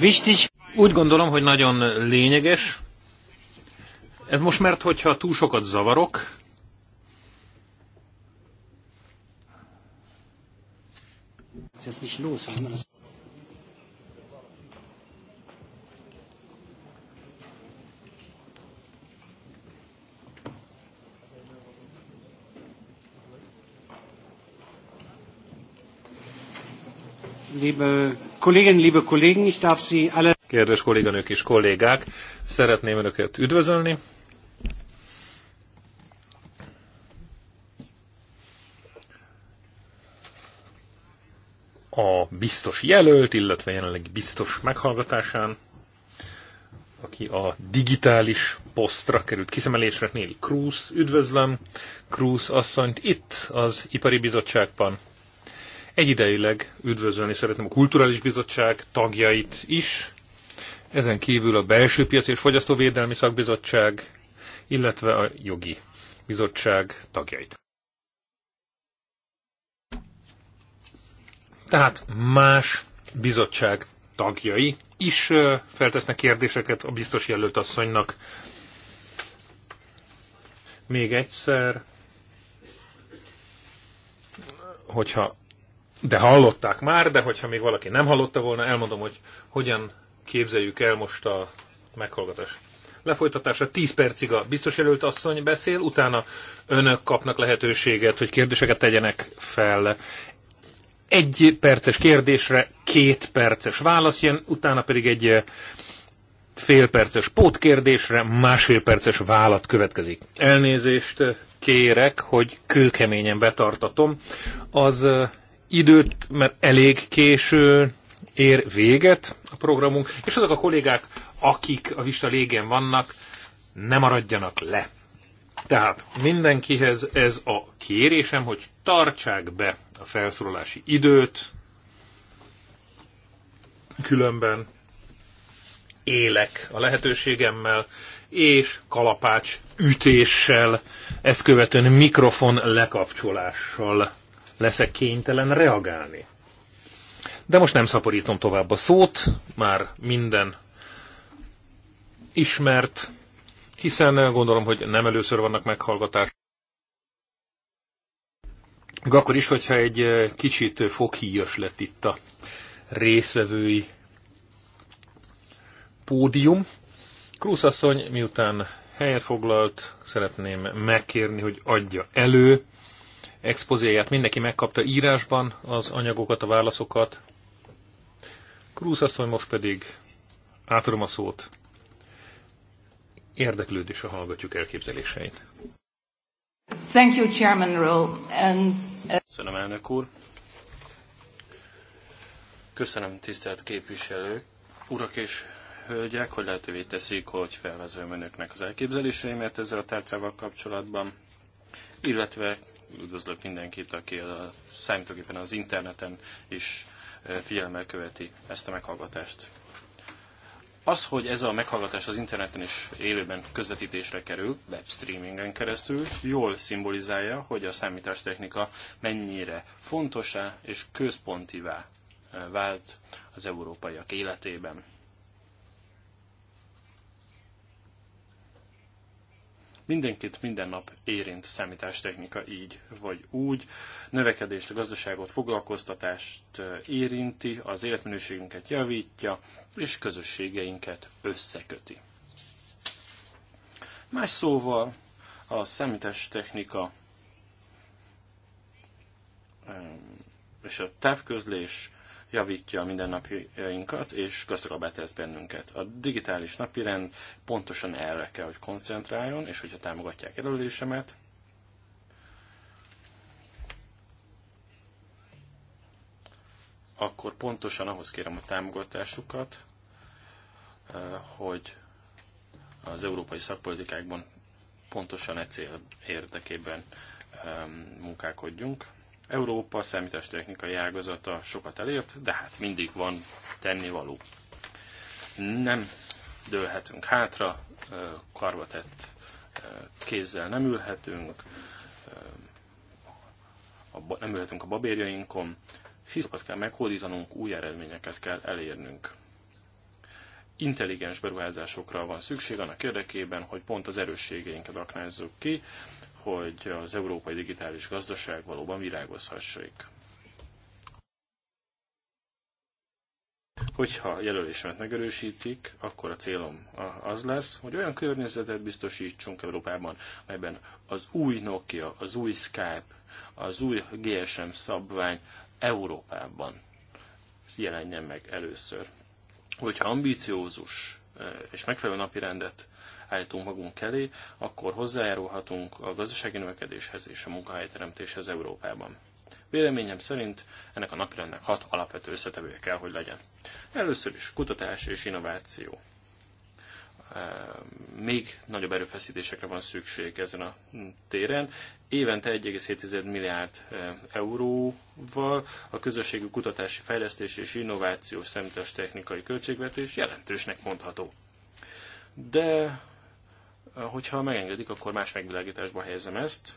Wichtig. Úgy gondolom, hogy nagyon lényeges. Ez most mert, hogyha túl sokat zavarok, jetzt nicht los. Kedves kolléganők és kollégák, szeretném Önöket üdvözölni. A biztos jelölt, illetve jelenleg biztos meghallgatásán, aki a digitális posztra került kiszemelésre, Néli Krúz, üdvözlöm Krúz asszonyt itt az Ipari Bizottságban Egyidejileg üdvözölni szeretném a Kulturális Bizottság tagjait is, ezen kívül a Belső Piac és Fogyasztóvédelmi Szakbizottság, illetve a Jogi Bizottság tagjait. Tehát más bizottság tagjai is feltesznek kérdéseket a biztos jelölt asszonynak. Még egyszer, hogyha de hallották már, de hogyha még valaki nem hallotta volna, elmondom, hogy hogyan képzeljük el most a meghallgatás lefolytatása. 10 percig a biztos jelölt asszony beszél, utána önök kapnak lehetőséget, hogy kérdéseket tegyenek fel. Egy perces kérdésre két perces válasz jön, utána pedig egy eh, fél perces pótkérdésre másfél perces válat következik. Elnézést eh, kérek, hogy kőkeményen betartatom az eh, időt, mert elég késő ér véget a programunk, és azok a kollégák, akik a Vista légen vannak, ne maradjanak le. Tehát mindenkihez ez a kérésem, hogy tartsák be a felszólalási időt, különben élek a lehetőségemmel, és kalapács ütéssel, ezt követően mikrofon lekapcsolással leszek kénytelen reagálni. De most nem szaporítom tovább a szót, már minden ismert, hiszen gondolom, hogy nem először vannak meghallgatások. Még akkor is, hogyha egy kicsit foghíjas lett itt a részvevői pódium. Krusz asszony miután helyet foglalt, szeretném megkérni, hogy adja elő expozéját. Mindenki megkapta írásban az anyagokat, a válaszokat. Krúz asszony most pedig átadom a szót. Érdeklődésre hallgatjuk elképzeléseit. Thank you, Chairman Rowe. And, uh... Köszönöm, elnök úr. Köszönöm, tisztelt képviselők, urak és hölgyek, hogy lehetővé teszik, hogy felvezőm önöknek az elképzeléseimet ezzel a tárcával kapcsolatban, illetve üdvözlök mindenkit, aki a számítógépen az interneten is e, figyelemmel követi ezt a meghallgatást. Az, hogy ez a meghallgatás az interneten is élőben közvetítésre kerül, webstreamingen keresztül, jól szimbolizálja, hogy a számítástechnika mennyire fontosá és központivá e, vált az európaiak életében. Mindenkit minden nap érint számítástechnika így vagy úgy. Növekedést, a gazdaságot, foglalkoztatást érinti, az életminőségünket javítja, és közösségeinket összeköti. Más szóval a számítástechnika és a távközlés javítja a mindennapjainkat, és gazdagabbá tesz bennünket. A digitális napirend pontosan erre kell, hogy koncentráljon, és hogyha támogatják jelölésemet, akkor pontosan ahhoz kérem a támogatásukat, eh, hogy az európai szakpolitikákban pontosan e cél érdekében munkálkodjunk. Európa számítástechnikai ágazata sokat elért, de hát mindig van tennivaló. Nem dőlhetünk hátra, karvatett kézzel nem ülhetünk, nem ülhetünk a babérjainkon, hiszpat kell meghódítanunk, új eredményeket kell elérnünk. Intelligens beruházásokra van szükség annak érdekében, hogy pont az erősségeinket aknázzuk ki, hogy az európai digitális gazdaság valóban virágozhassék. Hogyha jelölésemet megerősítik, akkor a célom az lesz, hogy olyan környezetet biztosítsunk Európában, amelyben az új Nokia, az új Skype, az új GSM szabvány Európában jelenjen meg először. Hogyha ambíciózus eh, és megfelelő napi rendet állítunk magunk elé, akkor hozzájárulhatunk a gazdasági növekedéshez és a munkahelyteremtéshez Európában. Véleményem szerint ennek a napirendnek hat alapvető összetevője kell, hogy legyen. Először is kutatás és innováció. Még nagyobb erőfeszítésekre van szükség ezen a téren. Évente 1,7 milliárd euróval a közösségi kutatási fejlesztés és innovációs szemtes technikai költségvetés jelentősnek mondható. De hogyha megengedik, akkor más megvilágításba helyezem ezt.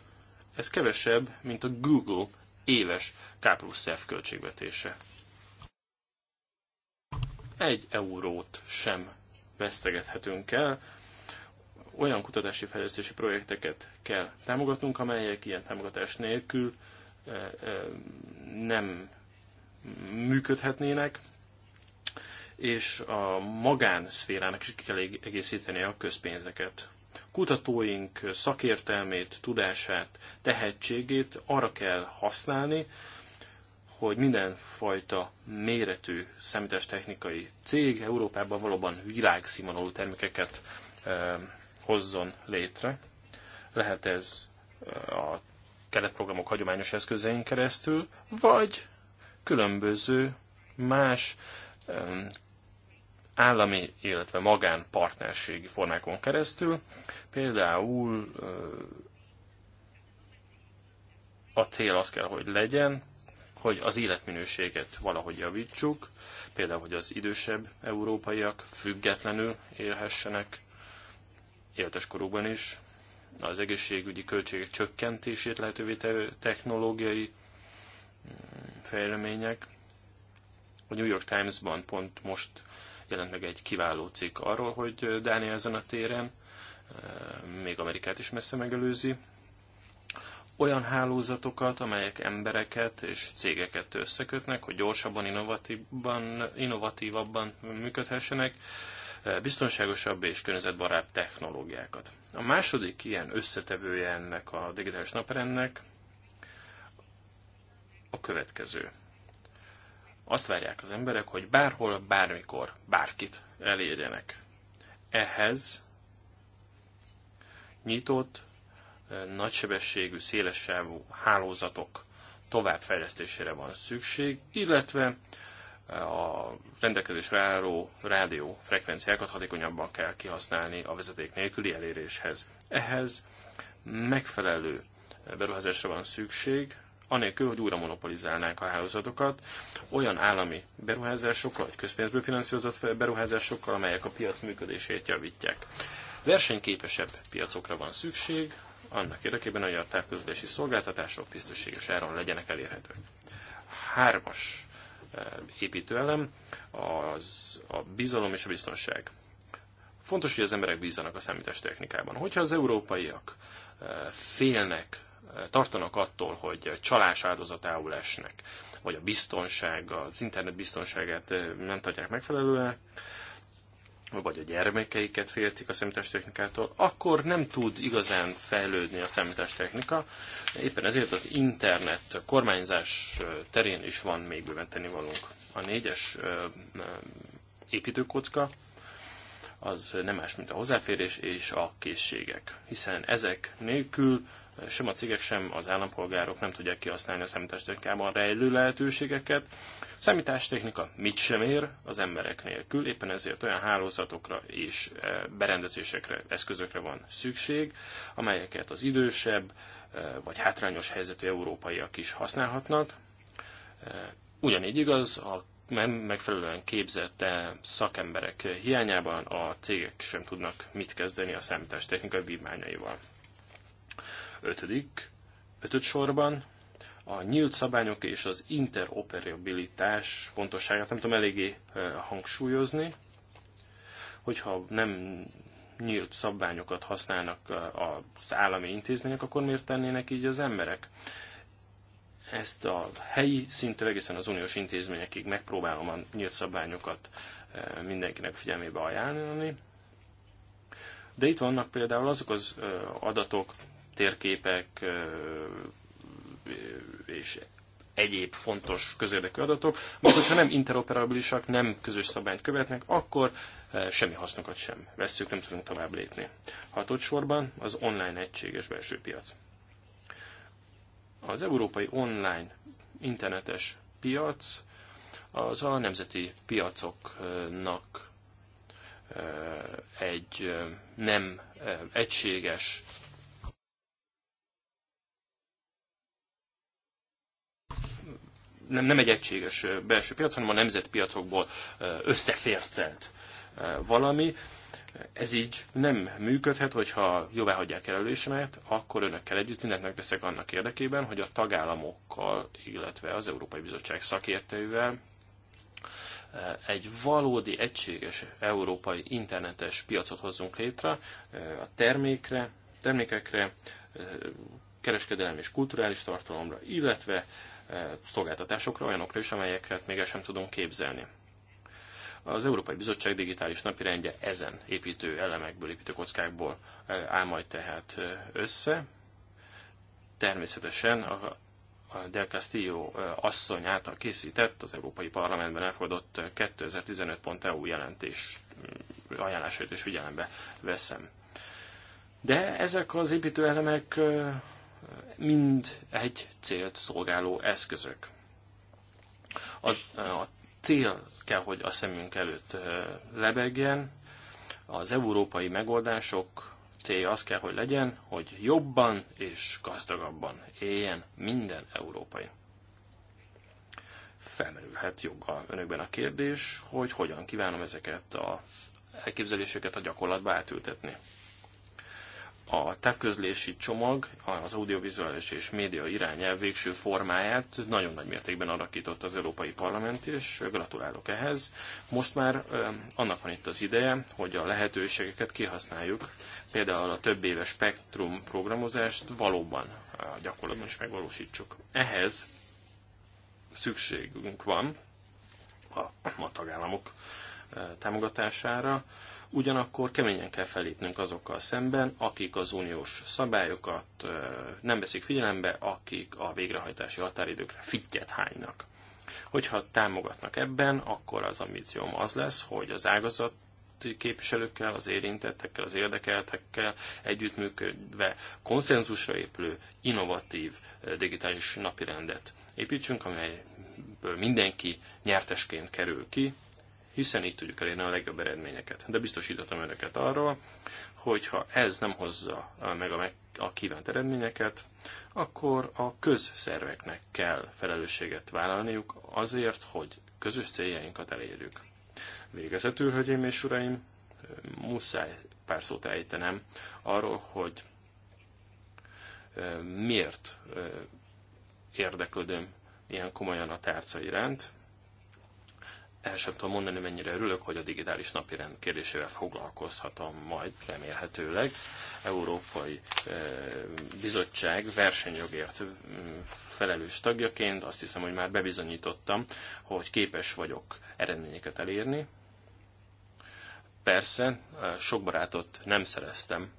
Ez kevesebb, mint a Google éves K plusz F költségvetése. Egy eurót sem vesztegethetünk el. Olyan kutatási fejlesztési projekteket kell támogatnunk, amelyek ilyen támogatás nélkül eh, eh, nem működhetnének, és a magánszférának is ki kell egészíteni a közpénzeket kutatóink szakértelmét, tudását, tehetségét arra kell használni, hogy mindenfajta méretű számítástechnikai cég Európában valóban világszínvonalú termékeket hozzon létre. Lehet ez a keretprogramok hagyományos eszközein keresztül, vagy különböző más állami, illetve magán partnerségi formákon keresztül, például a cél az kell, hogy legyen, hogy az életminőséget valahogy javítsuk, például, hogy az idősebb európaiak függetlenül élhessenek, életes korukban is, az egészségügyi költségek csökkentését lehetővé tevő technológiai mm, fejlemények. A New York Times-ban pont most jelent meg egy kiváló cikk arról, hogy Dánia ezen a téren eh, még Amerikát is messze megelőzi. Olyan hálózatokat, amelyek embereket és cégeket összekötnek, hogy gyorsabban, innovatívabban, innovatívabban működhessenek, eh, biztonságosabb és környezetbarát technológiákat. A második ilyen összetevője ennek a digitális naprendnek a következő. Azt várják az emberek, hogy bárhol, bármikor, bárkit elérjenek. Ehhez nyitott, nagysebességű, szélessávú hálózatok továbbfejlesztésére van szükség, illetve a rendelkezésre álló rádió frekvenciákat hatékonyabban kell kihasználni a vezeték nélküli eléréshez. Ehhez megfelelő beruházásra van szükség, anélkül, hogy újra monopolizálnák a hálózatokat, olyan állami beruházásokkal, vagy közpénzből finanszírozott beruházásokkal, amelyek a piac működését javítják. Versenyképesebb piacokra van szükség, annak érdekében, hogy a távközlési szolgáltatások tisztességes áron legyenek elérhetők. Hármas eh, építőelem az a bizalom és a biztonság. Fontos, hogy az emberek bízzanak a számítástechnikában. Hogyha az európaiak eh, félnek tartanak attól, hogy csalás áldozatául esnek, vagy a biztonság, az internet biztonságát nem tartják megfelelően, vagy a gyermekeiket féltik a számítástechnikától, akkor nem tud igazán fejlődni a számítástechnika. Éppen ezért az internet kormányzás terén is van még bőven tennivalónk. A négyes építőkocka az nem más, mint a hozzáférés és a készségek, hiszen ezek nélkül sem a cégek, sem az állampolgárok nem tudják kihasználni a számítástechnikában rejlő lehetőségeket. A számítástechnika mit sem ér az emberek nélkül, éppen ezért olyan hálózatokra és eh, berendezésekre, eszközökre van szükség, amelyeket az idősebb eh, vagy hátrányos helyzetű európaiak is használhatnak. Eh, ugyanígy igaz a nem megfelelően képzett szakemberek hiányában a cégek sem tudnak mit kezdeni a számítástechnika vívmányaival. Ötödik, ötöd sorban a nyílt szabályok és az interoperabilitás fontosságát nem tudom eléggé hangsúlyozni, hogyha nem nyílt szabványokat használnak az állami intézmények, akkor miért tennének így az emberek? Ezt a helyi szintű egészen az uniós intézményekig megpróbálom a nyílt szabványokat mindenkinek figyelmébe ajánlani. De itt vannak például azok az adatok, térképek és egyéb fontos közérdekű adatok, mert hogyha nem interoperabilisak, nem közös szabályt követnek, akkor semmi hasznokat sem veszük, nem tudunk tovább lépni. Hatodsorban az online egységes belső piac. Az európai online internetes piac az a nemzeti piacoknak egy nem egységes nem, nem egy egységes belső piac, hanem a nemzetpiacokból összefércelt valami. Ez így nem működhet, hogyha jóvá hagyják előlésemet, akkor önökkel együtt mindent megteszek annak érdekében, hogy a tagállamokkal, illetve az Európai Bizottság szakértőivel egy valódi egységes európai internetes piacot hozzunk létre a termékre, termékekre, kereskedelmi és kulturális tartalomra, illetve szolgáltatásokra, olyanokra is, amelyeket még el sem tudunk képzelni. Az Európai Bizottság digitális napirendje ezen építő elemekből, építő kockákból áll majd tehát össze. Természetesen a Del Castillo asszony által készített, az Európai Parlamentben elfogadott 2015.eu e jelentés ajánlásait is figyelembe veszem. De ezek az építőelemek mind egy célt szolgáló eszközök. A, a cél kell, hogy a szemünk előtt lebegjen, az európai megoldások célja az kell, hogy legyen, hogy jobban és gazdagabban éljen minden európai. Felmerülhet joggal önökben a kérdés, hogy hogyan kívánom ezeket a elképzeléseket a gyakorlatba átültetni a távközlési csomag az audiovizuális és média irányel végső formáját nagyon nagy mértékben alakított az Európai Parlament, és gratulálok ehhez. Most már annak van itt az ideje, hogy a lehetőségeket kihasználjuk, például a több éves spektrum programozást valóban a gyakorlatban is megvalósítsuk. Ehhez szükségünk van a, a tagállamok támogatására, Ugyanakkor keményen kell felépnünk azokkal szemben, akik az uniós szabályokat nem veszik figyelembe, akik a végrehajtási határidőkre fittyet hánynak. Hogyha támogatnak ebben, akkor az ambícióm az lesz, hogy az ágazat képviselőkkel, az érintettekkel, az érdekeltekkel együttműködve konszenzusra épülő, innovatív digitális napirendet építsünk, amelyből mindenki nyertesként kerül ki, hiszen így tudjuk elérni a legjobb eredményeket. De biztosítottam önöket arról, hogy ha ez nem hozza meg a, a kívánt eredményeket, akkor a közszerveknek kell felelősséget vállalniuk azért, hogy közös céljainkat elérjük. Végezetül, hölgyeim és uraim, muszáj pár szót ejtenem arról, hogy miért érdeklődöm ilyen komolyan a tárca iránt, el sem tudom mondani, mennyire örülök, hogy a digitális napirend kérdésével foglalkozhatom majd, remélhetőleg. Európai eh, Bizottság versenyjogért mm, felelős tagjaként azt hiszem, hogy már bebizonyítottam, hogy képes vagyok eredményeket elérni. Persze, eh, sok barátot nem szereztem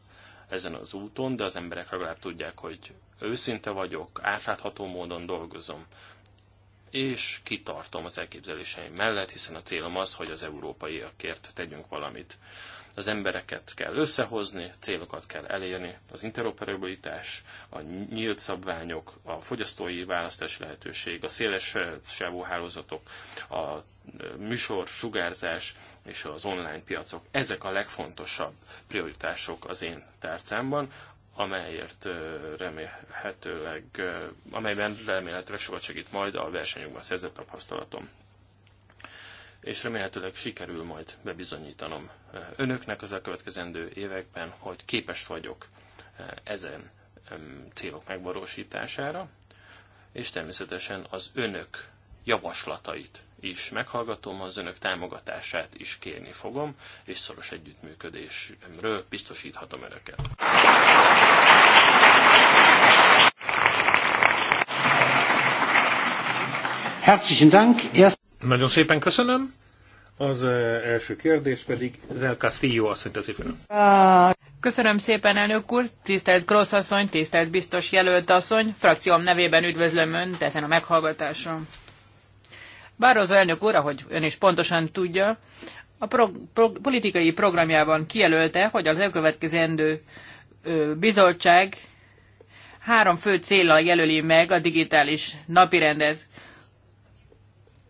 ezen az úton, de az emberek legalább tudják, hogy őszinte vagyok, átlátható módon dolgozom és kitartom az elképzeléseim mellett, hiszen a célom az, hogy az európaiakért tegyünk valamit. Az embereket kell összehozni, célokat kell elérni, az interoperabilitás, a nyílt szabványok, a fogyasztói választási lehetőség, a széles eh, sávú hálózatok, a eh, műsor, sugárzás és az online piacok. Ezek a legfontosabb prioritások az én tárcámban, amelyért remélhetőleg, amelyben remélhetőleg sokat segít majd a versenyokban szerzett tapasztalatom. És remélhetőleg sikerül majd bebizonyítanom önöknek az elkövetkezendő években, hogy képes vagyok ezen célok megvalósítására, és természetesen az önök javaslatait is meghallgatom, az önök támogatását is kérni fogom, és szoros együttműködésről biztosíthatom önöket. Herzlichen Dank. Nagyon szépen köszönöm. Az eh, első kérdés pedig Del Castillo asszony teszi fel. Köszönöm szépen, elnök úr, tisztelt Grossz asszony, tisztelt biztos jelölt asszony, frakcióm nevében üdvözlöm Önt ezen a meghallgatáson. Bár az elnök úr, ahogy ön is pontosan tudja, a pro- pro- politikai programjában kijelölte, hogy az elkövetkezendő bizottság három fő célral jelöli meg a digitális napirendet,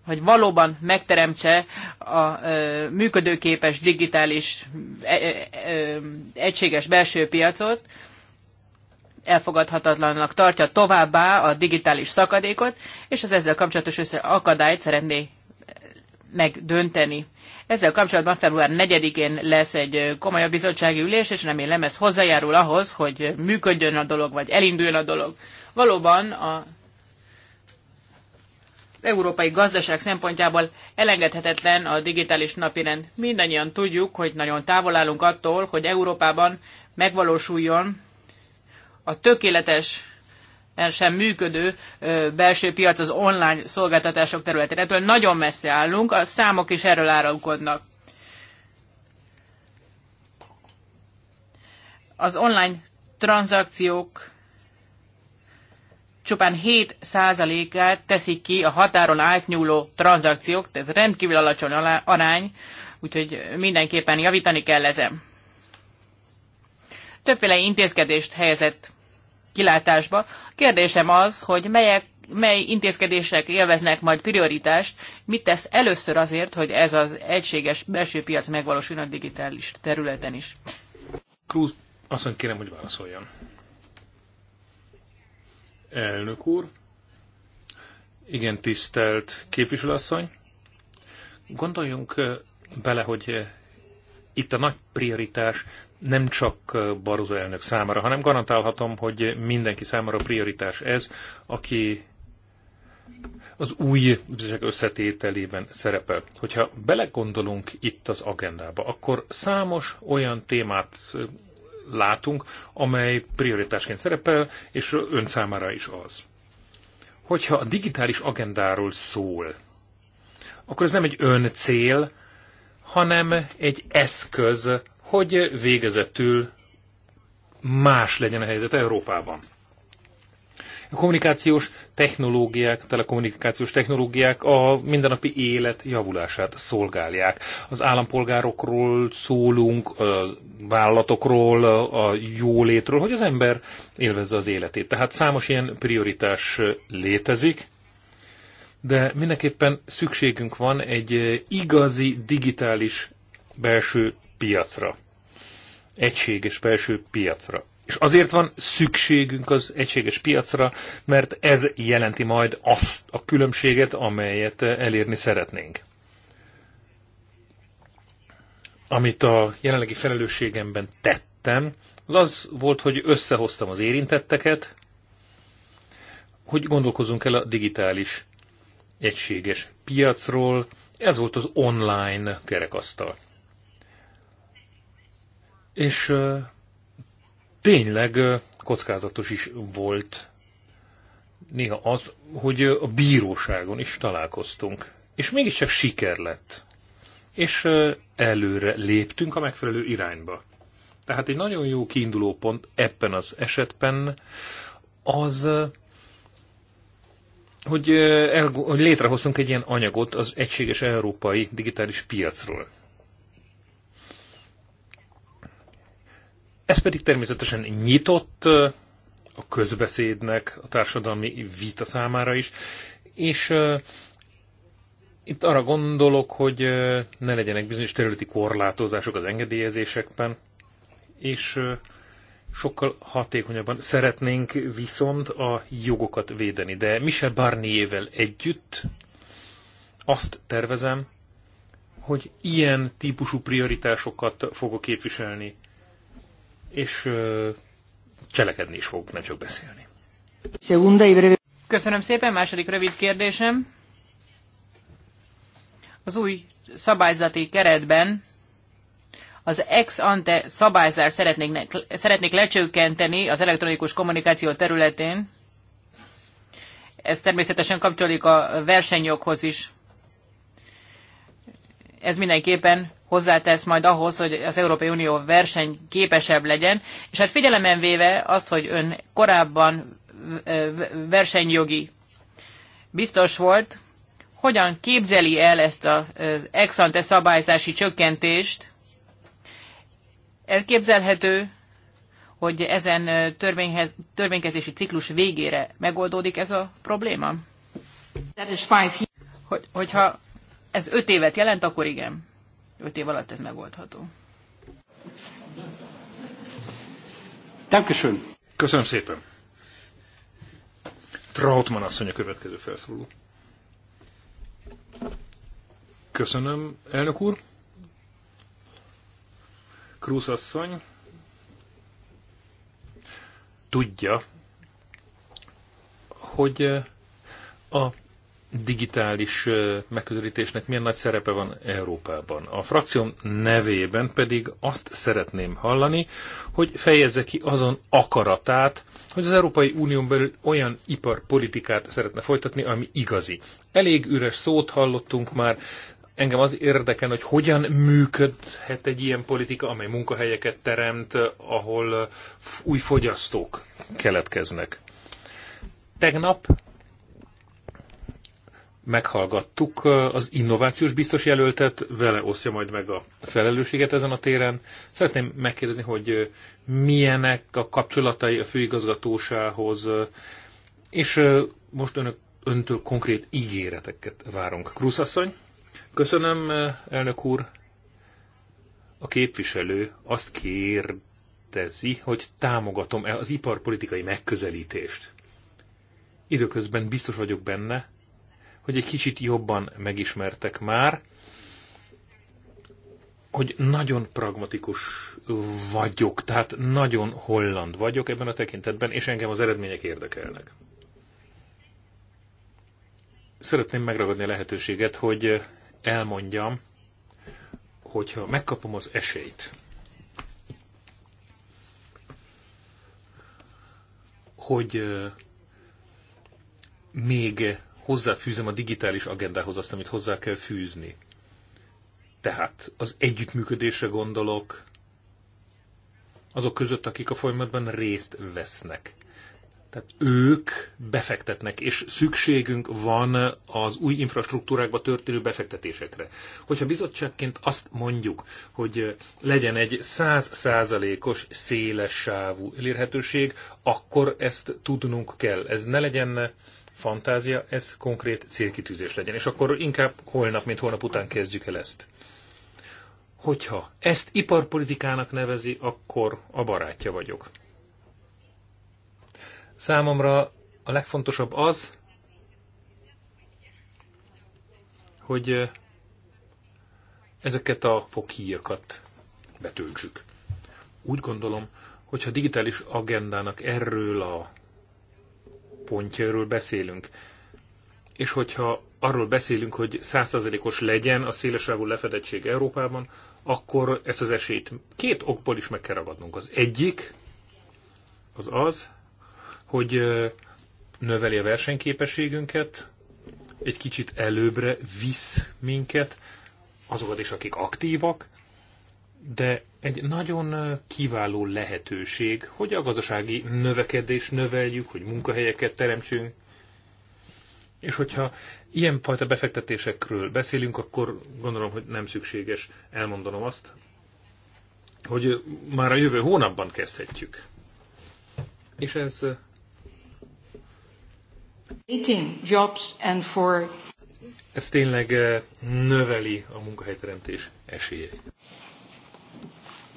hogy valóban megteremtse a ö, működőképes digitális ö, ö, egységes belső piacot, elfogadhatatlannak tartja továbbá a digitális szakadékot, és az ezzel kapcsolatos össze akadályt szeretné eh, megdönteni. Ezzel kapcsolatban február 4-én lesz egy eh, komolyabb bizottsági ülés, és remélem ez hozzájárul ahhoz, hogy működjön a dolog, vagy elinduljon a dolog. Valóban a az európai gazdaság szempontjából elengedhetetlen a digitális napirend. Mindannyian tudjuk, hogy nagyon távol állunk attól, hogy Európában megvalósuljon a tökéletes sem működő belső piac az online szolgáltatások területén. Ettől nagyon messze állunk, a számok is erről árulkodnak. Az online tranzakciók csupán 7%-át teszik ki a határon átnyúló tranzakciók, tehát rendkívül alacsony arány, úgyhogy mindenképpen javítani kell ezen többféle intézkedést helyezett kilátásba. Kérdésem az, hogy melyek, mely intézkedések élveznek majd prioritást, mit tesz először azért, hogy ez az egységes belső piac megvalósuljon a digitális területen is. Krúz, azt kérem, hogy válaszoljon. Elnök úr, igen, tisztelt képviselőasszony, gondoljunk eh, bele, hogy eh, itt a nagy prioritás nem csak Barroso elnök számára, hanem garantálhatom, hogy mindenki számára prioritás ez, aki az új bizottság összetételében szerepel. Hogyha belegondolunk itt az agendába, akkor számos olyan témát látunk, amely prioritásként szerepel, és ön számára is az. Hogyha a digitális agendáról szól, akkor ez nem egy ön cél, hanem egy eszköz hogy végezetül más legyen a helyzet Európában. A kommunikációs technológiák, telekommunikációs technológiák a mindennapi élet javulását szolgálják. Az állampolgárokról szólunk, a vállalatokról, a jólétről, hogy az ember élvezze az életét. Tehát számos ilyen prioritás létezik, de mindenképpen szükségünk van egy igazi digitális belső piacra. Egységes belső piacra. És azért van szükségünk az egységes piacra, mert ez jelenti majd azt a különbséget, amelyet elérni szeretnénk. Amit a jelenlegi felelősségemben tettem, az az volt, hogy összehoztam az érintetteket, hogy gondolkozunk el a digitális egységes piacról, ez volt az online kerekasztal. És tényleg kockázatos is volt néha az, hogy a bíróságon is találkoztunk. És mégiscsak siker lett. És előre léptünk a megfelelő irányba. Tehát egy nagyon jó kiinduló pont ebben az esetben az, hogy, el, hogy létrehoztunk egy ilyen anyagot az egységes európai digitális piacról. Ez pedig természetesen nyitott a közbeszédnek, a társadalmi vita számára is, és itt arra gondolok, hogy ne legyenek bizonyos területi korlátozások az engedélyezésekben, és sokkal hatékonyabban szeretnénk viszont a jogokat védeni. De Michel Barnier-vel együtt azt tervezem, hogy ilyen típusú prioritásokat fogok képviselni és cselekedni is fogunk, nem csak beszélni. Köszönöm szépen, második rövid kérdésem. Az új szabályzati keretben az ex-ante szabályzást szeretnék, szeretnék lecsökkenteni az elektronikus kommunikáció területén. Ez természetesen kapcsolódik a versenyjoghoz is. Ez mindenképpen hozzátesz majd ahhoz, hogy az Európai Unió verseny képesebb legyen, és hát figyelemben véve azt, hogy ön korábban versenyjogi biztos volt, hogyan képzeli el ezt az exante szabályzási csökkentést? Elképzelhető, hogy ezen törvényhez, törvénykezési ciklus végére megoldódik ez a probléma? Hogy, hogyha ez öt évet jelent, akkor igen. Öt év alatt ez megoldható. Köszönöm. Köszönöm szépen. Trautmann asszony a következő felszóló. Köszönöm, elnök úr. Krusz asszony tudja, hogy a digitális megközelítésnek milyen nagy szerepe van Európában. A frakcióm nevében pedig azt szeretném hallani, hogy fejezze ki azon akaratát, hogy az Európai Unión belül olyan iparpolitikát szeretne folytatni, ami igazi. Elég üres szót hallottunk már, engem az érdekel, hogy hogyan működhet egy ilyen politika, amely munkahelyeket teremt, ahol új fogyasztók keletkeznek. Tegnap meghallgattuk az innovációs biztos jelöltet, vele osztja majd meg a felelősséget ezen a téren. Szeretném megkérdezni, hogy milyenek a kapcsolatai a főigazgatósához, és most önök, öntől konkrét ígéreteket várunk. Kruszasszony, köszönöm, elnök úr. A képviselő azt kérdezi, hogy támogatom-e az iparpolitikai megközelítést. Időközben biztos vagyok benne, hogy egy kicsit jobban megismertek már, hogy nagyon pragmatikus vagyok, tehát nagyon holland vagyok ebben a tekintetben, és engem az eredmények érdekelnek. Szeretném megragadni a lehetőséget, hogy elmondjam, hogyha megkapom az esélyt, hogy még hozzáfűzem a digitális agendához azt, amit hozzá kell fűzni. Tehát az együttműködésre gondolok azok között, akik a folyamatban részt vesznek. Tehát ők befektetnek, és szükségünk van az új infrastruktúrákba történő befektetésekre. Hogyha bizottságként azt mondjuk, hogy legyen egy százszázalékos széles sávú elérhetőség, akkor ezt tudnunk kell. Ez ne legyen fantázia, ez konkrét célkitűzés legyen. És akkor inkább holnap, mint holnap után kezdjük el ezt. Hogyha ezt iparpolitikának nevezi, akkor a barátja vagyok. Számomra a legfontosabb az, hogy ezeket a fokhíjakat betöltsük. Úgy gondolom, hogyha digitális agendának erről a pontjairól beszélünk. És hogyha arról beszélünk, hogy százszerzelékos legyen a szélesávú lefedettség Európában, akkor ezt az esélyt két okból is meg kell ragadnunk. Az egyik az az, hogy növeli a versenyképességünket, egy kicsit előbbre visz minket, azokat is, akik aktívak, de egy nagyon kiváló lehetőség, hogy a gazdasági növekedés növeljük, hogy munkahelyeket teremtsünk. És hogyha ilyenfajta befektetésekről beszélünk, akkor gondolom, hogy nem szükséges elmondanom azt, hogy már a jövő hónapban kezdhetjük. És ez... 18 jobs and for... Ez tényleg növeli a munkahelyteremtés esélyét.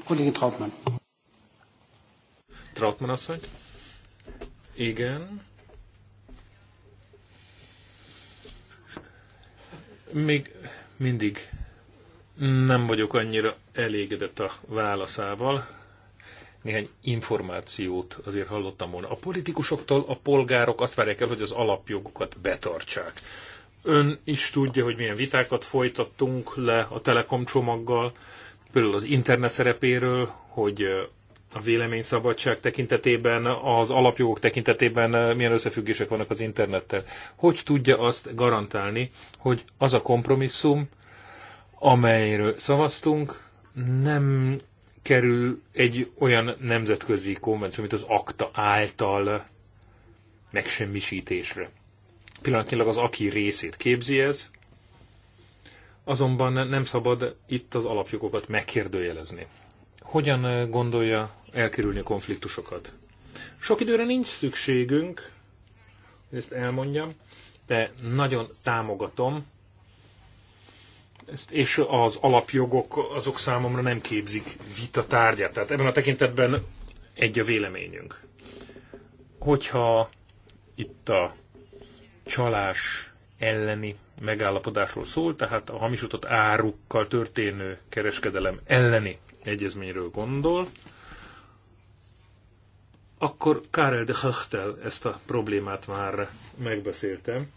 Kollégin Trautmann. Trautmann asszony? Igen. Még mindig nem vagyok annyira elégedett a válaszával. Néhány információt azért hallottam volna. A politikusoktól a polgárok azt várják el, hogy az alapjogokat betartsák. Ön is tudja, hogy milyen vitákat folytattunk le a Telekom csomaggal például az internet szerepéről, hogy a véleményszabadság tekintetében, az alapjogok tekintetében milyen összefüggések vannak az internettel. Hogy tudja azt garantálni, hogy az a kompromisszum, amelyről szavaztunk, nem kerül egy olyan nemzetközi konvenció, mint az akta által megsemmisítésre. Pillanatnyilag az aki részét képzi ez, azonban nem szabad itt az alapjogokat megkérdőjelezni. Hogyan eh, gondolja elkerülni a konfliktusokat? Sok időre nincs szükségünk, ezt elmondjam, de nagyon támogatom ezt, és az alapjogok azok számomra nem képzik vita tárgyát. Tehát ebben a tekintetben egy a véleményünk. Hogyha itt a csalás elleni megállapodásról szól, tehát a hamisított árukkal történő kereskedelem elleni egyezményről gondol, akkor Karel de Hachtel ezt a problémát már megbeszéltem.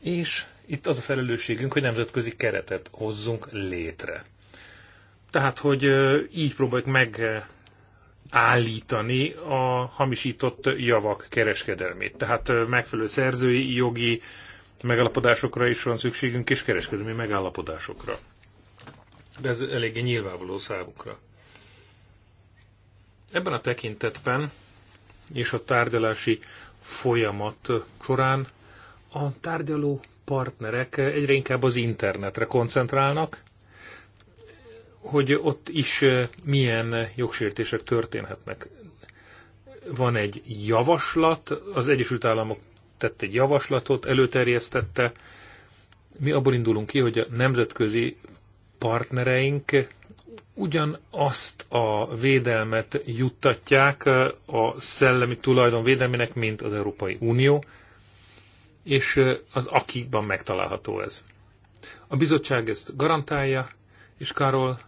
És itt az a felelősségünk, hogy nemzetközi keretet hozzunk létre. Tehát, hogy így próbáljuk megállítani a hamisított javak kereskedelmét. Tehát megfelelő szerzői jogi megállapodásokra is van szükségünk, és kereskedelmi megállapodásokra. De ez eléggé nyilvánvaló számukra. Ebben a tekintetben és a tárgyalási folyamat során a tárgyaló partnerek egyre inkább az internetre koncentrálnak, hogy ott is milyen jogsértések történhetnek. Van egy javaslat az Egyesült Államok tett egy javaslatot, előterjesztette. Mi abból indulunk ki, hogy a nemzetközi partnereink ugyanazt a védelmet juttatják a szellemi tulajdon védelmének, mint az Európai Unió, és az akikban megtalálható ez. A bizottság ezt garantálja, és Karol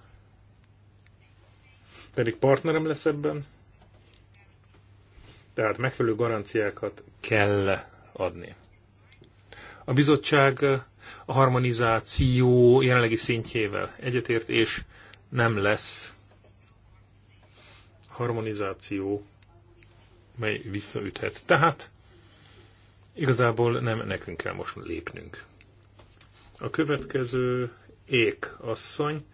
pedig partnerem lesz ebben, tehát megfelelő garanciákat kell adni. A bizottság a harmonizáció jelenlegi szintjével egyetért, és nem lesz harmonizáció, mely visszaüthet. Tehát igazából nem nekünk kell most lépnünk. A következő ék asszony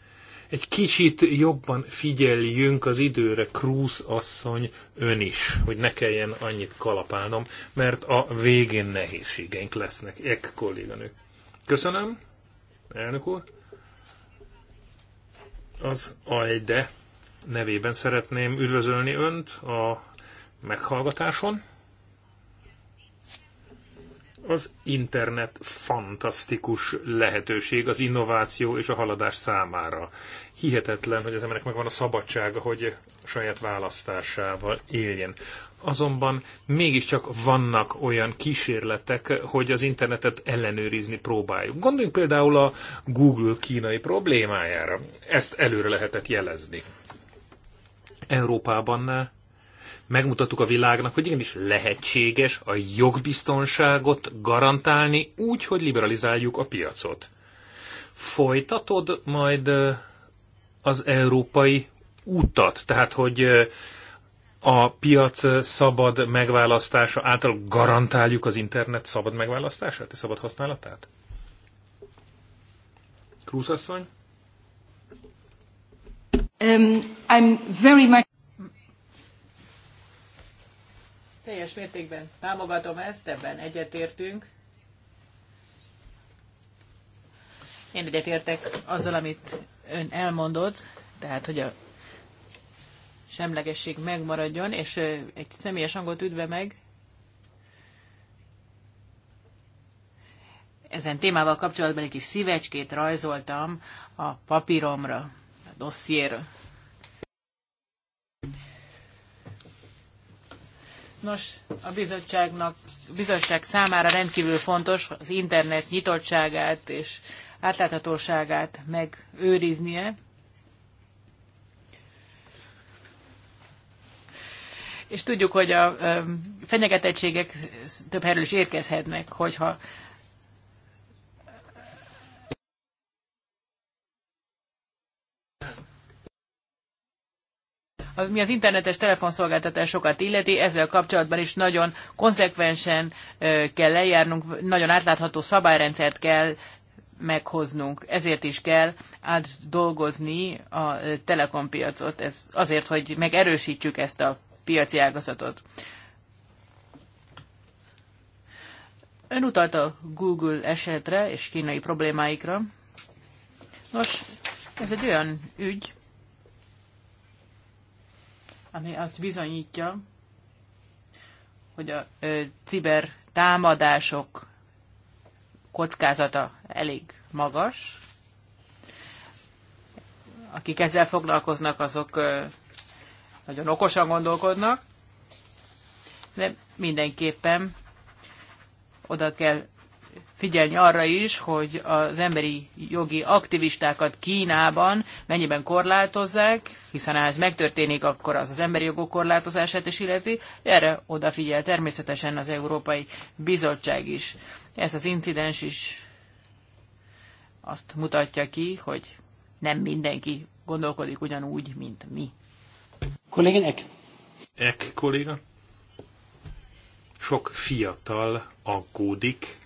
egy kicsit jobban figyeljünk az időre, Krúz asszony ön is, hogy ne kelljen annyit kalapálnom, mert a végén nehézségeink lesznek. Ek kolléganő. Köszönöm, elnök úr. Az Ajde nevében szeretném üdvözölni önt a meghallgatáson. Az internet fantasztikus lehetőség az innováció és a haladás számára. Hihetetlen, hogy az embernek megvan a szabadsága, hogy saját választásával éljen. Azonban mégiscsak vannak olyan kísérletek, hogy az internetet ellenőrizni próbáljuk. Gondoljunk például a Google kínai problémájára. Ezt előre lehetett jelezni. Európában megmutattuk a világnak, hogy igenis lehetséges a jogbiztonságot garantálni úgy, hogy liberalizáljuk a piacot. Folytatod majd az európai utat, tehát hogy a piac szabad megválasztása által garantáljuk az internet szabad megválasztását és szabad használatát? Krúzasszony? Um, I'm very much... Teljes mértékben támogatom ezt, ebben egyetértünk. Én egyetértek azzal, amit ön elmondott, tehát, hogy a semlegesség megmaradjon, és egy személyes hangot üdve meg, ezen témával kapcsolatban egy kis szívecskét rajzoltam a papíromra, a dossziéra. Nos, a bizottságnak, a bizottság számára rendkívül fontos az internet nyitottságát és átláthatóságát megőriznie. És tudjuk, hogy a fenyegetettségek több helyről is érkezhetnek, hogyha az mi az internetes telefonszolgáltatásokat illeti, ezzel kapcsolatban is nagyon konzekvensen kell lejárnunk, nagyon átlátható szabályrendszert kell meghoznunk. Ezért is kell átdolgozni a telekompiacot, ez azért, hogy megerősítsük ezt a piaci ágazatot. Ön utalt a Google esetre és kínai problémáikra. Nos, ez egy olyan ügy, ami azt bizonyítja, hogy a ö, ciber támadások kockázata elég magas. Akik ezzel foglalkoznak, azok ö, nagyon okosan gondolkodnak, de mindenképpen oda kell figyelni arra is, hogy az emberi jogi aktivistákat Kínában mennyiben korlátozzák, hiszen ha ez megtörténik, akkor az az emberi jogok korlátozását is illeti. Erre odafigyel természetesen az Európai Bizottság is. Ez az incidens is azt mutatja ki, hogy nem mindenki gondolkodik ugyanúgy, mint mi. Kollégen Ek? Ek kolléga? Sok fiatal aggódik,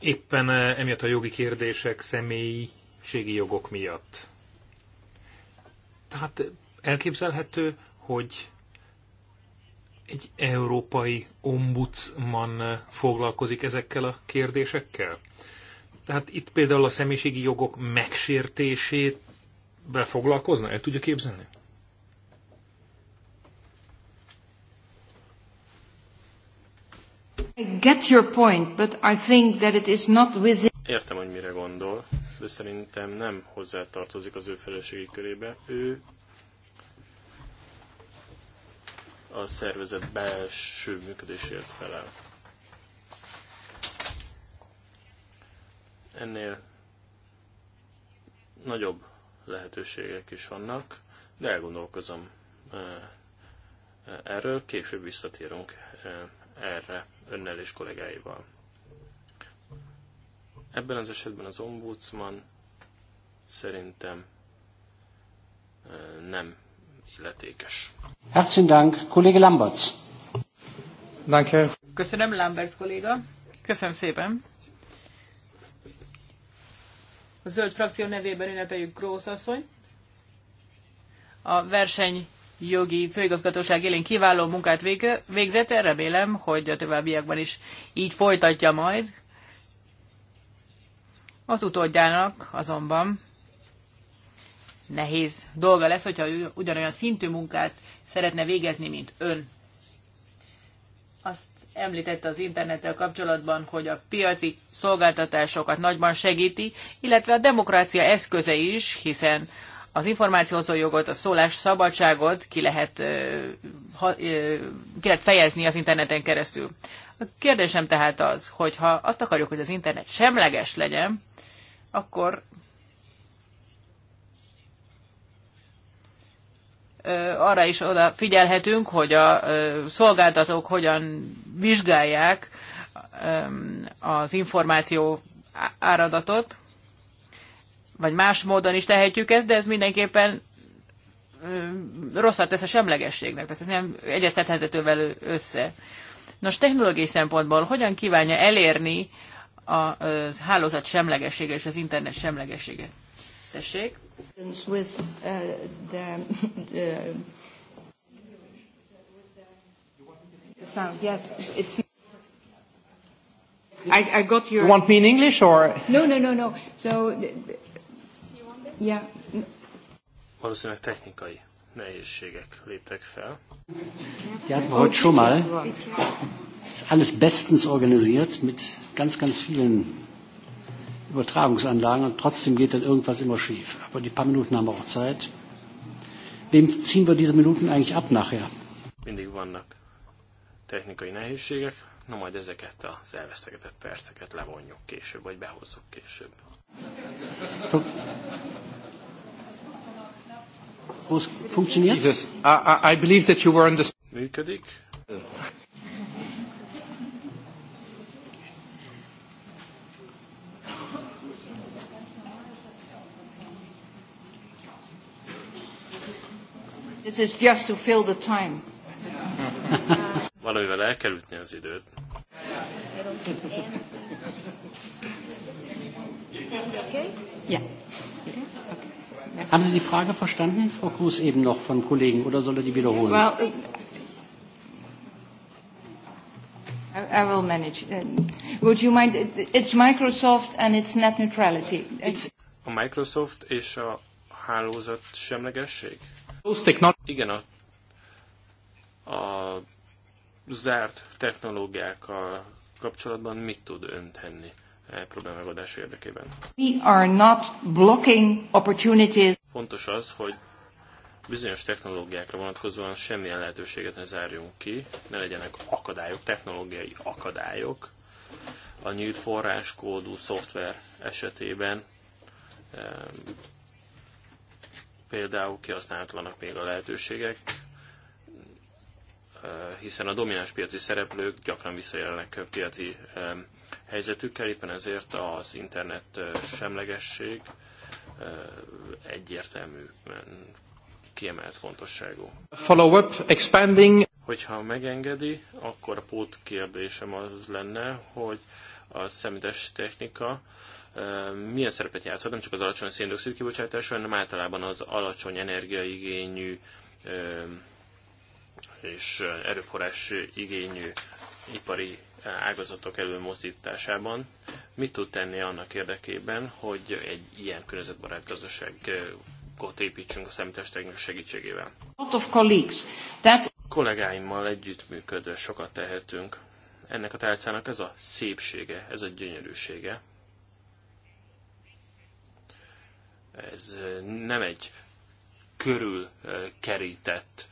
éppen eh, emiatt a jogi kérdések személyiségi jogok miatt. Tehát elképzelhető, hogy egy európai ombudsman eh, foglalkozik ezekkel a kérdésekkel? Tehát itt például a személyiségi jogok megsértését foglalkozna? El tudja képzelni? get your point, but I think that it is not within... Értem, hogy mire gondol, de szerintem nem hozzátartozik az ő feleségi körébe. Ő a szervezet belső működésért felel. Ennél nagyobb lehetőségek is vannak, de elgondolkozom eh, eh, erről, később visszatérünk eh, erre önnel és kollégáival. Ebben az esetben az ombudsman szerintem nem illetékes. Herzlichen Dank, kollége Lamberts. Danke. Köszönöm, Lambert kolléga. Köszönöm szépen. A zöld frakció nevében ünnepeljük Grósz asszony. A verseny jogi főigazgatóság élén kiváló munkát végzett, remélem, hogy a továbbiakban is így folytatja majd. Az utódjának azonban nehéz dolga lesz, hogyha ő ugyanolyan szintű munkát szeretne végezni, mint ön. Azt említette az internettel kapcsolatban, hogy a piaci szolgáltatásokat nagyban segíti, illetve a demokrácia eszköze is, hiszen az információhoz jogot, a szólás szabadságot ki lehet, ha, ki lehet fejezni az interneten keresztül. A kérdésem tehát az, hogy ha azt akarjuk, hogy az internet semleges legyen, akkor arra is oda figyelhetünk, hogy a szolgáltatók hogyan vizsgálják az információ áradatot, vagy más módon is tehetjük ezt, de ez mindenképpen rosszat tesz a semlegességnek, tehát ez nem egyeztethető velő össze. Nos, technológiai szempontból hogyan kívánja elérni a hálózat semlegessége és az internet semlegessége? Tessék? Uh, I, I got your... You want me in English or... No, no, no, no. So Yeah. Valószínűleg technikai nehézségek léptek fel. Die hatten wir heute schon mal. alles bestens organisiert mit ganz, ganz vielen Übertragungsanlagen und trotzdem geht dann irgendwas immer schief. Aber die paar Minuten haben wir auch Zeit. Wem ziehen wir diese Minuten eigentlich ab nachher? Mindig vannak technikai nehézségek, na majd ezeket az elvesztegetett perceket levonjuk később, vagy behozzuk később. I, believe that you were Működik. This is just to fill the time. Valamivel el az időt. Okay? Ja. Okay. Haben Sie die Frage verstanden, Frau Kruse, eben noch von Kollegen, oder soll er die wiederholen? Well, I will manage. Uh, would you mind? It's Microsoft and it's net neutrality. It's a Microsoft és a hálózat semlegesség? Igen, a, a zárt technológiákkal kapcsolatban mit tud ön tenni? probléma megoldása érdekében. We are not blocking opportunities. Fontos az, hogy bizonyos technológiákra vonatkozóan semmilyen lehetőséget ne zárjunk ki, ne legyenek akadályok, technológiai akadályok. A nyílt forráskódú szoftver esetében e, például kihasználatlanak még a lehetőségek, e, hiszen a domináns piaci szereplők gyakran visszajelnek piaci e, helyzetükkel, éppen ezért az internet semlegesség egyértelműen kiemelt fontosságú. Follow-up, expanding. Hogyha megengedi, akkor a pót kérdésem az lenne, hogy a szemüdes technika milyen szerepet játszhat, nem csak az alacsony széndiokszid kibocsátása, hanem általában az alacsony energiaigényű és erőforrás igényű ipari ágazatok előmozdításában. Mit tud tenni annak érdekében, hogy egy ilyen környezetbarát gazdaságot építsünk a számítástechnika segítségével? Kollégáimmal együttműködve sokat tehetünk. Ennek a tárcának ez a szépsége, ez a gyönyörűsége. Ez eh, nem egy körülkerített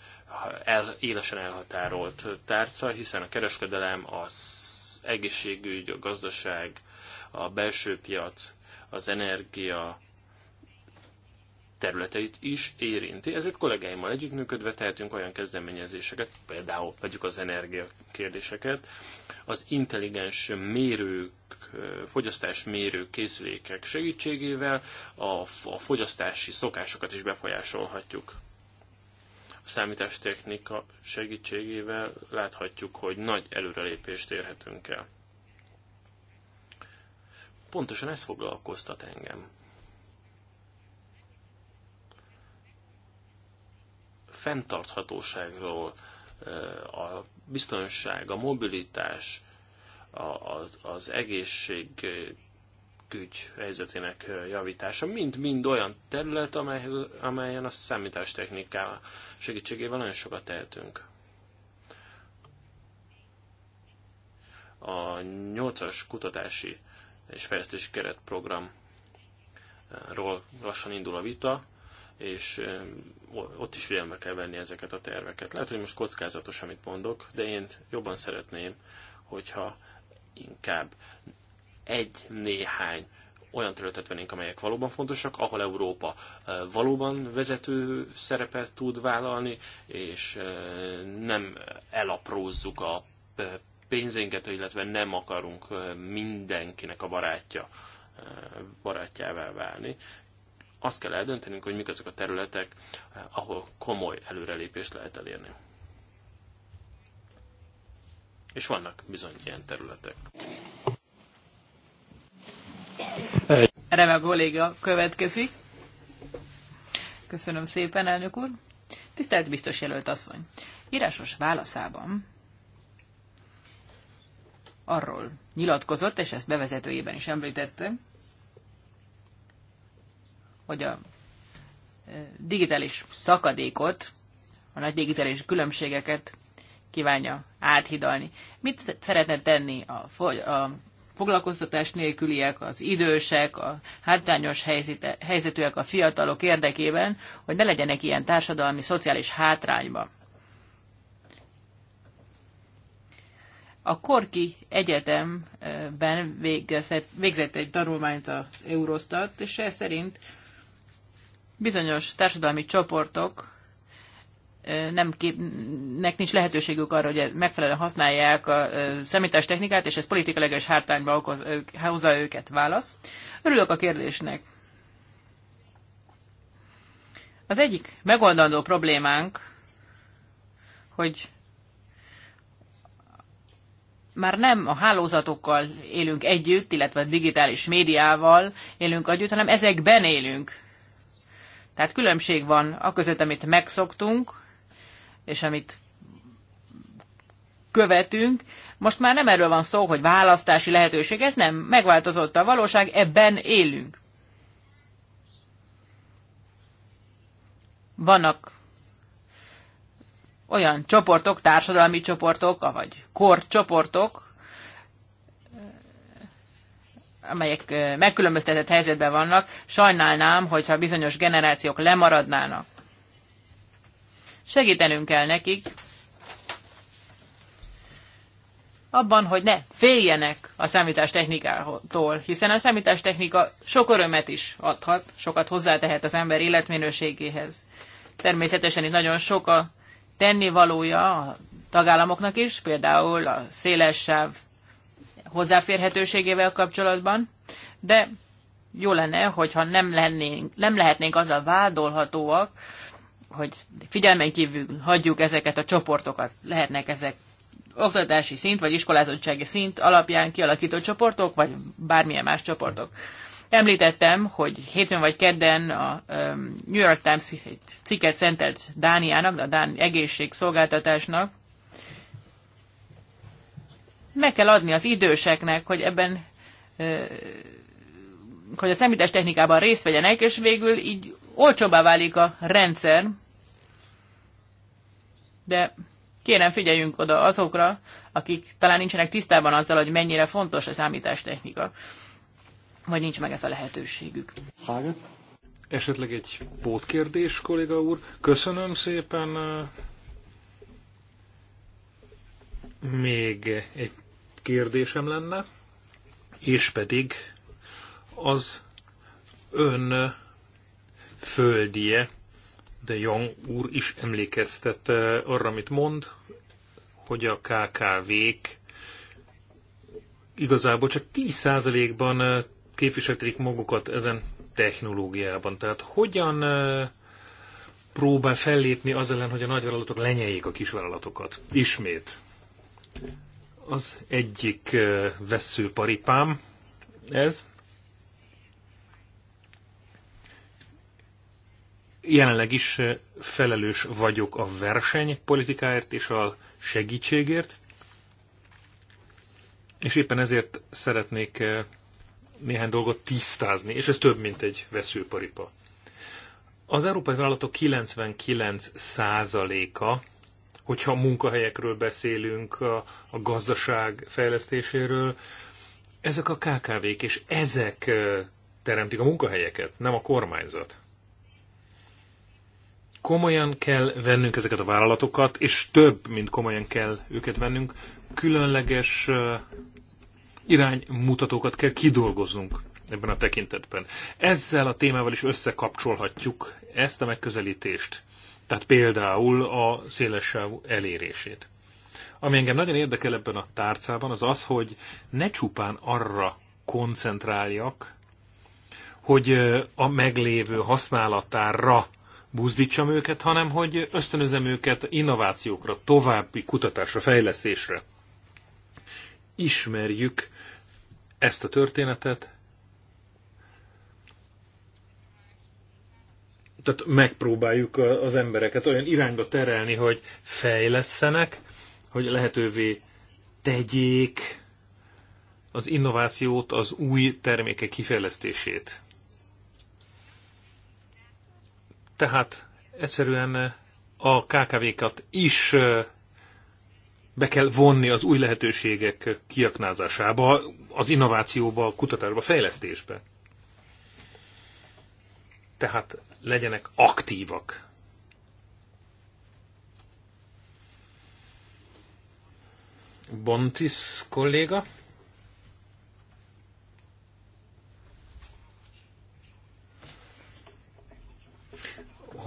el, élesen elhatárolt tárca, hiszen a kereskedelem, az egészségügy, a gazdaság, a belső piac, az energia területeit is érinti. Ezért kollégáimmal együttműködve tehetünk olyan kezdeményezéseket, például vegyük az energia kérdéseket, az intelligens mérők, fogyasztásmérő készülékek segítségével a, a fogyasztási szokásokat is befolyásolhatjuk számítástechnika segítségével láthatjuk, hogy nagy előrelépést érhetünk el. Pontosan ez foglalkoztat engem. Fentarthatóságról, eh, a biztonság, a mobilitás, az egészség eh, munkaügy helyzetének javítása, mind-mind olyan terület, amelyhez, amelyen a számítástechniká segítségével nagyon sokat tehetünk. A 8-as kutatási és fejlesztési keretprogramról lassan indul a vita, és ott is figyelme kell venni ezeket a terveket. Lehet, hogy most kockázatos, amit mondok, de én jobban szeretném, hogyha inkább egy-néhány olyan területet vennénk, amelyek valóban fontosak, ahol Európa eh, valóban vezető szerepet tud vállalni, és eh, nem elaprózzuk a eh, pénzénket, illetve nem akarunk mindenkinek a barátja, barátjává válni. Azt kell eldöntenünk, hogy mik azok a területek, ahol komoly előrelépést lehet elérni. És vannak bizony ilyen területek. Remek kolléga következik. Köszönöm szépen, elnök úr. Tisztelt biztos jelölt asszony! Írásos válaszában arról nyilatkozott, és ezt bevezetőjében is említette, hogy a e, digitális szakadékot, a nagy digitális különbségeket kívánja áthidalni. Mit szeretne tenni a, a foglalkoztatás nélküliek, az idősek, a hátrányos helyzete, helyzetűek, a fiatalok érdekében, hogy ne legyenek ilyen társadalmi, szociális hátrányban. A Korki Egyetemben végzett, végzett egy tanulmányt az Eurostat, és ez szerint bizonyos társadalmi csoportok nem kép, nek nincs lehetőségük arra, hogy megfelelően használják a szemítás technikát, és ez politikailag is hátányba okoz, hozza őket válasz. Örülök a kérdésnek. Az egyik megoldandó problémánk, hogy már nem a hálózatokkal élünk együtt, illetve a digitális médiával élünk együtt, hanem ezekben élünk. Tehát különbség van a között, amit megszoktunk, és amit követünk. Most már nem erről van szó, hogy választási lehetőség, ez nem, megváltozott a valóság, ebben élünk. Vannak olyan csoportok, társadalmi csoportok, vagy korcsoportok, amelyek eh, megkülönböztetett helyzetben vannak, sajnálnám, hogyha bizonyos generációk lemaradnának. Segítenünk kell nekik abban, hogy ne féljenek a számítástechnikától, hiszen a számítástechnika sok örömet is adhat, sokat hozzátehet az ember életminőségéhez. Természetesen itt nagyon sok a tennivalója a tagállamoknak is, például a széles sáv hozzáférhetőségével kapcsolatban, de jó lenne, hogyha nem, lennénk, nem lehetnénk azzal vádolhatóak, hogy figyelmen kívül hagyjuk ezeket a csoportokat. Lehetnek ezek oktatási szint, vagy iskolázottsági szint alapján kialakított csoportok, vagy bármilyen más csoportok. Említettem, hogy hétfőn vagy kedden a um, New York Times cikket szentelt Dániának, a Dán egészségszolgáltatásnak. Meg kell adni az időseknek, hogy ebben uh, hogy a számítástechnikában részt vegyenek, és végül így olcsóbbá válik a rendszer, de kérem figyeljünk oda azokra, akik talán nincsenek tisztában azzal, hogy mennyire fontos a számítástechnika, vagy nincs meg ez a lehetőségük. Frage? Esetleg egy pótkérdés, kolléga úr. Köszönöm szépen. Még egy kérdésem lenne, és pedig az ön földie, de Jong úr is emlékeztet eh, arra, amit mond, hogy a KKV-k igazából csak 10%-ban eh, képviselték magukat ezen technológiában. Tehát hogyan eh, próbál fellépni az ellen, hogy a nagyvállalatok lenyeljék a kisvállalatokat? Ismét. Az egyik veszőparipám ez, jelenleg is felelős vagyok a versenypolitikáért és a segítségért, és éppen ezért szeretnék néhány dolgot tisztázni, és ez több, mint egy veszőparipa. Az európai vállalatok 99%-a, hogyha munkahelyekről beszélünk, a, a gazdaság fejlesztéséről, ezek a KKV-k, és ezek teremtik a munkahelyeket, nem a kormányzat komolyan kell vennünk ezeket a vállalatokat, és több, mint komolyan kell őket vennünk, különleges iránymutatókat kell kidolgoznunk ebben a tekintetben. Ezzel a témával is összekapcsolhatjuk ezt a megközelítést, tehát például a szélessávú elérését. Ami engem nagyon érdekel ebben a tárcában, az az, hogy ne csupán arra koncentráljak, hogy a meglévő használatára buzdítsam őket, hanem hogy ösztönözem őket innovációkra, további kutatásra, fejlesztésre. Ismerjük ezt a történetet, tehát megpróbáljuk az embereket olyan irányba terelni, hogy fejlesszenek, hogy lehetővé tegyék az innovációt, az új termékek kifejlesztését. Tehát egyszerűen eh, a KKV-kat is eh, be kell vonni az új lehetőségek kiaknázásába, az innovációba, a kutatásba, a fejlesztésbe. Tehát legyenek aktívak. Bontis kolléga.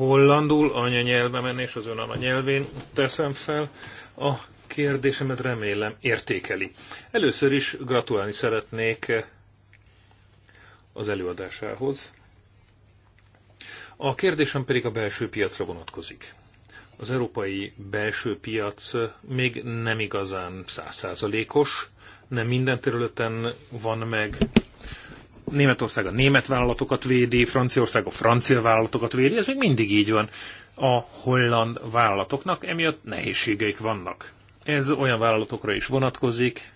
hollandul anyanyelvemen és az ön anyanyelvén teszem fel a kérdésemet, remélem értékeli. Először is gratulálni szeretnék az előadásához. A kérdésem pedig a belső piacra vonatkozik. Az európai belső piac még nem igazán százszázalékos, nem minden területen van meg Németország a német vállalatokat védi, Franciaország a francia vállalatokat védi, ez még mindig így van. A holland vállalatoknak emiatt nehézségeik vannak. Ez olyan vállalatokra is vonatkozik,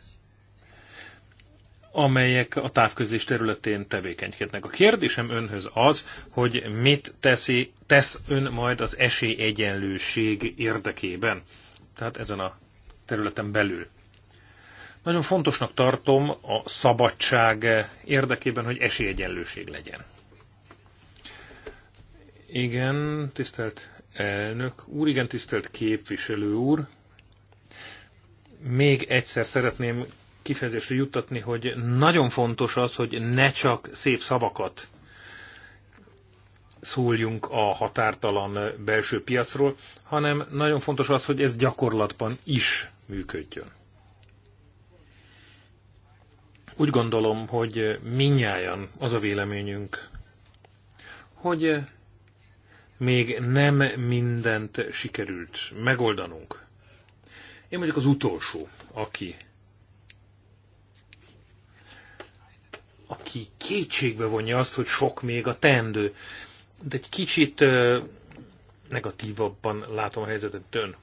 amelyek a távközlés területén tevékenykednek. A kérdésem önhöz az, hogy mit teszi, tesz ön majd az esélyegyenlőség érdekében, tehát ezen a területen belül. Nagyon fontosnak tartom a szabadság érdekében, hogy esélyegyenlőség legyen. Igen, tisztelt elnök úr, igen, tisztelt képviselő úr. Még egyszer szeretném kifejezésre juttatni, hogy nagyon fontos az, hogy ne csak szép szavakat szóljunk a határtalan belső piacról, hanem nagyon fontos az, hogy ez gyakorlatban is működjön. Úgy gondolom, hogy minnyáján az a véleményünk, hogy még nem mindent sikerült megoldanunk. Én vagyok az utolsó, aki aki kétségbe vonja azt, hogy sok még a teendő. De egy kicsit negatívabban látom a helyzetet ön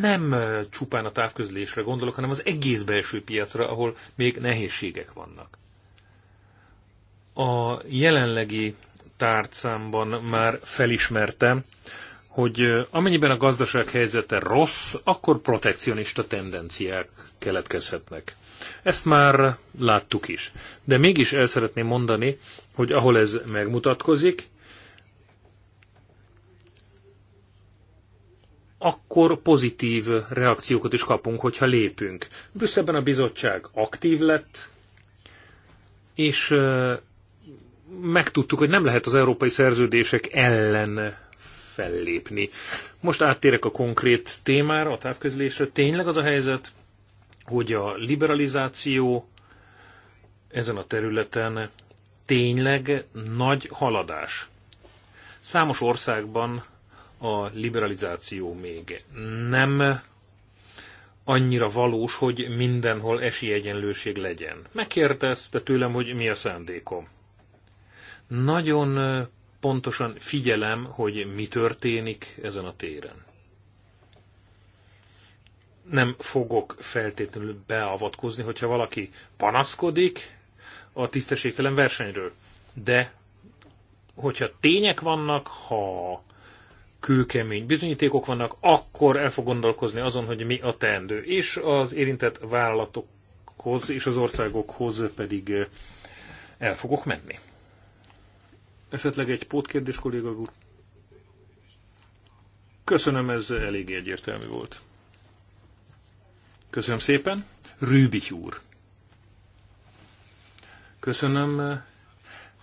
nem csupán a távközlésre gondolok, hanem az egész belső piacra, ahol még nehézségek vannak. A jelenlegi tárcámban már felismertem, hogy amennyiben a gazdaság helyzete rossz, akkor protekcionista tendenciák keletkezhetnek. Ezt már láttuk is. De mégis el szeretném mondani, hogy ahol ez megmutatkozik, akkor pozitív reakciókat is kapunk, hogyha lépünk. Brüsszelben a bizottság aktív lett, és megtudtuk, hogy nem lehet az európai szerződések ellen fellépni. Most áttérek a konkrét témára, a távközlésre. Tényleg az a helyzet, hogy a liberalizáció ezen a területen tényleg nagy haladás. Számos országban a liberalizáció még nem annyira valós, hogy mindenhol esélyegyenlőség legyen. Megkérdezte tőlem, hogy mi a szándékom. Nagyon pontosan figyelem, hogy mi történik ezen a téren. Nem fogok feltétlenül beavatkozni, hogyha valaki panaszkodik a tisztességtelen versenyről. De hogyha tények vannak, ha kőkemény bizonyítékok vannak, akkor el fog gondolkozni azon, hogy mi a teendő. És az érintett vállalatokhoz és az országokhoz pedig eh, el fogok menni. Esetleg egy pótkérdés, kolléga úr? Köszönöm, ez elég egyértelmű volt. Köszönöm szépen. Rübich úr. Köszönöm. Eh,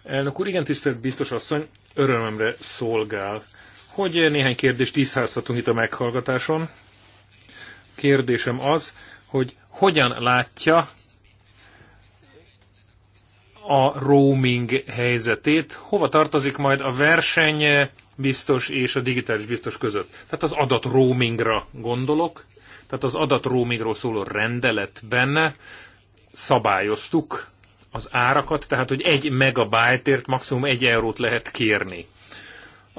elnök úr, igen, tisztelt biztos asszony, örömömre szolgál, hogy néhány kérdést tisztázhatunk itt a meghallgatáson. Kérdésem az, hogy hogyan látja a roaming helyzetét, hova tartozik majd a verseny biztos és a digitális biztos között. Tehát az adat roamingra gondolok, tehát az adat roamingról szóló rendeletben szabályoztuk az árakat, tehát hogy egy megabájtért maximum egy eurót lehet kérni.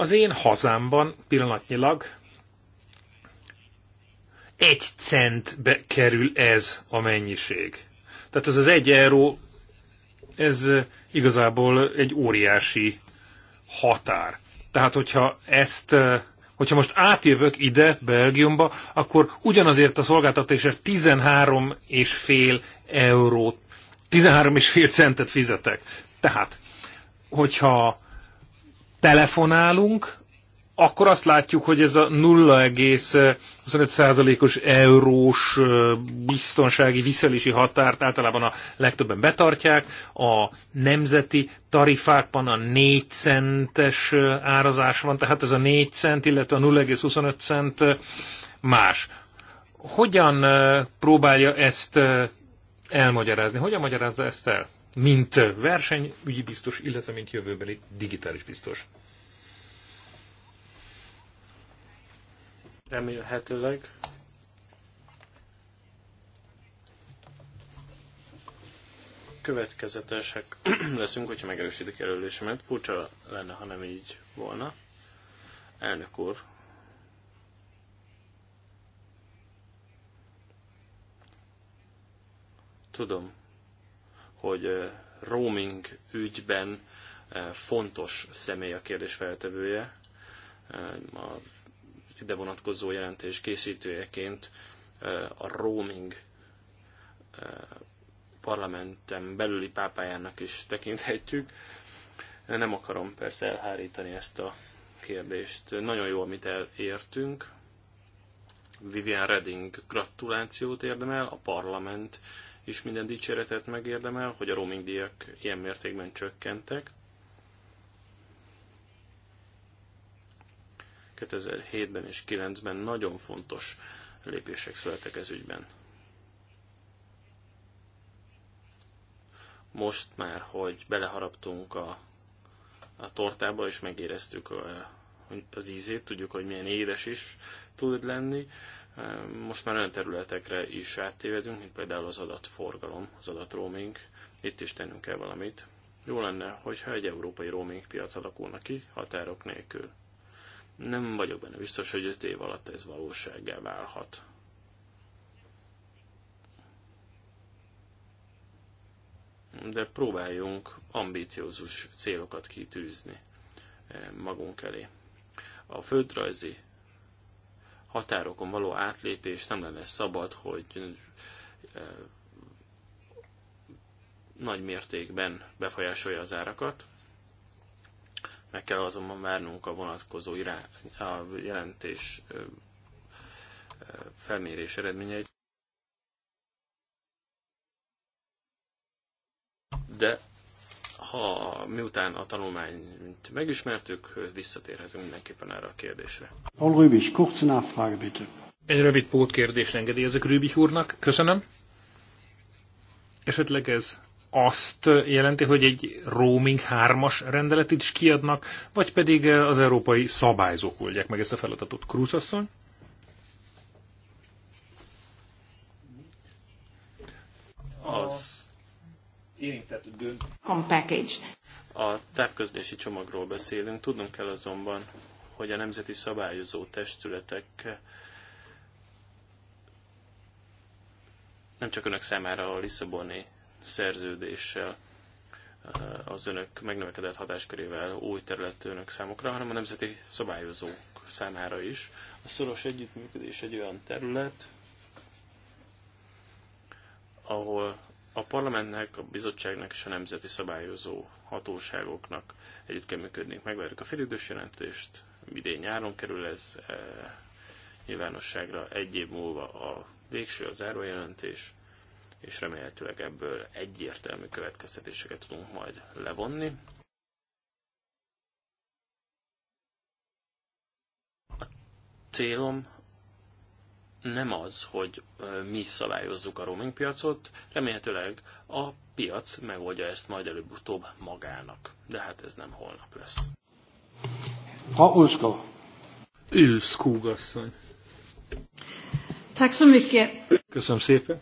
Az én hazámban pillanatnyilag egy centbe kerül ez a mennyiség. Tehát ez az egy euró, ez igazából egy óriási határ. Tehát, hogyha ezt, hogyha most átjövök ide, Belgiumba, akkor ugyanazért a szolgáltatásért 13 és fél eurót, 13 és fél centet fizetek. Tehát, hogyha telefonálunk, akkor azt látjuk, hogy ez a 0,25%-os eurós biztonsági viszelési határt általában a legtöbben betartják, a nemzeti tarifákban a 4 centes árazás van, tehát ez a 4 cent, illetve a 0,25 cent más. Hogyan próbálja ezt elmagyarázni? Hogyan magyarázza ezt el? mint versenyügyi biztos, illetve mint jövőbeli digitális biztos. Remélhetőleg. Következetesek leszünk, hogyha megerősítik jelölésemet. Furcsa lenne, ha nem így volna. Elnök úr, tudom, hogy roaming ügyben fontos személy a kérdés feltevője. A ide vonatkozó jelentés készítőjeként a roaming parlamenten belüli pápájának is tekinthetjük. Nem akarom persze elhárítani ezt a kérdést. Nagyon jó, amit elértünk. Vivian Redding gratulációt érdemel, a parlament is minden dicséretet megérdemel, hogy a roaming díjak ilyen mértékben csökkentek. 2007-ben és 2009-ben nagyon fontos lépések születtek ez ügyben. Most már, hogy beleharaptunk a, a tortába, és megéreztük a, az ízét, tudjuk, hogy milyen édes is tud lenni, most már olyan területekre is áttévedünk, mint például az adatforgalom, az adatroaming. Itt is tennünk kell valamit. Jó lenne, hogyha egy európai roaming piac alakulna ki határok nélkül. Nem vagyok benne biztos, hogy 5 év alatt ez valósággá válhat. de próbáljunk ambíciózus célokat kitűzni eh, magunk elé. A földrajzi határokon való átlépés nem lenne szabad, hogy eh, nagy mértékben befolyásolja az árakat. Meg kell azonban várnunk a vonatkozó irány, a jelentés eh, eh, felmérés eredményeit. De ha miután a tanulmányt megismertük, visszatérhetünk mindenképpen erre a kérdésre. Paul Rübis, kurz Nachfrage bitte. Egy rövid pótkérdést engedélyezek Rübik úrnak. Köszönöm. Esetleg ez azt jelenti, hogy egy roaming 3-as rendeletet is kiadnak, vagy pedig az európai szabályzók oldják meg ezt a feladatot. Krúz asszony? érintett dönt. A távközlési csomagról beszélünk, tudnunk kell azonban, hogy a nemzeti szabályozó testületek nem csak önök számára a Lisszaboni szerződéssel, eh, az önök megnövekedett hatáskörével új terület önök számokra, hanem a nemzeti szabályozók számára is. A szoros együttműködés egy olyan terület, ahol a parlamentnek, a bizottságnak és a nemzeti szabályozó hatóságoknak együtt kell működni. Megvárjuk a félidős jelentést, idén nyáron kerül ez e, nyilvánosságra, egy év múlva a végső, a jelentés, és remélhetőleg ebből egyértelmű következtetéseket tudunk majd levonni. A célom nem az, hogy mi szabályozzuk a roaming piacot, remélhetőleg a piac megoldja ezt majd előbb-utóbb magának. De hát ez nem holnap lesz. Ha Ulskova. Ulskog asszony. Köszönöm szépen.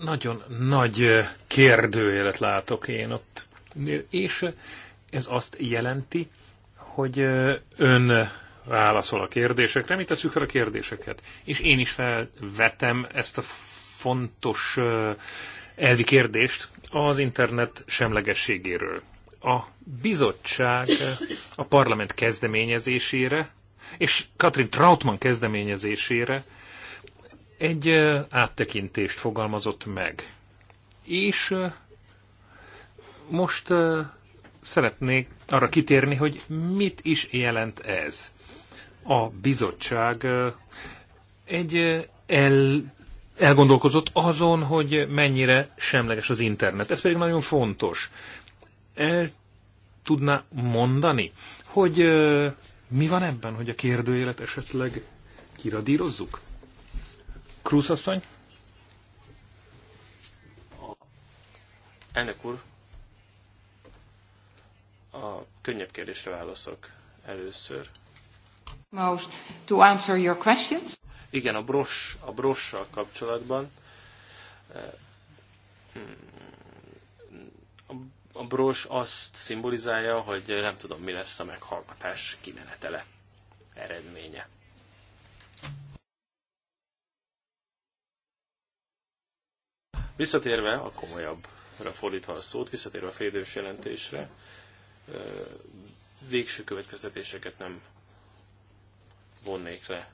Nagyon nagy kérdőjelet látok én ott. És ez azt jelenti, hogy ön válaszol a kérdésekre, mi tesszük fel a kérdéseket. És én is felvetem ezt a fontos elvi kérdést az internet semlegességéről. A bizottság a parlament kezdeményezésére és Katrin Trautmann kezdeményezésére egy áttekintést fogalmazott meg. És most szeretnék arra kitérni, hogy mit is jelent ez a bizottság egy el, elgondolkozott azon, hogy mennyire semleges az internet. Ez pedig nagyon fontos. El tudná mondani, hogy mi van ebben, hogy a kérdőjelet esetleg kiradírozzuk? Krusz asszony? Elnök úr, a könnyebb kérdésre válaszok először. Most to answer your questions. Igen, a bros, a brossal kapcsolatban eh, hmm, a bros azt szimbolizálja, hogy nem tudom, mi lesz a meghallgatás kimenetele, eredménye. Visszatérve a komolyabbra fordítva a szót, visszatérve a félidős jelentésre, eh, végső következtetéseket nem vonnék le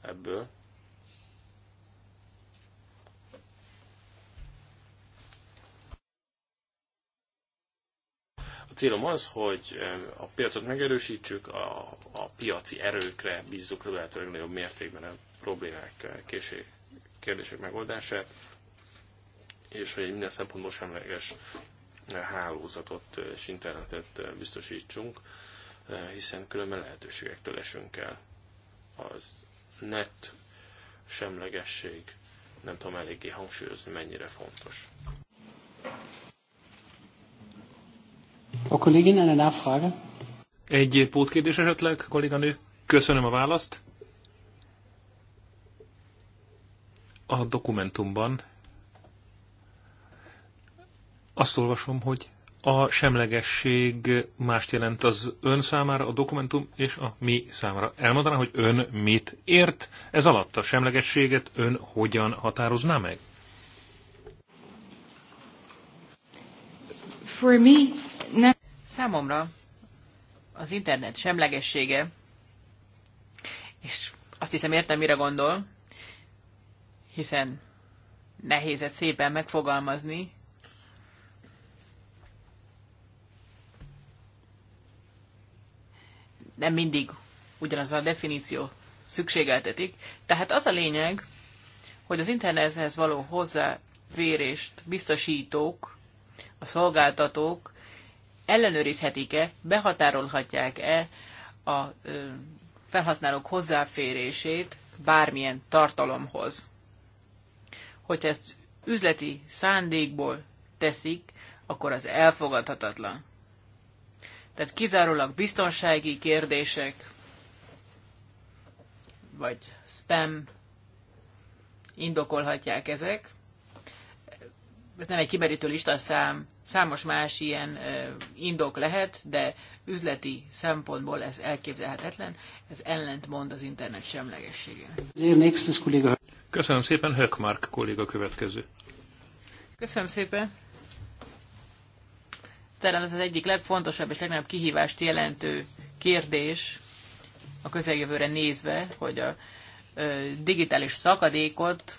ebből. A célom az, hogy eh, a piacot megerősítsük, a, a piaci erőkre bízzuk lehetőleg nagyobb mértékben a problémák, eh, késői kérdések megoldását, és hogy minden szempontból semleges eh, hálózatot és internetet biztosítsunk hiszen különben lehetőségektől esünk el. Az net semlegesség nem tudom eléggé hangsúlyozni, mennyire fontos. A kollégin a Nachfrage? Egy pótkérdés esetleg, kolléganő. Köszönöm a választ. A dokumentumban azt olvasom, hogy a semlegesség mást jelent az ön számára a dokumentum és a mi számára. Elmondaná, hogy ön mit ért ez alatt a semlegességet, ön hogyan határozná meg? For me, ne- Számomra az internet semlegessége, és azt hiszem értem, mire gondol, hiszen nehéz ezt szépen megfogalmazni, nem mindig ugyanaz a definíció szükségeltetik. Tehát az a lényeg, hogy az internethez való hozzáférést biztosítók, a szolgáltatók ellenőrizhetik-e, behatárolhatják-e a felhasználók hozzáférését bármilyen tartalomhoz. Hogyha ezt üzleti szándékból teszik, akkor az elfogadhatatlan. Tehát kizárólag biztonsági kérdések, vagy spam indokolhatják ezek. Ez nem egy kimerítő lista szám, számos más ilyen indok lehet, de üzleti szempontból ez elképzelhetetlen, ez ellentmond az internet semlegességének. Köszönöm szépen, Höckmark kolléga következő. Köszönöm szépen talán ez az egyik legfontosabb és legnagyobb kihívást jelentő kérdés a közeljövőre nézve, hogy a digitális szakadékot,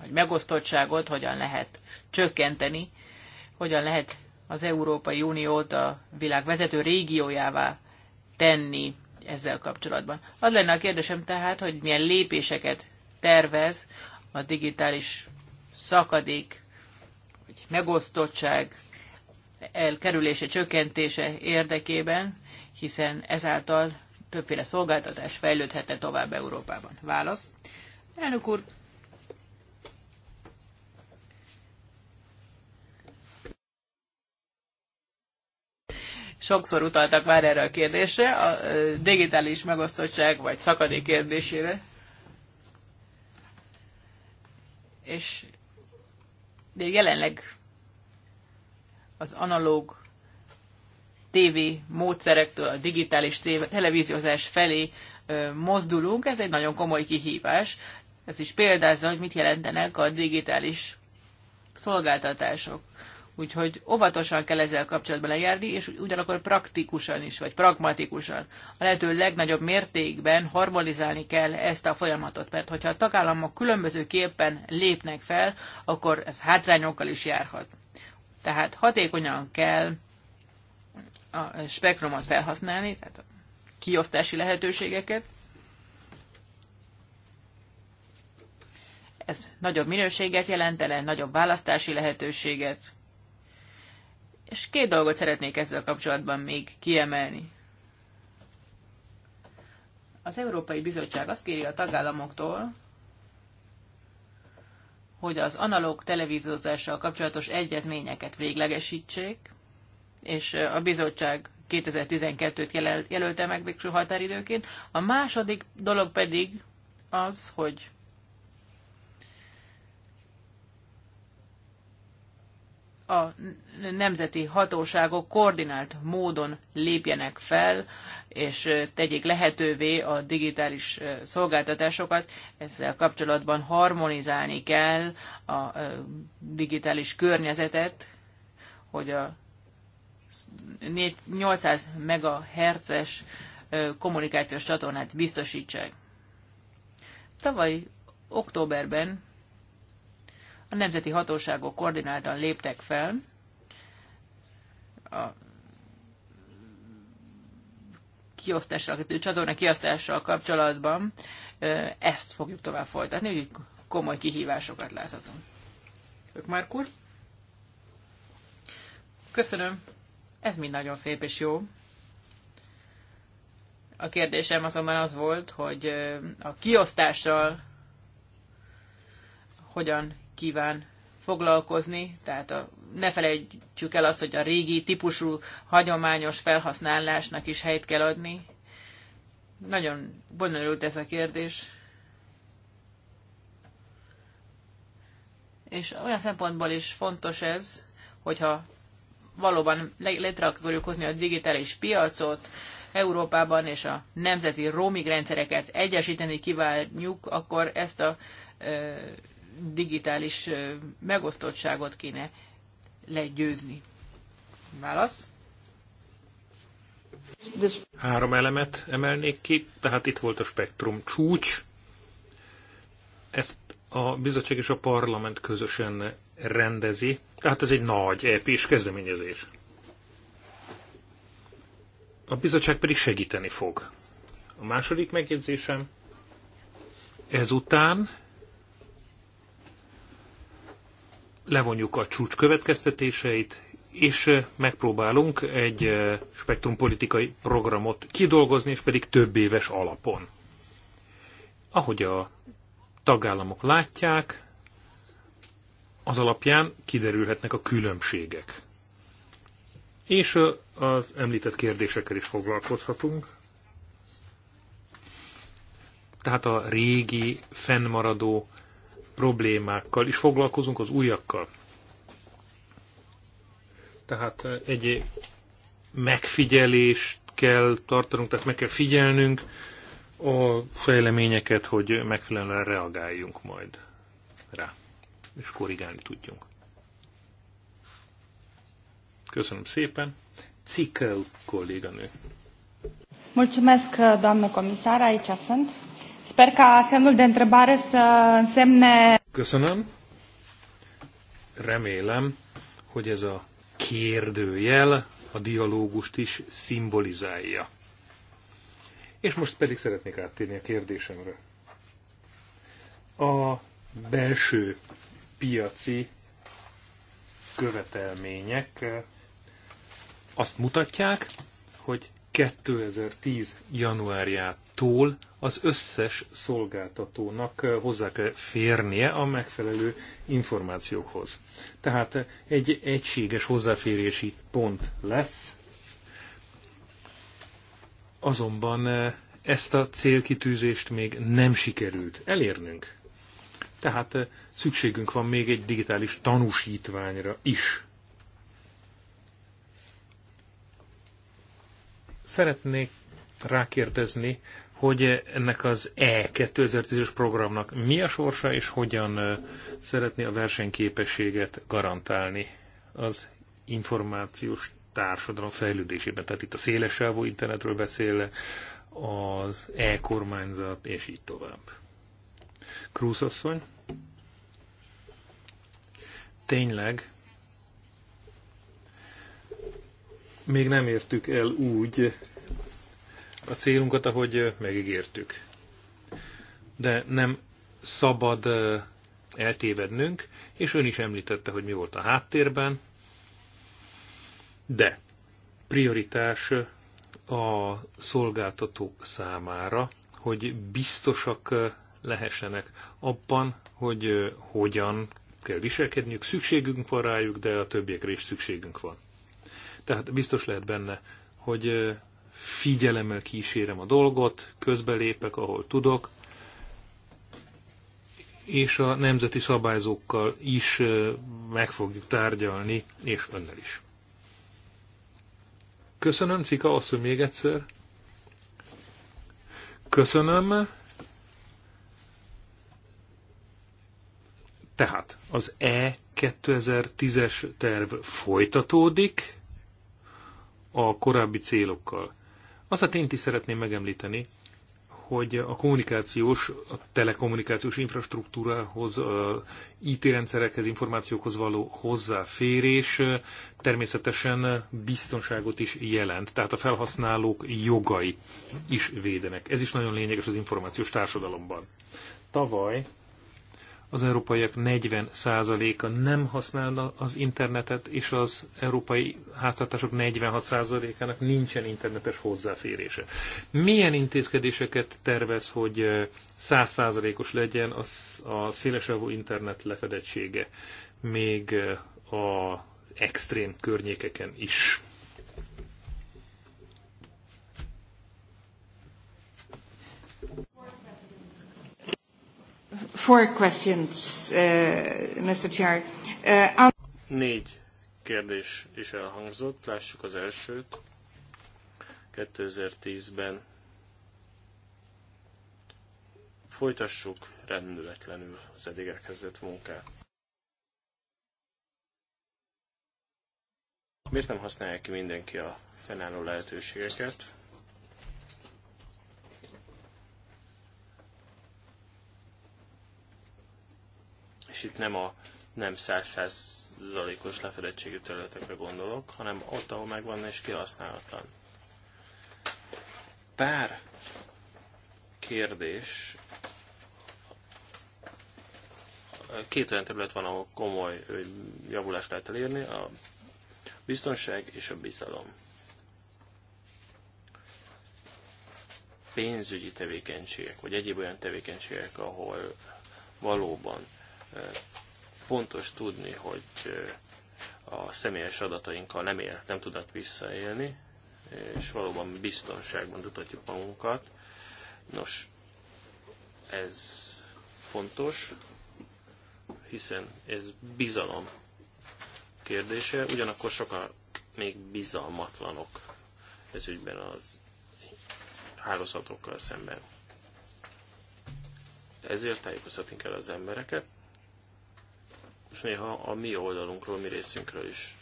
vagy megosztottságot hogyan lehet csökkenteni, hogyan lehet az Európai Uniót a világ vezető régiójává tenni ezzel kapcsolatban. Az lenne a kérdésem tehát, hogy milyen lépéseket tervez a digitális szakadék, vagy megosztottság elkerülése, csökkentése érdekében, hiszen ezáltal többféle szolgáltatás fejlődhetne tovább Európában. Válasz. Elnök úr, sokszor utaltak már erre a kérdésre, a digitális megosztottság vagy szakadék kérdésére. És de jelenleg az analóg TV módszerektől a digitális televíziózás felé mozdulunk, ez egy nagyon komoly kihívás. Ez is példázza, hogy mit jelentenek a digitális szolgáltatások. Úgyhogy óvatosan kell ezzel kapcsolatban lejárni, és ugyanakkor praktikusan is, vagy pragmatikusan. A lehető legnagyobb mértékben harmonizálni kell ezt a folyamatot, mert hogyha a tagállamok különbözőképpen lépnek fel, akkor ez hátrányokkal is járhat. Tehát hatékonyan kell a spektrumot felhasználni, tehát a kiosztási lehetőségeket. Ez nagyobb minőséget jelentene, nagyobb választási lehetőséget. És két dolgot szeretnék ezzel kapcsolatban még kiemelni. Az Európai Bizottság azt kéri a tagállamoktól, hogy az analóg televíziózással kapcsolatos egyezményeket véglegesítsék, és a bizottság 2012-t jelölte meg végső határidőként. A második dolog pedig az, hogy a nemzeti hatóságok koordinált módon lépjenek fel, és tegyék lehetővé a digitális szolgáltatásokat. Ezzel kapcsolatban harmonizálni kell a digitális környezetet, hogy a 800 MHz-es kommunikációs csatornát biztosítsák. Tavaly októberben a nemzeti hatóságok koordináltan léptek fel, a kiosztással, a csatorna kiosztással kapcsolatban ezt fogjuk tovább folytatni, úgyhogy komoly kihívásokat láthatunk. Ők már kur? Köszönöm. Ez mind nagyon szép és jó. A kérdésem azonban az volt, hogy a kiosztással hogyan kíván foglalkozni, tehát a, ne felejtsük el azt, hogy a régi típusú hagyományos felhasználásnak is helyt kell adni. Nagyon bonyolult ez a kérdés. És olyan szempontból is fontos ez, hogyha valóban létre akarjuk hozni a digitális piacot, Európában és a nemzeti roaming rendszereket egyesíteni kívánjuk, akkor ezt a digitális megosztottságot kéne legyőzni? Válasz? Három elemet emelnék ki, tehát itt volt a spektrum csúcs. Ezt a bizottság és a parlament közösen rendezi, tehát ez egy nagy ep kezdeményezés. A bizottság pedig segíteni fog. A második megjegyzésem, ezután levonjuk a csúcs következtetéseit, és megpróbálunk egy spektrumpolitikai programot kidolgozni, és pedig több éves alapon. Ahogy a tagállamok látják, az alapján kiderülhetnek a különbségek. És az említett kérdésekkel is foglalkozhatunk. Tehát a régi, fennmaradó problémákkal is foglalkozunk, az újakkal. Tehát eh, egy megfigyelést kell tartanunk, tehát meg kell figyelnünk a fejleményeket, hogy megfelelően reagáljunk majd rá, és korrigálni tudjunk. Köszönöm szépen. Cikel kolléganő. Mulțumesc, doamnă comisar, aici sunt. Sper ca semnul de întrebare să însemne... Köszönöm. Remélem, hogy ez a kérdőjel a dialógust is szimbolizálja. És most pedig szeretnék áttérni a kérdésemre. A belső piaci követelmények eh, azt mutatják, hogy 2010. januárjától az összes szolgáltatónak eh, hozzá kell férnie a megfelelő információkhoz. Tehát eh, egy egységes hozzáférési pont lesz, azonban eh, ezt a célkitűzést még nem sikerült elérnünk. Tehát szükségünk van még egy digitális tanúsítványra is. Szeretnék rákérdezni, hogy ennek az E2010-es programnak mi a sorsa, és hogyan szeretné a versenyképességet garantálni az információs társadalom fejlődésében. Tehát itt a széles sávú internetről beszél, az e-kormányzat, és így tovább. Krúz asszony? Tényleg még nem értük el úgy a célunkat, ahogy megígértük. De nem szabad eltévednünk, és ön is említette, hogy mi volt a háttérben, de prioritás a szolgáltatók számára, hogy biztosak lehessenek abban, hogy hogyan kell viselkedniük, szükségünk van rájuk, de a többiekre is szükségünk van. Tehát biztos lehet benne, hogy figyelemmel kísérem a dolgot, közbelépek, ahol tudok, és a nemzeti szabályzókkal is meg fogjuk tárgyalni, és önnel is. Köszönöm, Cika, azt, hogy még egyszer. Köszönöm. Tehát az E 2010-es terv folytatódik, a korábbi célokkal. Az a tényt is szeretném megemlíteni, hogy a kommunikációs, a telekommunikációs infrastruktúrához, IT-rendszerekhez, információkhoz való hozzáférés természetesen biztonságot is jelent, tehát a felhasználók jogai is védenek. Ez is nagyon lényeges az információs társadalomban. Tavaly az európaiak 40%-a nem használna az internetet, és az európai háztartások 46%-ának nincsen internetes hozzáférése. Milyen intézkedéseket tervez, hogy 100%-os legyen az, a szélesávú internet lefedettsége még a extrém környékeken is? Four questions, uh, Mr. Chair. Uh, Négy kérdés is elhangzott, lássuk az elsőt. 2010-ben folytassuk rendületlenül az eddig elkezdett munkát. Miért nem használják ki mindenki a fennálló lehetőségeket? és itt nem a nem százszázalékos lefedettségű területekre gondolok, hanem ott, ahol megvan és kihasználatlan. Pár kérdés. Két olyan terület van, ahol komoly javulást lehet elérni, a biztonság és a bizalom. Pénzügyi tevékenységek, vagy egyéb olyan tevékenységek, ahol valóban Fontos tudni, hogy eh, a személyes adatainkkal nem, él, nem tudnak visszaélni, és valóban biztonságban tudhatjuk magunkat. Nos, ez fontos, hiszen ez bizalom kérdése, ugyanakkor sokan még bizalmatlanok ez ügyben az hálózatokkal szemben. Ezért tájékoztatni kell az embereket, és néha a mi oldalunkról, mi részünkről is,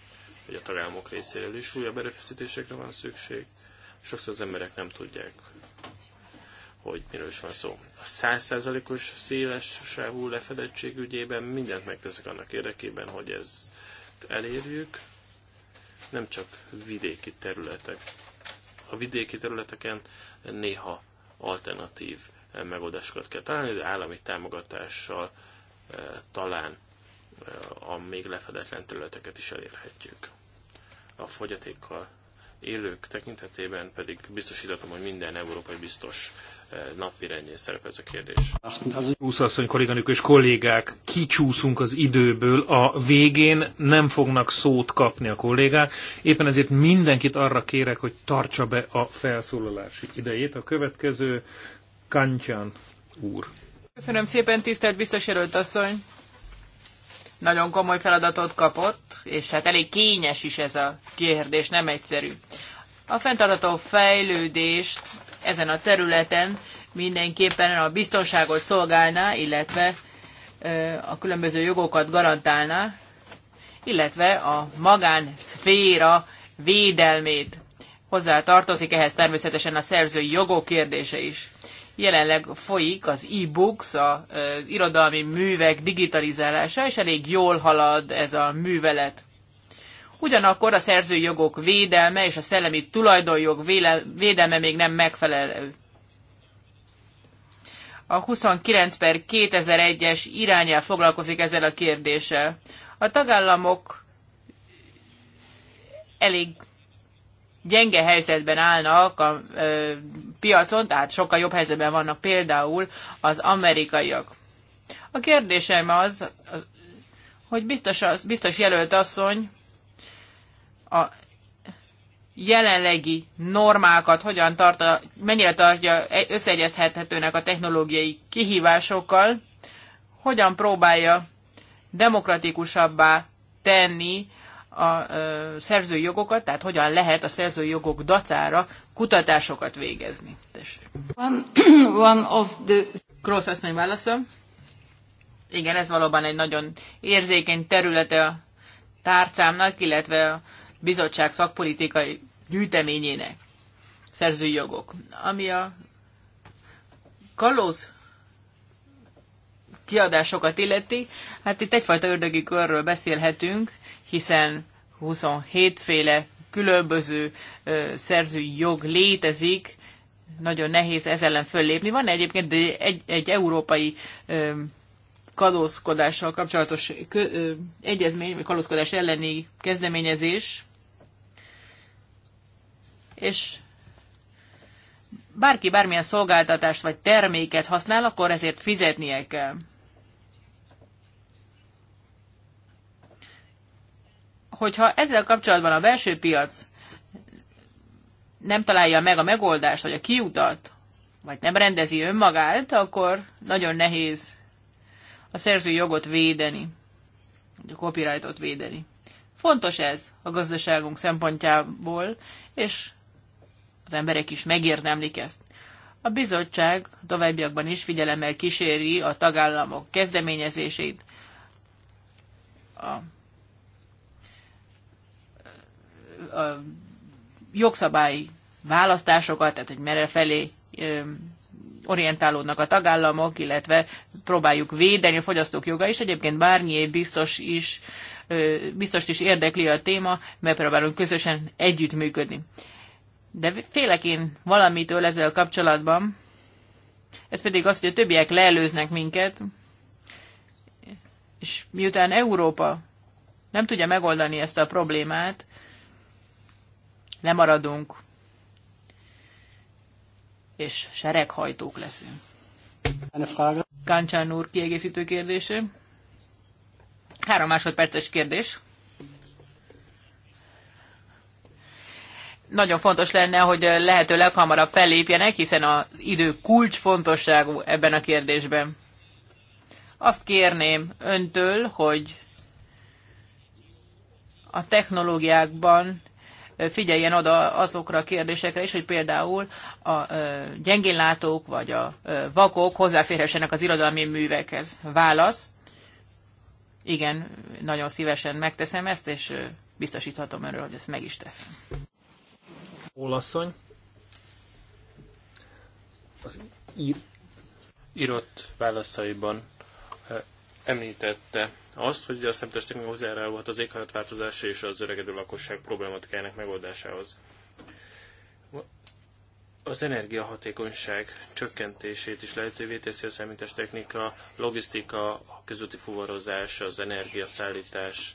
vagy a tagállamok részéről is újabb erőfeszítésekre van szükség. Sokszor az emberek nem tudják, hogy miről is van szó. A százszázalékos széles sávú lefedettség ügyében mindent megteszek annak érdekében, hogy ez elérjük, nem csak vidéki területek. A vidéki területeken néha alternatív megoldásokat kell találni, de állami támogatással eh, talán a még lefedetlen területeket is elérhetjük. A fogyatékkal élők tekintetében pedig biztosítatom, hogy minden európai biztos eh, napirendjén szerep ez a kérdés. Úszasszony kolléganők és kollégák, kicsúszunk az időből, a végén nem fognak szót kapni a kollégák, éppen ezért mindenkit arra kérek, hogy tartsa be a felszólalási idejét. A következő Kancsán úr. Köszönöm szépen, tisztelt biztos asszony! nagyon komoly feladatot kapott, és hát elég kényes is ez a kérdés, nem egyszerű. A fenntartható fejlődést ezen a területen mindenképpen a biztonságot szolgálná, illetve a különböző jogokat garantálná, illetve a magánszféra védelmét. Hozzá tartozik ehhez természetesen a szerzői jogok kérdése is. Jelenleg folyik az e-books, az irodalmi művek digitalizálása, és elég jól halad ez a művelet. Ugyanakkor a szerzői jogok védelme és a szellemi tulajdonjog védelme még nem megfelelő. A 29 per 2001-es irányel foglalkozik ezzel a kérdéssel. A tagállamok elég gyenge helyzetben állnak a ö, piacon, tehát sokkal jobb helyzetben vannak például az amerikaiak. A kérdésem az, az hogy biztos, az, biztos jelölt asszony a jelenlegi normákat hogyan tartja, mennyire tartja e- összeegyezhethetőnek a technológiai kihívásokkal, hogyan próbálja demokratikusabbá tenni a szerzői jogokat, tehát hogyan lehet a szerzői jogok dacára kutatásokat végezni. One, one of the... Krósz asszony válasza. Igen, ez valóban egy nagyon érzékeny területe a tárcámnak, illetve a bizottság szakpolitikai gyűjteményének szerzői jogok. Ami a kalóz kiadásokat illeti, hát itt egyfajta ördögi körről beszélhetünk, hiszen 27 féle különböző szerzői jog létezik, nagyon nehéz ez ellen föllépni. Van egyébként egy, egy európai ö, kalózkodással kapcsolatos kö, ö, egyezmény, vagy kalózkodás elleni kezdeményezés, és bárki bármilyen szolgáltatást vagy terméket használ, akkor ezért fizetnie kell. hogyha ezzel kapcsolatban a belső piac nem találja meg a megoldást, vagy a kiutat, vagy nem rendezi önmagát, akkor nagyon nehéz a szerző jogot védeni, vagy a copyrightot védeni. Fontos ez a gazdaságunk szempontjából, és az emberek is megérdemlik ezt. A bizottság továbbiakban is figyelemmel kíséri a tagállamok kezdeményezését, a a jogszabályi választásokat, tehát hogy merre felé orientálódnak a tagállamok, illetve próbáljuk védeni a fogyasztók joga is. Egyébként bármi biztos is, biztos is érdekli a téma, mert próbálunk közösen együttműködni. De félek én valamitől ezzel kapcsolatban, ez pedig az, hogy a többiek leelőznek minket, és miután Európa nem tudja megoldani ezt a problémát, lemaradunk, és sereghajtók leszünk. Kancsán úr kiegészítő kérdése. Három másodperces kérdés. Nagyon fontos lenne, hogy lehető leghamarabb fellépjenek, hiszen az idő kulcs fontosságú ebben a kérdésben. Azt kérném öntől, hogy a technológiákban figyeljen oda azokra a kérdésekre is, hogy például a gyengénlátók vagy a vakok hozzáférhessenek az irodalmi művekhez. Válasz. Igen, nagyon szívesen megteszem ezt, és biztosíthatom önről, hogy ezt meg is teszem. Olasszony. Az ír... Írott válaszaiban említette azt, hogy a szemtes technika hozzájárulhat az éghajlatváltozás és az öregedő lakosság problematikájának megoldásához. Az energiahatékonyság csökkentését is lehetővé teszi a számítás technika, logisztika, a közúti fuvarozás, az energiaszállítás,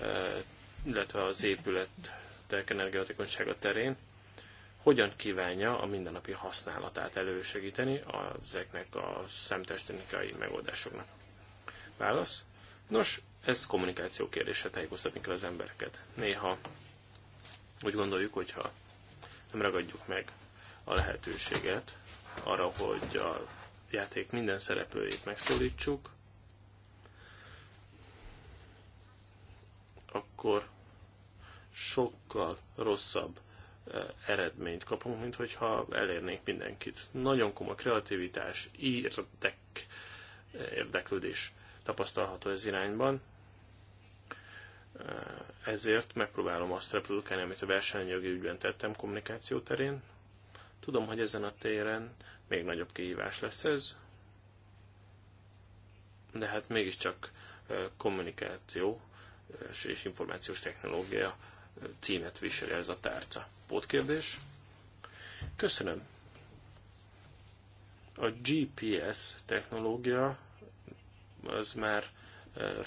eh, illetve az épületek energiahatékonysága terén. Hogyan kívánja a mindennapi használatát elősegíteni ezeknek a szemtestenikai megoldásoknak? Válasz? Nos, ez kommunikáció kérdése, tájékoztatni kell az embereket. Néha úgy gondoljuk, hogyha nem ragadjuk meg a lehetőséget arra, hogy a játék minden szereplőjét megszólítsuk, akkor sokkal rosszabb e, eredményt kapunk, mint hogyha elérnénk mindenkit. Nagyon komoly kreativitás, érdek, e, érdeklődés tapasztalható ez irányban. Ezért megpróbálom azt reprodukálni, amit a versenyjogi ügyben tettem kommunikáció terén. Tudom, hogy ezen a téren még nagyobb kihívás lesz ez, de hát mégiscsak eh, kommunikáció eh, és információs technológia eh, címet viseli ez a tárca. Pótkérdés? Köszönöm. A GPS technológia az már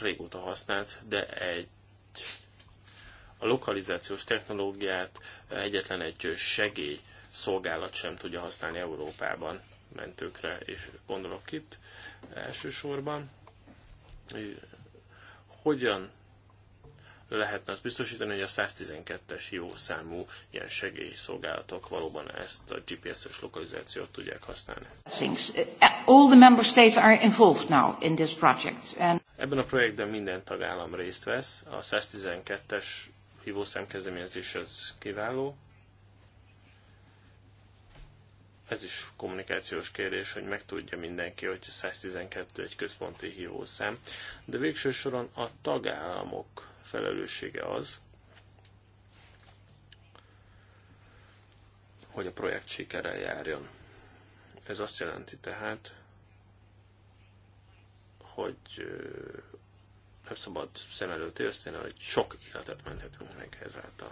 régóta használt, de egy a lokalizációs technológiát egyetlen egy segély szolgálat sem tudja használni Európában mentőkre, és gondolok itt elsősorban, hogyan lehetne azt biztosítani, hogy a 112-es jó számú ilyen segélyszolgálatok valóban ezt a GPS-es lokalizációt tudják használni. Eh, all the member states are involved now in this project. And... Ebben a projektben minden tagállam részt vesz. A 112-es hívószám kezdeményezés az kiváló. Ez is kommunikációs kérdés, hogy megtudja mindenki, hogy 112 egy központi hívószám. De végső soron a tagállamok felelőssége az, hogy a projekt sikerrel járjon. Ez azt jelenti tehát, hogy nem szabad szem előtt érzteni, hogy sok életet menthetünk meg ezáltal.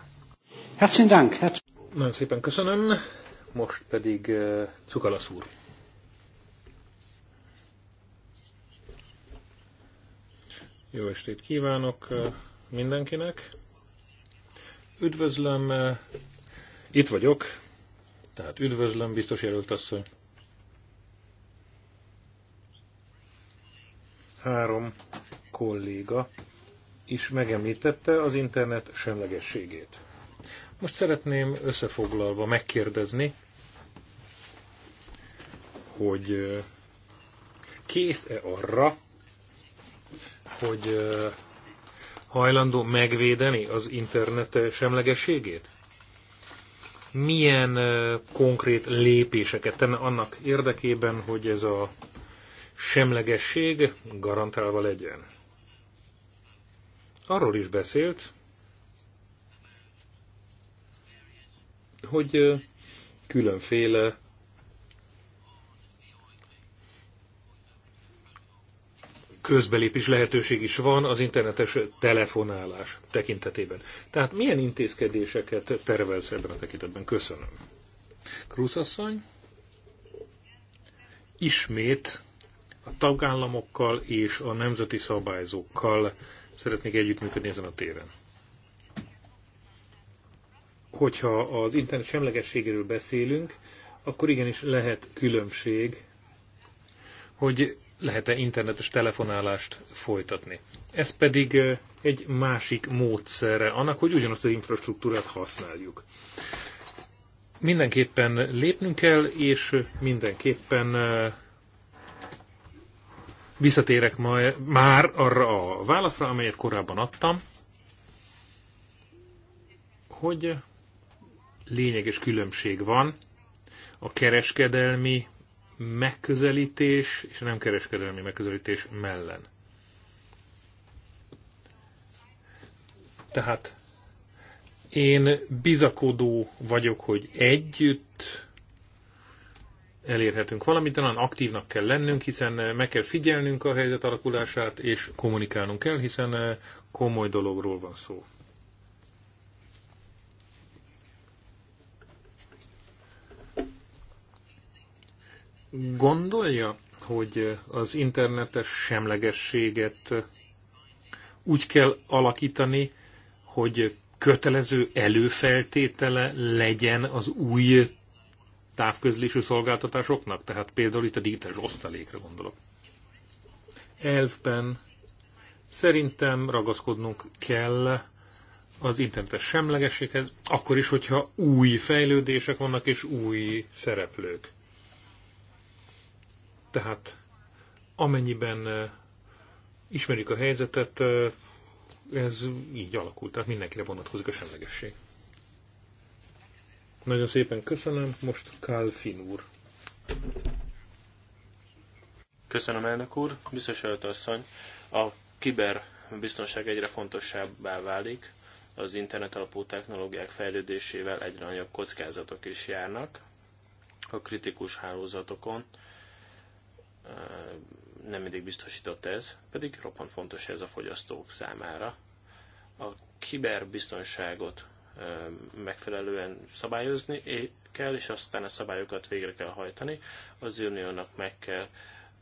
Herzlichen Dank! Nagyon szépen köszönöm. Most pedig uh, Cukalasz úr. Jó estét kívánok! mindenkinek. Üdvözlöm, eh, itt vagyok, tehát üdvözlöm, biztos jelölt asszony. Három kolléga is megemlítette az internet semlegességét. Most szeretném összefoglalva megkérdezni, hogy eh, kész-e arra, hogy eh, hajlandó megvédeni az internet eh, semlegességét? Milyen eh, konkrét lépéseket tenne annak érdekében, hogy ez a semlegesség garantálva legyen? Arról is beszélt, hogy eh, különféle közbelépés lehetőség is van az internetes telefonálás tekintetében. Tehát milyen intézkedéseket tervez ebben a tekintetben? Köszönöm. Krúzasszony, ismét a tagállamokkal és a nemzeti szabályzókkal szeretnék együttműködni ezen a téren. Hogyha az internet semlegességéről beszélünk, akkor igenis lehet különbség, hogy lehet-e internetes telefonálást folytatni. Ez pedig egy másik módszere annak, hogy ugyanazt az infrastruktúrát használjuk. Mindenképpen lépnünk kell, és mindenképpen visszatérek majd már arra a válaszra, amelyet korábban adtam, hogy lényeges különbség van a kereskedelmi megközelítés és a nem kereskedelmi megközelítés mellen. Tehát én bizakodó vagyok, hogy együtt elérhetünk valamit, talán aktívnak kell lennünk, hiszen meg kell figyelnünk a helyzet alakulását, és kommunikálnunk kell, hiszen komoly dologról van szó. Gondolja, hogy az internetes semlegességet úgy kell alakítani, hogy kötelező előfeltétele legyen az új távközlésű szolgáltatásoknak? Tehát például itt a digitális osztalékra gondolok. Elvben szerintem ragaszkodnunk kell az internetes semlegességhez, akkor is, hogyha új fejlődések vannak és új szereplők. Tehát amennyiben ismerjük a helyzetet, ez így alakult, tehát mindenkire vonatkozik a semlegesség. Nagyon szépen köszönöm, most Finn úr. Köszönöm, elnök úr, biztos asszony. A kiberbiztonság egyre fontosabbá válik, az internet alapú technológiák fejlődésével egyre nagyobb kockázatok is járnak a kritikus hálózatokon, nem mindig biztosított ez, pedig roppant fontos ez a fogyasztók számára. A kiberbiztonságot megfelelően szabályozni kell, és aztán a szabályokat végre kell hajtani. Az uniónak meg kell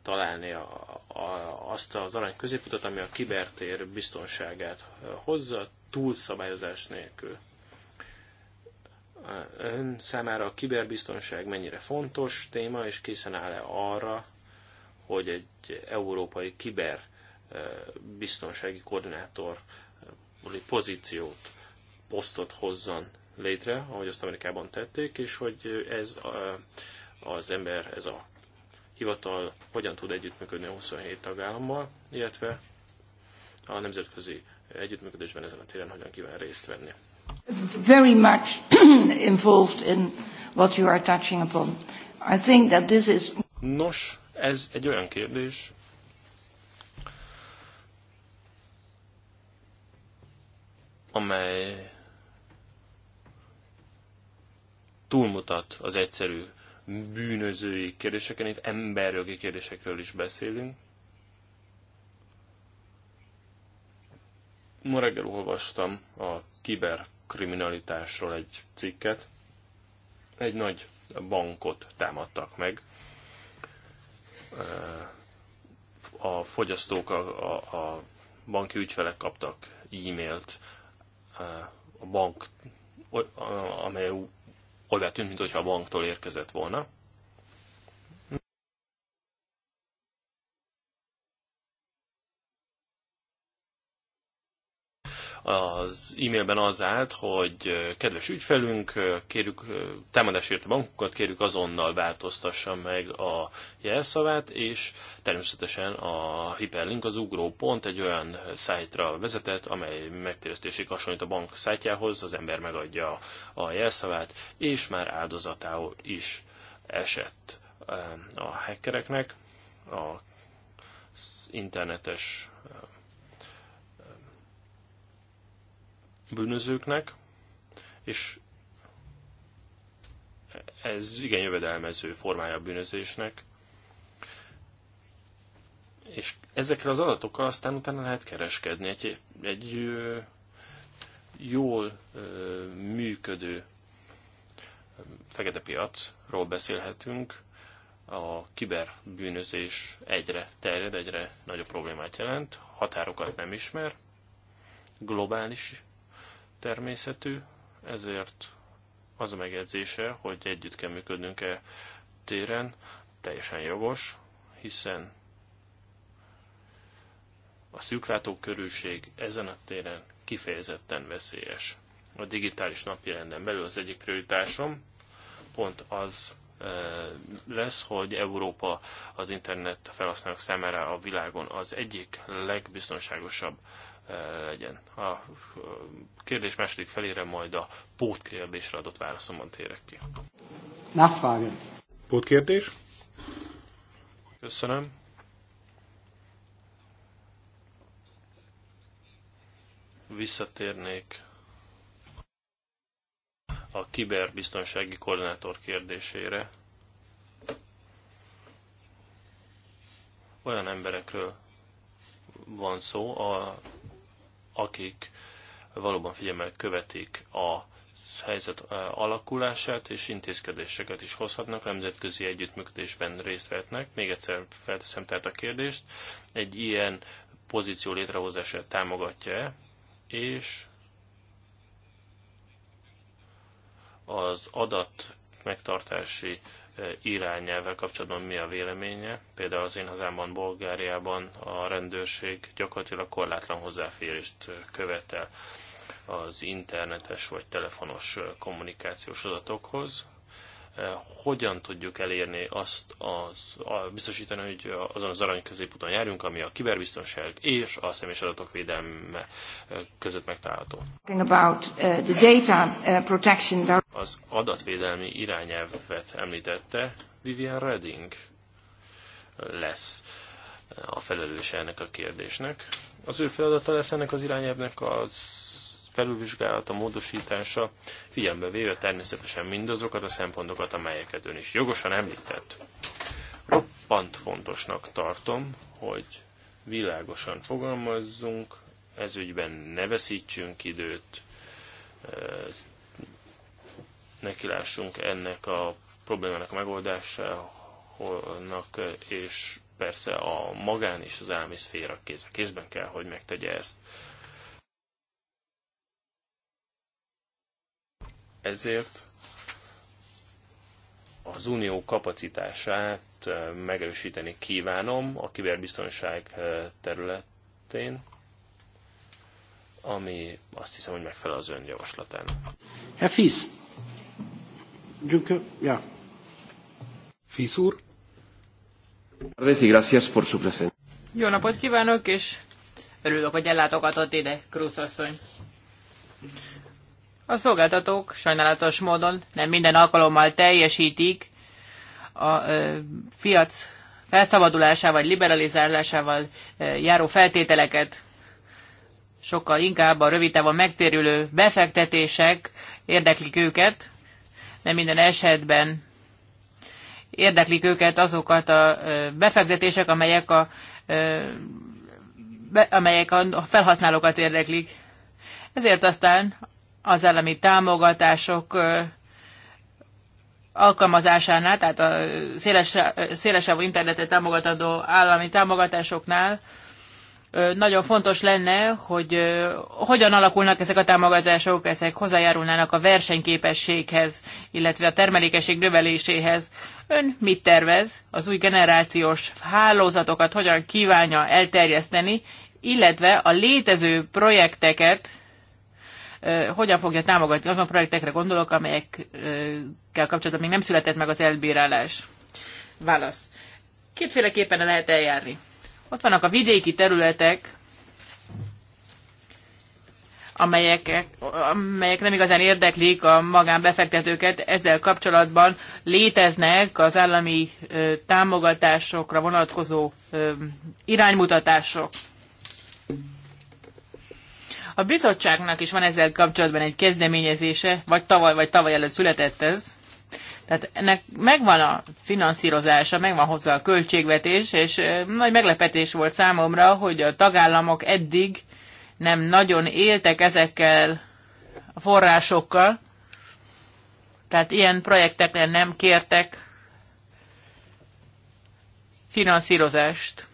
találni a, a, azt az arany középutat, ami a kibertér biztonságát hozza, túlszabályozás nélkül. Ön számára a kiberbiztonság mennyire fontos téma, és készen áll-e arra, hogy egy európai kiber eh, biztonsági koordinátor eh, pozíciót, posztot hozzon létre, ahogy azt Amerikában tették, és hogy ez az ember, ez a hivatal hogyan tud együttműködni a 27 tagállammal, illetve a nemzetközi együttműködésben ezen a téren hogyan kíván részt venni. Very much involved in what you are touching upon. I think that this is... Nos, ez egy olyan kérdés, amely túlmutat az egyszerű bűnözői kérdéseken, itt emberjogi kérdésekről is beszélünk. Ma reggel olvastam a kiberkriminalitásról egy cikket. Egy nagy bankot támadtak meg, a fogyasztók, a, a, a banki ügyfelek kaptak e-mailt e, a bank, amely olyat tűnt, mintha a banktól érkezett volna. az e-mailben az állt, hogy kedves ügyfelünk, kérjük, támadásért a bankokat, kérjük azonnal változtassa meg a jelszavát, és természetesen a hiperlink, az ugró pont egy olyan szájtra vezetett, amely megtérőztésig hasonlít a bank szájtjához, az ember megadja a jelszavát, és már áldozatául is esett a hackereknek, a internetes bűnözőknek, és ez igen jövedelmező formája a bűnözésnek, és ezekre az adatokkal aztán utána lehet kereskedni. Egy, egy jól működő fekete piacról beszélhetünk, a kiberbűnözés egyre terjed, egyre nagyobb problémát jelent, határokat nem ismer, globális természetű, ezért az a megjegyzése, hogy együtt kell működnünk-e téren, teljesen jogos, hiszen a szűklátók körülség ezen a téren kifejezetten veszélyes. A digitális napirenden belül az egyik prioritásom pont az e, lesz, hogy Európa az internet felhasználók számára a világon az egyik legbiztonságosabb legyen. A kérdés második felére majd a pótkérdésre adott válaszomban térek ki. Nachfrage. Pótkérdés? Köszönöm. Visszatérnék a kiberbiztonsági koordinátor kérdésére. Olyan emberekről van szó, a, akik valóban figyelmel követik a helyzet alakulását és intézkedéseket is hozhatnak, nemzetközi együttműködésben részt vehetnek. Még egyszer felteszem tehát a kérdést, egy ilyen pozíció létrehozását támogatja-e, és az adat megtartási irányelvvel kapcsolatban mi a véleménye. Például az én hazámban, Bulgáriában a rendőrség gyakorlatilag korlátlan hozzáférést követel az internetes vagy telefonos kommunikációs adatokhoz. Eh, hogyan tudjuk elérni azt, az, a, biztosítani, hogy azon az arany középuton járjunk, ami a kiberbiztonság és a személyes adatok védelme eh, között megtalálható. Eh, az adatvédelmi irányelvet említette Vivian Redding lesz a felelőse ennek a kérdésnek. Az ő feladata lesz ennek az irányelvnek az felülvizsgálata, módosítása, figyelembe véve természetesen mindazokat a szempontokat, amelyeket ön is jogosan említett. Roppant fontosnak tartom, hogy világosan fogalmazzunk, ez ne veszítsünk időt, nekilássunk ennek a problémának a megoldásának, és persze a magán és az állami szféra kéz a kézben kell, hogy megtegye ezt. Ezért az unió kapacitását megerősíteni kívánom a kiberbiztonság területén, ami azt hiszem, hogy megfelel az ön javaslatán. Fisz! ja. Fisz úr. Jó napot kívánok, és örülök, hogy ellátogatott ide, Krusz asszony. A szolgáltatók sajnálatos módon nem minden alkalommal teljesítik a ö, piac felszabadulásával vagy liberalizálásával ö, járó feltételeket. Sokkal inkább a rövid távon megtérülő befektetések érdeklik őket, nem minden esetben érdeklik őket azokat a befektetések, amelyek a, amelyek a felhasználókat érdeklik. Ezért aztán az elemi támogatások alkalmazásánál, tehát a széles, szélesebb internetet támogatandó állami támogatásoknál nagyon fontos lenne, hogy hogyan alakulnak ezek a támogatások, ezek hozzájárulnának a versenyképességhez, illetve a termelékeség növeléséhez. Ön mit tervez? Az új generációs hálózatokat hogyan kívánja elterjeszteni, illetve a létező projekteket hogyan fogja támogatni azon projektekre gondolok, amelyekkel kapcsolatban még nem született meg az elbírálás. Válasz. Kétféleképpen lehet eljárni. Ott vannak a vidéki területek, amelyek, amelyek nem igazán érdeklik a magánbefektetőket, ezzel kapcsolatban léteznek az állami támogatásokra vonatkozó iránymutatások. A bizottságnak is van ezzel kapcsolatban egy kezdeményezése, vagy tavaly, vagy tavaly előtt született ez. Tehát ennek megvan a finanszírozása, megvan hozzá a költségvetés, és nagy meglepetés volt számomra, hogy a tagállamok eddig nem nagyon éltek ezekkel a forrásokkal, tehát ilyen projektekre nem kértek finanszírozást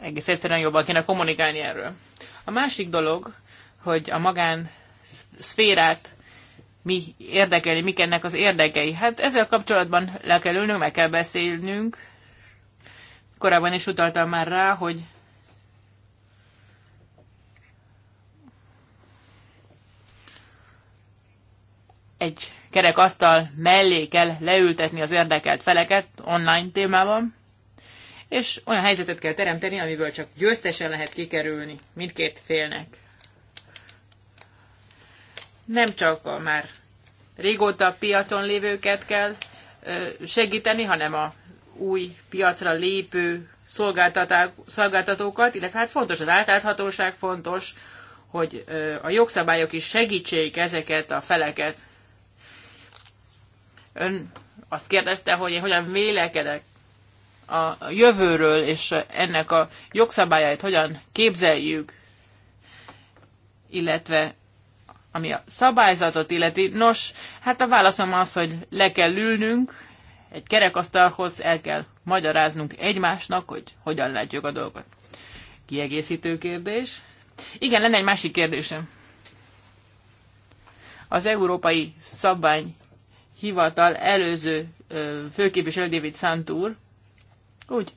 egész egyszerűen jobban kéne kommunikálni erről. A másik dolog, hogy a magán szférát mi érdekeli, mik ennek az érdekei. Hát ezzel kapcsolatban le kell ülnünk, meg kell beszélnünk. Korábban is utaltam már rá, hogy egy kerekasztal mellé kell leültetni az érdekelt feleket online témában és olyan helyzetet kell teremteni, amiből csak győztesen lehet kikerülni mindkét félnek. Nem csak a már régóta piacon lévőket kell segíteni, hanem a új piacra lépő szolgáltatókat, illetve hát fontos az átláthatóság, fontos, hogy a jogszabályok is segítsék ezeket a feleket. Ön azt kérdezte, hogy én hogyan vélekedek a jövőről és ennek a jogszabályait hogyan képzeljük, illetve ami a szabályzatot illeti. Nos, hát a válaszom az, hogy le kell ülnünk egy kerekasztalhoz, el kell magyaráznunk egymásnak, hogy hogyan látjuk a dolgot. Kiegészítő kérdés. Igen, lenne egy másik kérdésem. Az Európai Szabály Hivatal előző főképviselő David Santur úgy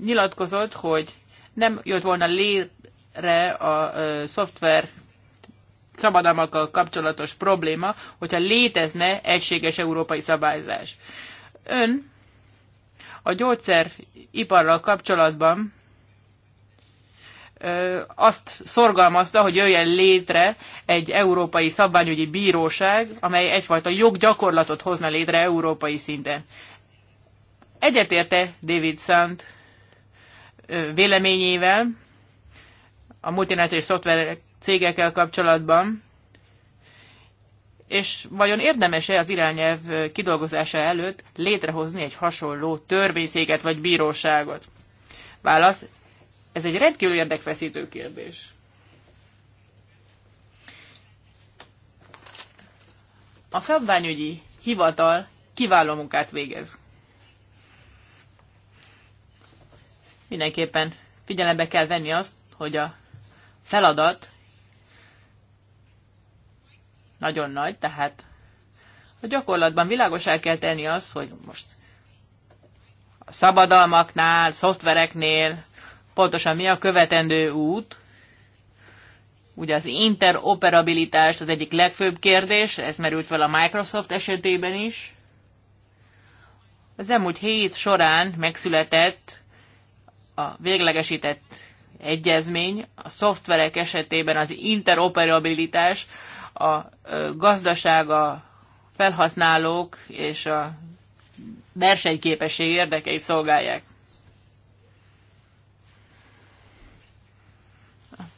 nyilatkozott, hogy nem jött volna létre a uh, szoftver szabadalmakkal kapcsolatos probléma, hogyha létezne egységes európai szabályzás. Ön a gyógyszeriparral kapcsolatban azt szorgalmazta, hogy jöjjen létre egy európai szabványügyi bíróság, amely egyfajta joggyakorlatot hozna létre európai szinten. Egyetérte David Sant véleményével a multinációs szoftver cégekkel kapcsolatban, és vajon érdemes-e az irányelv kidolgozása előtt létrehozni egy hasonló törvényszéget vagy bíróságot? Válasz, ez egy rendkívül érdekfeszítő kérdés. A szabványügyi hivatal kiváló munkát végez. mindenképpen figyelembe kell venni azt, hogy a feladat nagyon nagy, tehát a gyakorlatban világosá kell tenni azt, hogy most a szabadalmaknál, szoftvereknél pontosan mi a követendő út. Ugye az interoperabilitás az egyik legfőbb kérdés, ez merült fel a Microsoft esetében is. Az elmúlt hét során megszületett a véglegesített egyezmény, a szoftverek esetében az interoperabilitás, a gazdaság, a felhasználók és a versenyképesség érdekeit szolgálják.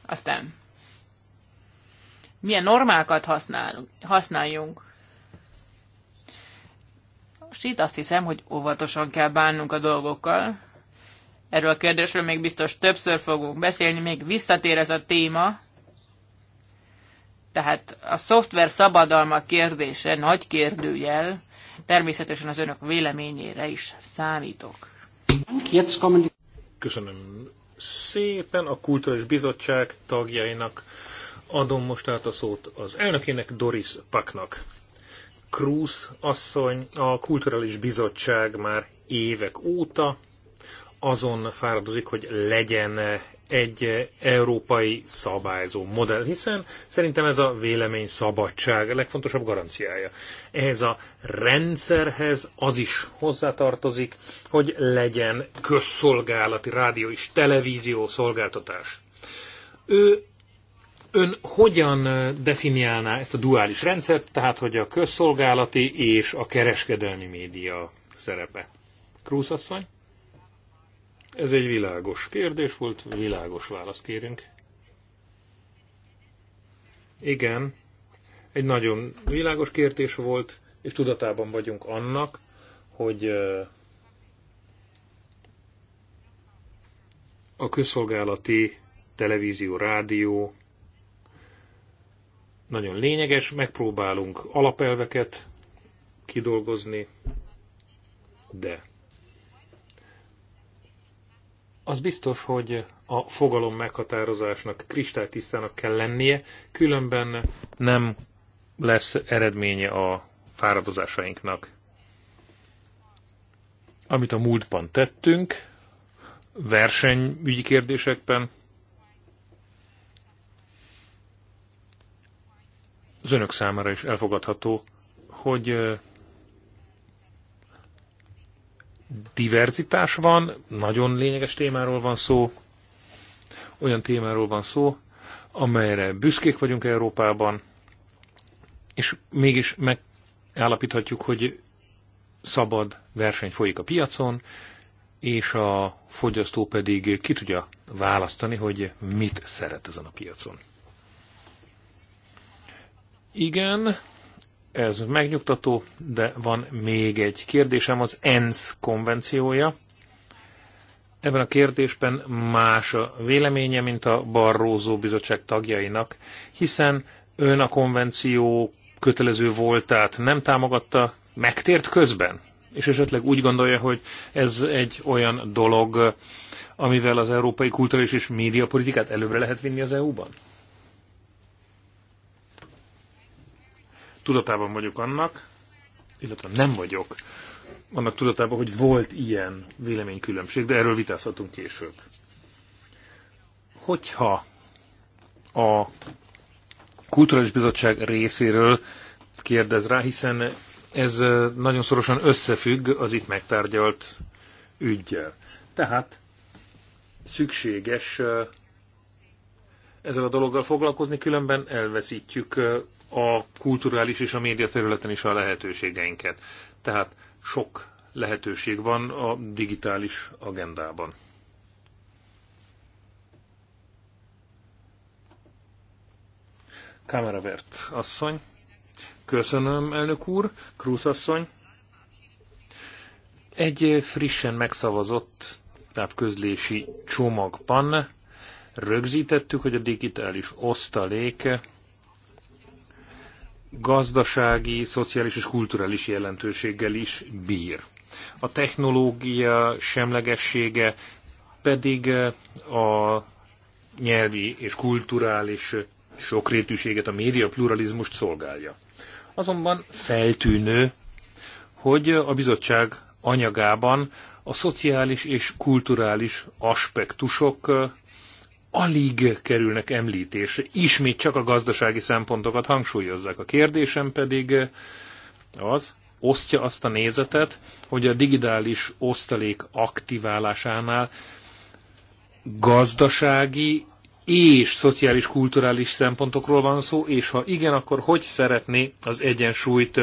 Aztán milyen normákat használunk, használjunk. Most itt azt hiszem, hogy óvatosan kell bánnunk a dolgokkal, Erről a kérdésről még biztos többször fogunk beszélni, még visszatér ez a téma. Tehát a szoftver szabadalma kérdése nagy kérdőjel, természetesen az önök véleményére is számítok. Köszönöm szépen a Kulturális Bizottság tagjainak. Adom most át a szót az elnökének, Doris Paknak. Krúz asszony a Kulturális Bizottság már évek óta azon fáradozik, hogy legyen egy európai szabályzó modell, hiszen szerintem ez a vélemény szabadság legfontosabb garanciája. Ehhez a rendszerhez az is hozzátartozik, hogy legyen közszolgálati rádió és televízió szolgáltatás. Ő Ön hogyan definiálná ezt a duális rendszert, tehát hogy a közszolgálati és a kereskedelmi média szerepe? Krúz asszony? Ez egy világos kérdés volt, világos választ kérünk. Igen, egy nagyon világos kérdés volt, és tudatában vagyunk annak, hogy a közszolgálati televízió, rádió nagyon lényeges, megpróbálunk alapelveket kidolgozni, de az biztos, hogy a fogalom meghatározásnak kristálytisztának kell lennie, különben nem lesz eredménye a fáradozásainknak. Amit a múltban tettünk, versenyügyi kérdésekben, az önök számára is elfogadható, hogy diverzitás van, nagyon lényeges témáról van szó, olyan témáról van szó, amelyre büszkék vagyunk Európában, és mégis megállapíthatjuk, hogy szabad verseny folyik a piacon, és a fogyasztó pedig ki tudja választani, hogy mit szeret ezen a piacon. Igen, ez megnyugtató, de van még egy kérdésem, az ENSZ konvenciója. Ebben a kérdésben más a véleménye, mint a Barrózó Bizottság tagjainak, hiszen ön a konvenció kötelező voltát nem támogatta, megtért közben? És esetleg úgy gondolja, hogy ez egy olyan dolog, amivel az európai kulturális és médiapolitikát előbbre lehet vinni az EU-ban? tudatában vagyok annak, illetve nem vagyok annak tudatában, hogy volt ilyen véleménykülönbség, de erről vitázhatunk később. Hogyha a Kulturális Bizottság részéről kérdez rá, hiszen ez nagyon szorosan összefügg az itt megtárgyalt ügyjel. Tehát szükséges ezzel a dologgal foglalkozni, különben elveszítjük a kulturális és a média területen is a lehetőségeinket. Tehát sok lehetőség van a digitális agendában. Kameravert asszony. Köszönöm, elnök úr. Krúz asszony. Egy frissen megszavazott távközlési csomagban rögzítettük, hogy a digitális osztalék gazdasági, szociális és kulturális jelentőséggel is bír. A technológia semlegessége pedig eh, a nyelvi és kulturális sokrétűséget, a média pluralizmust szolgálja. Azonban feltűnő, hogy a bizottság anyagában a szociális és kulturális aspektusok eh, alig kerülnek említésre. Ismét csak a gazdasági szempontokat hangsúlyozzák. A kérdésem pedig az, osztja azt a nézetet, hogy a digitális osztalék aktiválásánál gazdasági és szociális, kulturális szempontokról van szó, és ha igen, akkor hogy szeretné az egyensúlyt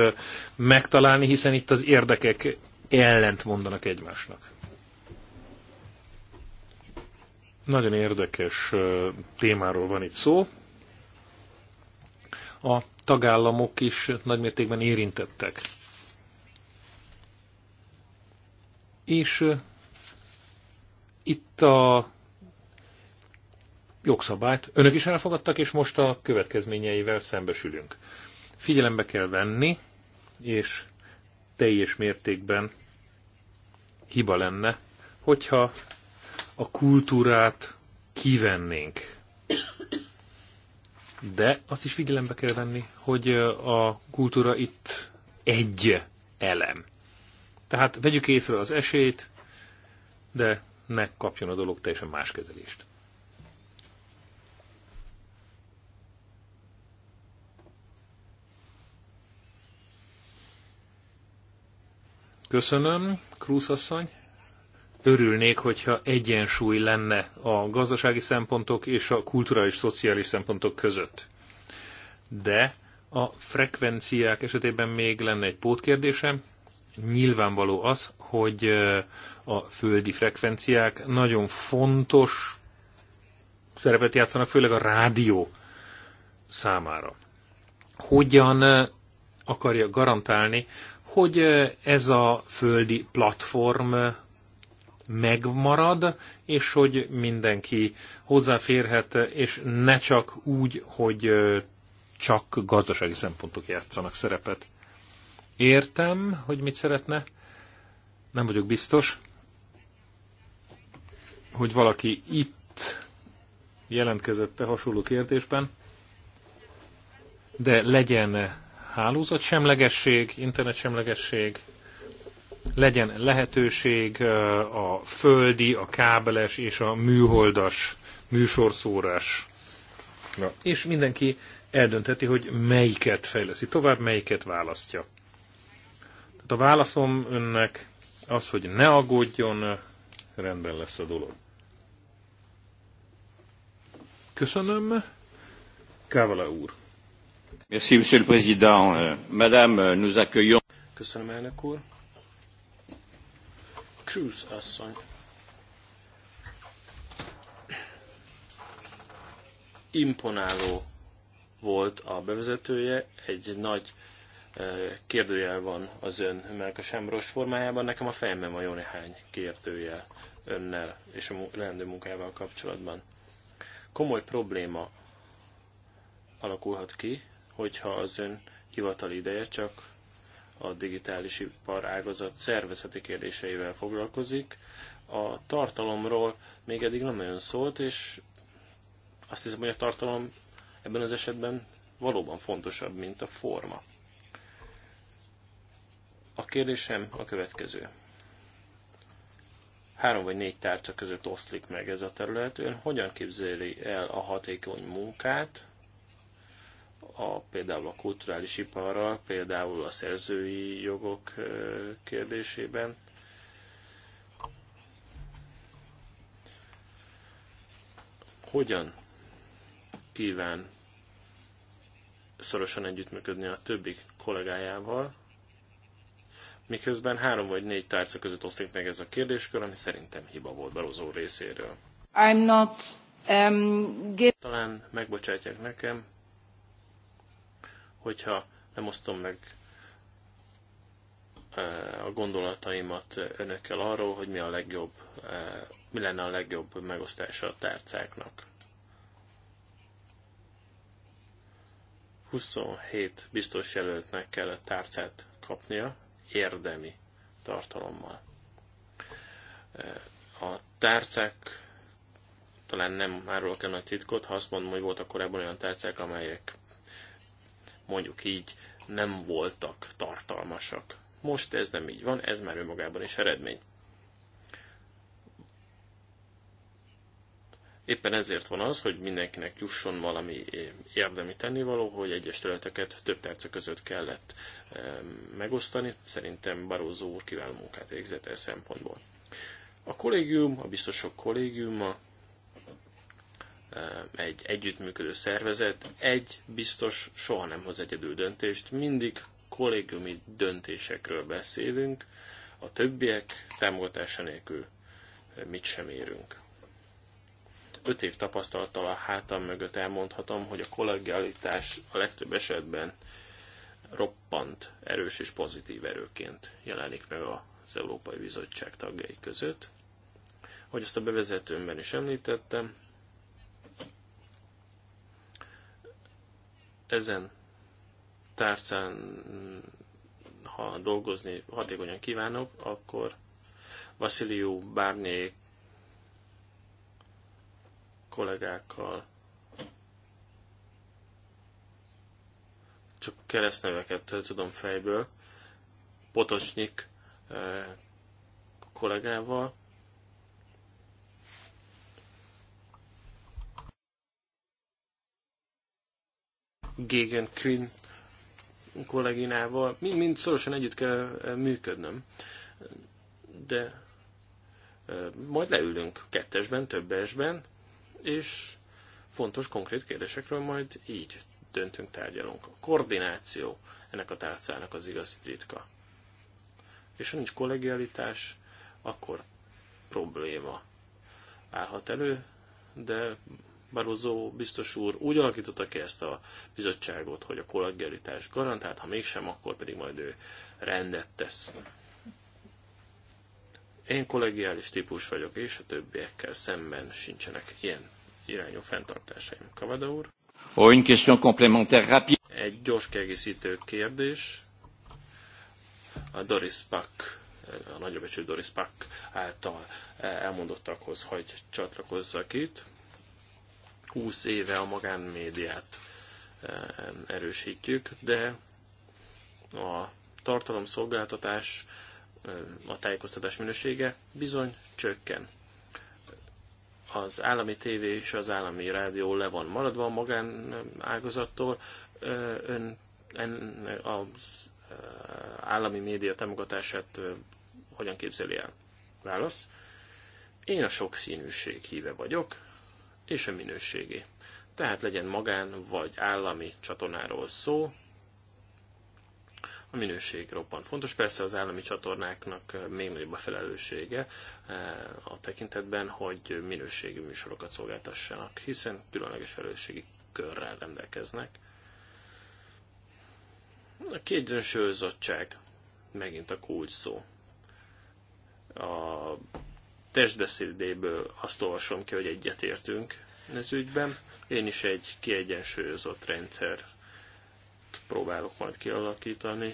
megtalálni, hiszen itt az érdekek ellent mondanak egymásnak. Nagyon érdekes témáról van itt szó. A tagállamok is nagymértékben érintettek. És itt a jogszabályt önök is elfogadtak, és most a következményeivel szembesülünk. Figyelembe kell venni, és teljes mértékben hiba lenne, hogyha a kultúrát kivennénk. De azt is figyelembe kell venni, hogy a kultúra itt egy elem. Tehát vegyük észre az esélyt, de ne kapjon a dolog teljesen más kezelést. Köszönöm, Krúz asszony örülnék, hogyha egyensúly lenne a gazdasági szempontok és a kulturális, szociális szempontok között. De a frekvenciák esetében még lenne egy pótkérdésem. Nyilvánvaló az, hogy a földi frekvenciák nagyon fontos szerepet játszanak, főleg a rádió számára. Hogyan akarja garantálni, hogy ez a földi platform megmarad, és hogy mindenki hozzáférhet, és ne csak úgy, hogy csak gazdasági szempontok játszanak szerepet. Értem, hogy mit szeretne. Nem vagyok biztos, hogy valaki itt jelentkezette hasonló kérdésben, de legyen hálózatsemlegesség, internetsemlegesség, legyen lehetőség a földi, a kábeles és a műholdas műsorszórás. Ja. És mindenki eldöntheti, hogy melyiket fejleszi tovább, melyiket választja. Tehát a válaszom önnek az, hogy ne aggódjon, rendben lesz a dolog. Köszönöm. Kávala úr. Merci, monsieur le président. Euh, madame, euh, nous accueillons. Köszönöm, elnök úr. Cruz asszony. Imponáló volt a bevezetője, egy nagy eh, kérdőjel van az ön melkasámros formájában, nekem a fejemben van jó néhány kérdőjel önnel és a leendő munkával kapcsolatban. Komoly probléma alakulhat ki, hogyha az ön hivatali ideje csak a digitális ipar ágazat szervezeti kérdéseivel foglalkozik. A tartalomról még eddig nem nagyon szólt, és azt hiszem, hogy a tartalom ebben az esetben valóban fontosabb, mint a forma. A kérdésem a következő. Három vagy négy tárca között oszlik meg ez a terület. Ön hogyan képzeli el a hatékony munkát, a, például a kulturális iparral, például a szerzői jogok kérdésében. Hogyan kíván szorosan együttműködni a többi kollégájával, miközben három vagy négy tárca között osztik meg ez a kérdéskör, ami szerintem hiba volt Barozó részéről. I'm not, um, Talán megbocsátják nekem, hogyha nem osztom meg e, a gondolataimat önökkel arról, hogy mi a legjobb, e, mi lenne a legjobb megosztása a tárcáknak. 27 biztos jelöltnek kellett tárcát kapnia érdemi tartalommal. E, a tárcák, talán nem árulok el nagy titkot, ha azt mondom, hogy voltak korábban olyan tárcák, amelyek mondjuk így, nem voltak tartalmasak. Most ez nem így van, ez már önmagában is eredmény. Éppen ezért van az, hogy mindenkinek jusson valami érdemi tennivaló, hogy egyes területeket több tárca között kellett megosztani. Szerintem Barózó úr kiváló munkát végzett el szempontból. A kollégium, a biztosok kollégiuma egy együttműködő szervezet, egy biztos soha nem hoz egyedül döntést, mindig kollégiumi döntésekről beszélünk, a többiek támogatása nélkül mit sem érünk. Öt év tapasztalattal a hátam mögött elmondhatom, hogy a kollegialitás a legtöbb esetben roppant erős és pozitív erőként jelenik meg az Európai Bizottság tagjai között. Hogy ezt a bevezetőmben is említettem, ezen tárcán, ha dolgozni hatékonyan kívánok, akkor Vasiliu Bárnyék kollégákkal csak keresztneveket tudom fejből, Potocsnyik eh, kollégával, Gégen Quinn kolléginával, mind-mind szorosan együtt kell eh, működnöm. De eh, majd leülünk kettesben, többesben, és fontos, konkrét kérdésekről majd így döntünk, tárgyalunk. A koordináció ennek a tárcának az igazi titka. És ha nincs kollegialitás, akkor probléma állhat elő, de Barozó biztos úr, úgy alakította ki ezt a bizottságot, hogy a kollegialitás garantált, ha mégsem, akkor pedig majd ő rendet tesz. Én kollegiális típus vagyok, és a többiekkel szemben sincsenek ilyen irányú fenntartásaim. Kavada úr? Oh, une question complémentaire rapide. Egy gyors kiegészítő kérdés. A Doris Pack, a nagyobb Doris Pack által elmondottakhoz, hogy csatlakozzak itt 20 éve a magánmédiát eh, erősítjük, de a tartalomszolgáltatás, eh, a tájékoztatás minősége bizony csökken. Az állami tévé és az állami rádió le van maradva a magánágazattól, eh, ön, en, az állami média támogatását hogyan képzeli el? Válasz. Én a sokszínűség híve vagyok, és a minőségé. Tehát legyen magán vagy állami csatornáról szó, a minőség roppant fontos. Persze az állami csatornáknak még nagyobb a felelőssége eh, a tekintetben, hogy minőségű műsorokat szolgáltassanak, hiszen különleges felelősségi körrel rendelkeznek. A kiegyensúlyozottság megint a kulcs szó. A testbeszédéből azt olvasom ki, hogy egyetértünk ez ügyben. Én is egy kiegyensúlyozott rendszer próbálok majd kialakítani,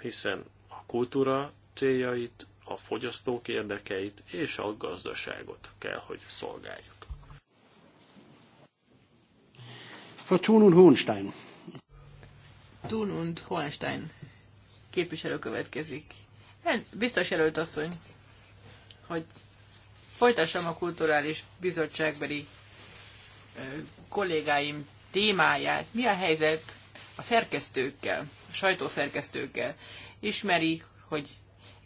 hiszen a kultúra céljait, a fogyasztók érdekeit és a gazdaságot kell, hogy szolgáljuk. Frau Thun und Hohenstein. Thun und Hohenstein képviselő következik. Biztos jelölt asszony, hogy folytassam a kulturális bizottságbeli kollégáim témáját. Mi a helyzet a szerkesztőkkel, a sajtószerkesztőkkel? Ismeri, hogy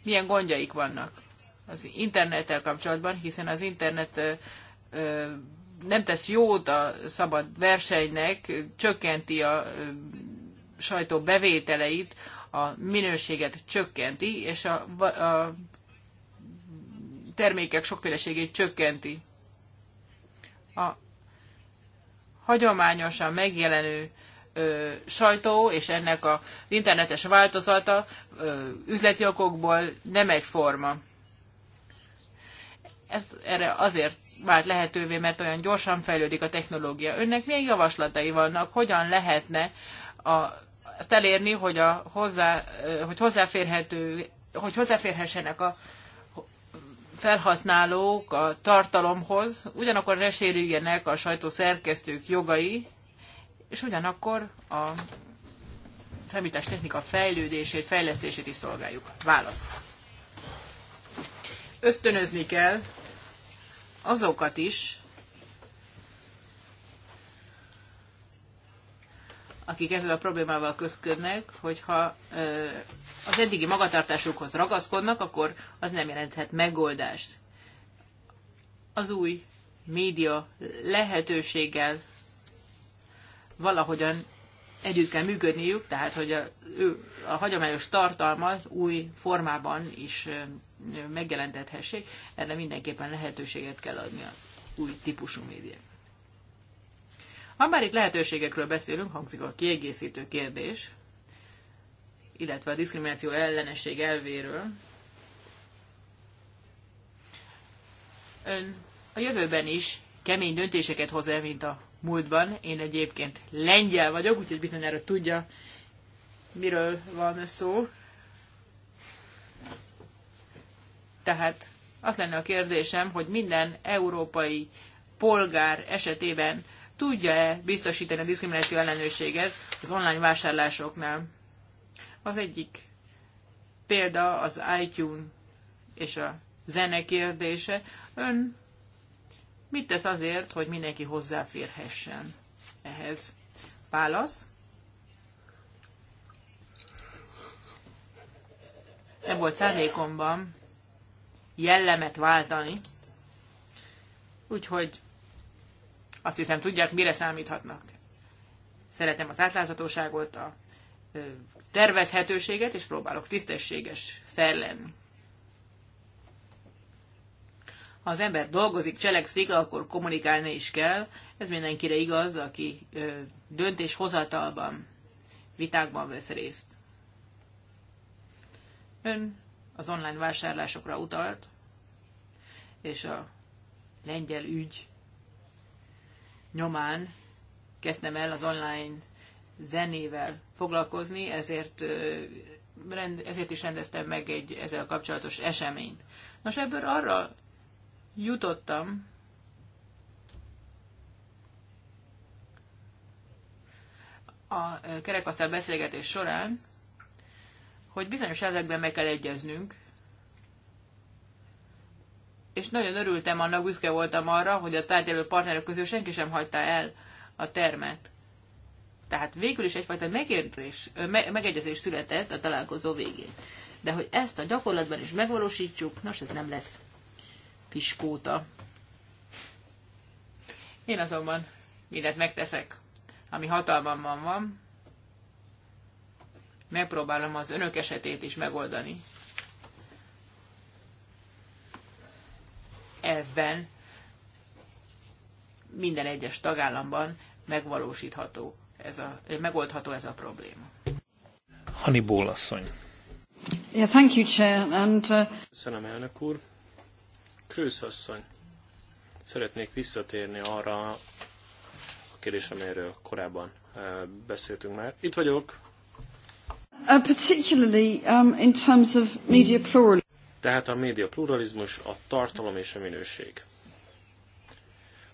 milyen gondjaik vannak az internettel kapcsolatban, hiszen az internet nem tesz jót a szabad versenynek, csökkenti a sajtó bevételeit, a minőséget csökkenti, és a, a termékek sokféleségét csökkenti. A hagyományosan megjelenő ö, sajtó és ennek az internetes változata ö, üzleti okokból nem egyforma. Ez erre azért vált lehetővé, mert olyan gyorsan fejlődik a technológia. Önnek milyen javaslatai vannak, hogyan lehetne a azt elérni, hogy, a hozzá, hogy, hozzáférhető, hogy hozzáférhessenek a felhasználók a tartalomhoz, ugyanakkor resérüljenek a sajtószerkesztők jogai, és ugyanakkor a technika fejlődését, fejlesztését is szolgáljuk. Válasz. Ösztönözni kell azokat is, akik ezzel a problémával közködnek, hogyha az eddigi magatartásukhoz ragaszkodnak, akkor az nem jelenthet megoldást. Az új média lehetőséggel valahogyan együtt kell működniük, tehát hogy a, ő, a hagyományos tartalmat új formában is megjelentethessék, erre mindenképpen lehetőséget kell adni az új típusú médiának. Ha már itt lehetőségekről beszélünk, hangzik a kiegészítő kérdés, illetve a diszkrimináció ellenesség elvéről. Ön a jövőben is kemény döntéseket hoz el, mint a múltban. Én egyébként lengyel vagyok, úgyhogy bizonyára tudja, miről van szó. Tehát az lenne a kérdésem, hogy minden európai polgár esetében tudja-e biztosítani a diszkrimináció ellenőrséget az online vásárlásoknál. Az egyik példa az iTunes és a zene kérdése. Ön mit tesz azért, hogy mindenki hozzáférhessen ehhez? Válasz. Nem volt szándékomban jellemet váltani, úgyhogy azt hiszem, tudják, mire számíthatnak. Szeretem az átláthatóságot, a tervezhetőséget, és próbálok tisztességes fel lenni. Ha az ember dolgozik, cselekszik, akkor kommunikálni is kell. Ez mindenkire igaz, aki döntéshozatalban, vitákban vesz részt. Ön az online vásárlásokra utalt, és a lengyel ügy nyomán kezdtem el az online zenével foglalkozni, ezért, rend, ezért is rendeztem meg egy ezzel kapcsolatos eseményt. Nos, ebből arra jutottam, a kerekasztal beszélgetés során, hogy bizonyos elvekben meg kell egyeznünk, és nagyon örültem annak, büszke voltam arra, hogy a tárgyaló partnerek közül senki sem hagyta el a termet. Tehát végül is egyfajta megértés, me, megegyezés született a találkozó végén. De hogy ezt a gyakorlatban is megvalósítsuk, nos, ez nem lesz piskóta. Én azonban mindent megteszek, ami hatalmamban van. Megpróbálom az önök esetét is megoldani. elvben minden egyes tagállamban megvalósítható ez a, megoldható ez a probléma. Hani Bólasszony. Yeah, thank you, Chair, and, uh... Köszönöm, elnök úr. Krősz asszony, szeretnék visszatérni arra a kérdésre, amelyről korábban uh, beszéltünk már. Itt vagyok. Uh, particularly um, in terms of media pluralism. Tehát a média pluralizmus, a tartalom és a minőség.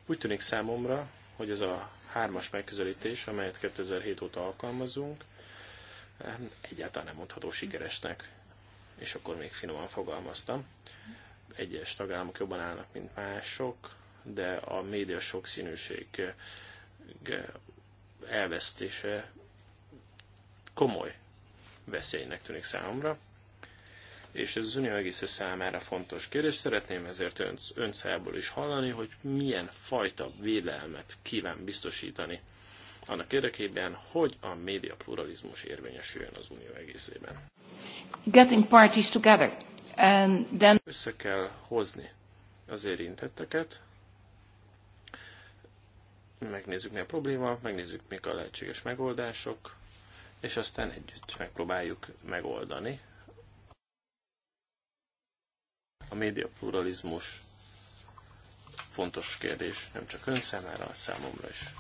Úgy tűnik számomra, hogy ez a hármas megközelítés, amelyet 2007 óta alkalmazunk, egyáltalán nem mondható sikeresnek. És akkor még finoman fogalmaztam. Egyes tagállamok jobban állnak, mint mások, de a média sokszínűség eh, elvesztése komoly veszélynek tűnik számomra és ez az unió egészen számára fontos kérdés. Szeretném ezért ön, ön szájából is hallani, hogy milyen fajta védelmet kíván biztosítani annak érdekében, hogy a média pluralizmus érvényesüljön az unió egészében. Getting parties together. And um, then... Össze kell hozni az érintetteket, megnézzük mi a probléma, megnézzük mik a lehetséges megoldások, és aztán együtt megpróbáljuk megoldani a média pluralizmus fontos kérdés, nem csak ön számára, számomra is.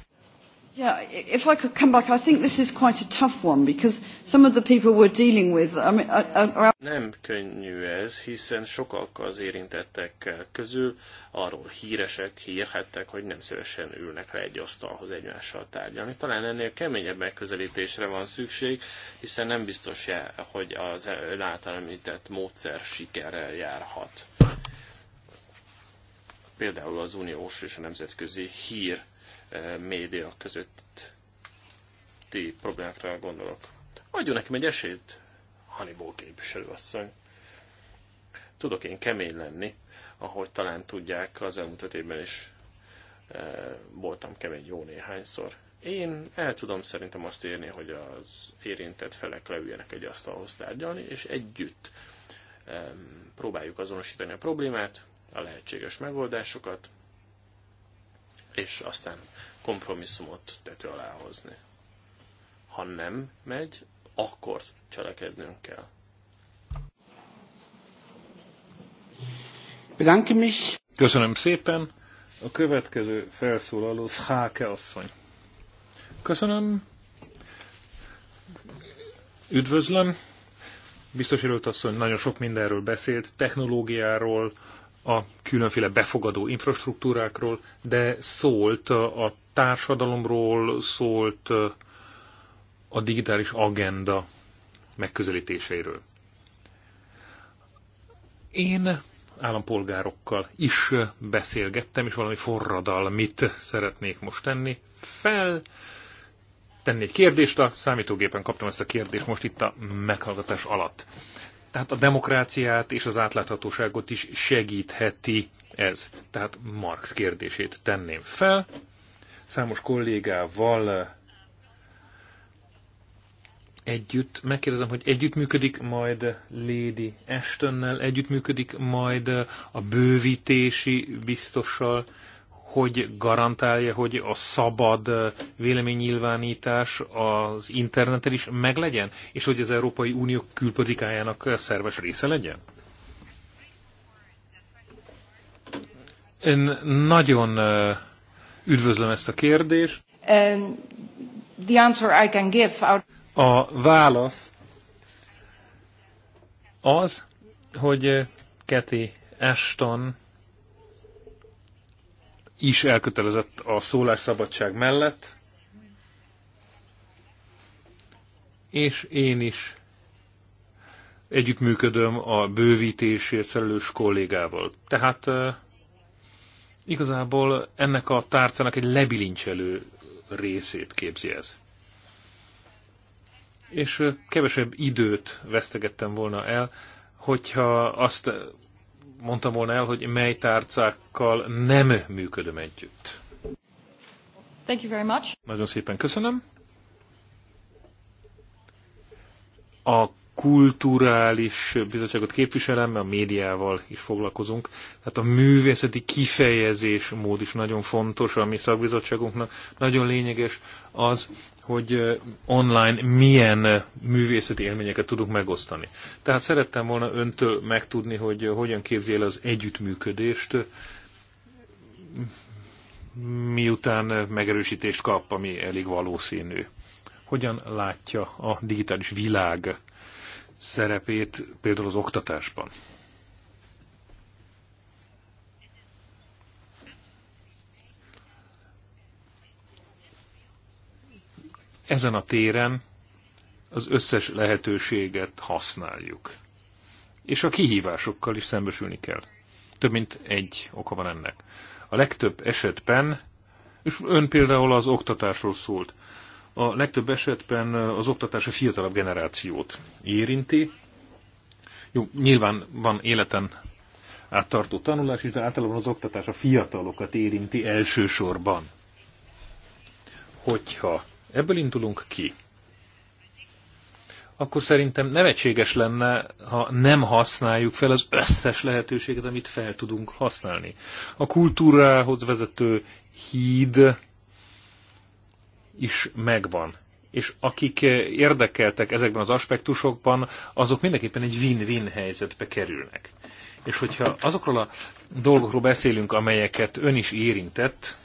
Yeah, if I could come back, I think this is quite a tough one because some of the people we're dealing with. I mean, are, are... Nem könnyű ez, hiszen sokak az érintettek közül arról híresek, hírhettek, hogy nem szívesen ülnek le egy asztalhoz egymással tárgyalni. Talán ennél keményebb megközelítésre van szükség, hiszen nem biztos, hogy az által módszer sikerrel járhat. Például az uniós és a nemzetközi hír média közötti problémákra gondolok. Adjon nekem egy esélyt, Hannibal asszony. Tudok én kemény lenni, ahogy talán tudják, az elmúlt öt évben is e, voltam kemény jó néhányszor. Én el tudom szerintem azt érni, hogy az érintett felek leüljenek egy asztalhoz tárgyalni, és együtt e, próbáljuk azonosítani a problémát, a lehetséges megoldásokat, és aztán kompromisszumot tető alá hozni. Ha nem megy, akkor cselekednünk kell. Köszönöm szépen. A következő felszólaló Háke asszony. Köszönöm. Üdvözlöm. Biztos asszony nagyon sok mindenről beszélt, technológiáról, a különféle befogadó infrastruktúrákról, de szólt a társadalomról, szólt a digitális agenda megközelítéseiről. Én állampolgárokkal is beszélgettem, és valami forradalmit szeretnék most tenni. Fel tenni egy kérdést, a számítógépen kaptam ezt a kérdést most itt a meghallgatás alatt. Tehát a demokráciát és az átláthatóságot is segítheti ez. Tehát Marx kérdését tenném fel. Számos kollégával együtt, megkérdezem, hogy együttműködik majd Lady Ashtonnel, együttműködik majd a bővítési biztossal, hogy garantálja, hogy a szabad véleménynyilvánítás az interneten is meglegyen, és hogy az Európai Unió külpolitikájának szerves része legyen? Én nagyon üdvözlöm ezt a kérdést. Um, the answer I can give out... A válasz az, hogy Kathy Ashton is elkötelezett a szólásszabadság mellett, és én is együttműködöm a bővítésért felelős kollégával. Tehát igazából ennek a tárcának egy lebilincselő részét képzi ez. És kevesebb időt vesztegettem volna el, hogyha azt mondtam volna el, hogy mely tárcákkal nem működöm együtt. Thank you very much. Nagyon szépen köszönöm. A kulturális bizottságot képviselem, a médiával is foglalkozunk. Tehát a művészeti kifejezés mód is nagyon fontos a mi szakbizottságunknak. Nagyon lényeges az, hogy online milyen művészeti élményeket tudunk megosztani. Tehát szerettem volna öntől megtudni, hogy hogyan képzi el az együttműködést, miután megerősítést kap, ami elég valószínű. Hogyan látja a digitális világ szerepét például az oktatásban. Ezen a téren az összes lehetőséget használjuk. És a kihívásokkal is szembesülni kell. Több mint egy oka van ennek. A legtöbb esetben, és ön például az oktatásról szólt, a legtöbb esetben az oktatás a fiatalabb generációt érinti. Jó, nyilván van életen áttartó tanulás is, de általában az oktatás a fiatalokat érinti elsősorban. Hogyha ebből indulunk ki, akkor szerintem nevetséges lenne, ha nem használjuk fel az összes lehetőséget, amit fel tudunk használni. A kultúrához vezető híd is megvan. És akik eh, érdekeltek ezekben az aspektusokban, azok mindenképpen egy win-win helyzetbe kerülnek. És hogyha azokról a dolgokról beszélünk, amelyeket ön is érintett,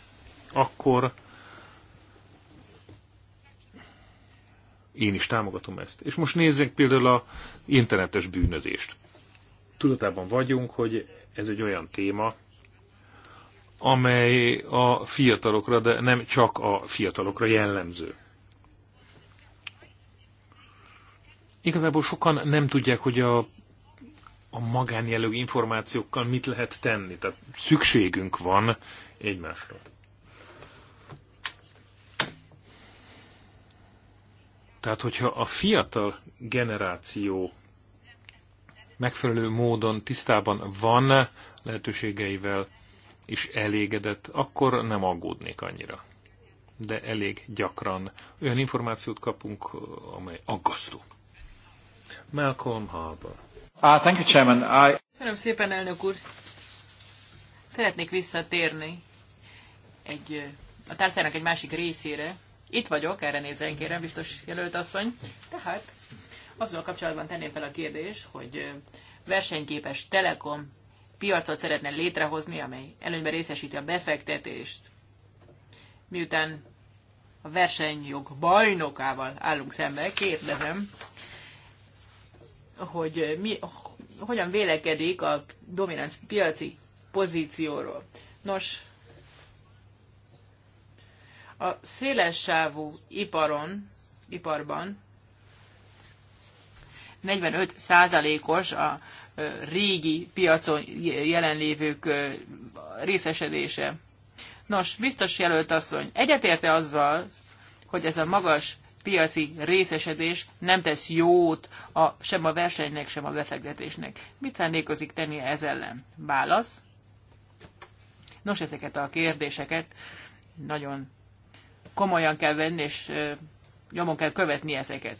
akkor én is támogatom ezt. És most nézzük például a internetes bűnözést. Tudatában vagyunk, hogy ez egy olyan téma, amely a fiatalokra, de nem csak a fiatalokra jellemző. Igazából sokan nem tudják, hogy a, a magánjelög információkkal mit lehet tenni. Tehát szükségünk van egymásra. Tehát, hogyha a fiatal generáció megfelelő módon tisztában van lehetőségeivel, és elégedett, akkor nem aggódnék annyira. De elég gyakran olyan információt kapunk, amely aggasztó. Malcolm Harbour. Uh, thank you, Chairman. I... Köszönöm szépen, elnök úr. Szeretnék visszatérni egy, a tárcának egy másik részére. Itt vagyok, erre nézzen kérem, biztos jelölt asszony. Tehát azzal kapcsolatban tenném fel a kérdés, hogy versenyképes telekom piacot szeretne létrehozni, amely előnyben részesíti a befektetést. Miután a versenyjog bajnokával állunk szembe, kérdezem, hogy mi, hogyan vélekedik a domináns piaci pozícióról. Nos, a szélessávú iparon, iparban 45 százalékos a régi piacon jelenlévők részesedése. Nos, biztos jelölt asszony, egyetérte azzal, hogy ez a magas piaci részesedés nem tesz jót a, sem a versenynek, sem a befektetésnek. Mit szándékozik tenni ez ellen? Válasz. Nos, ezeket a kérdéseket nagyon komolyan kell venni, és nyomon kell követni ezeket.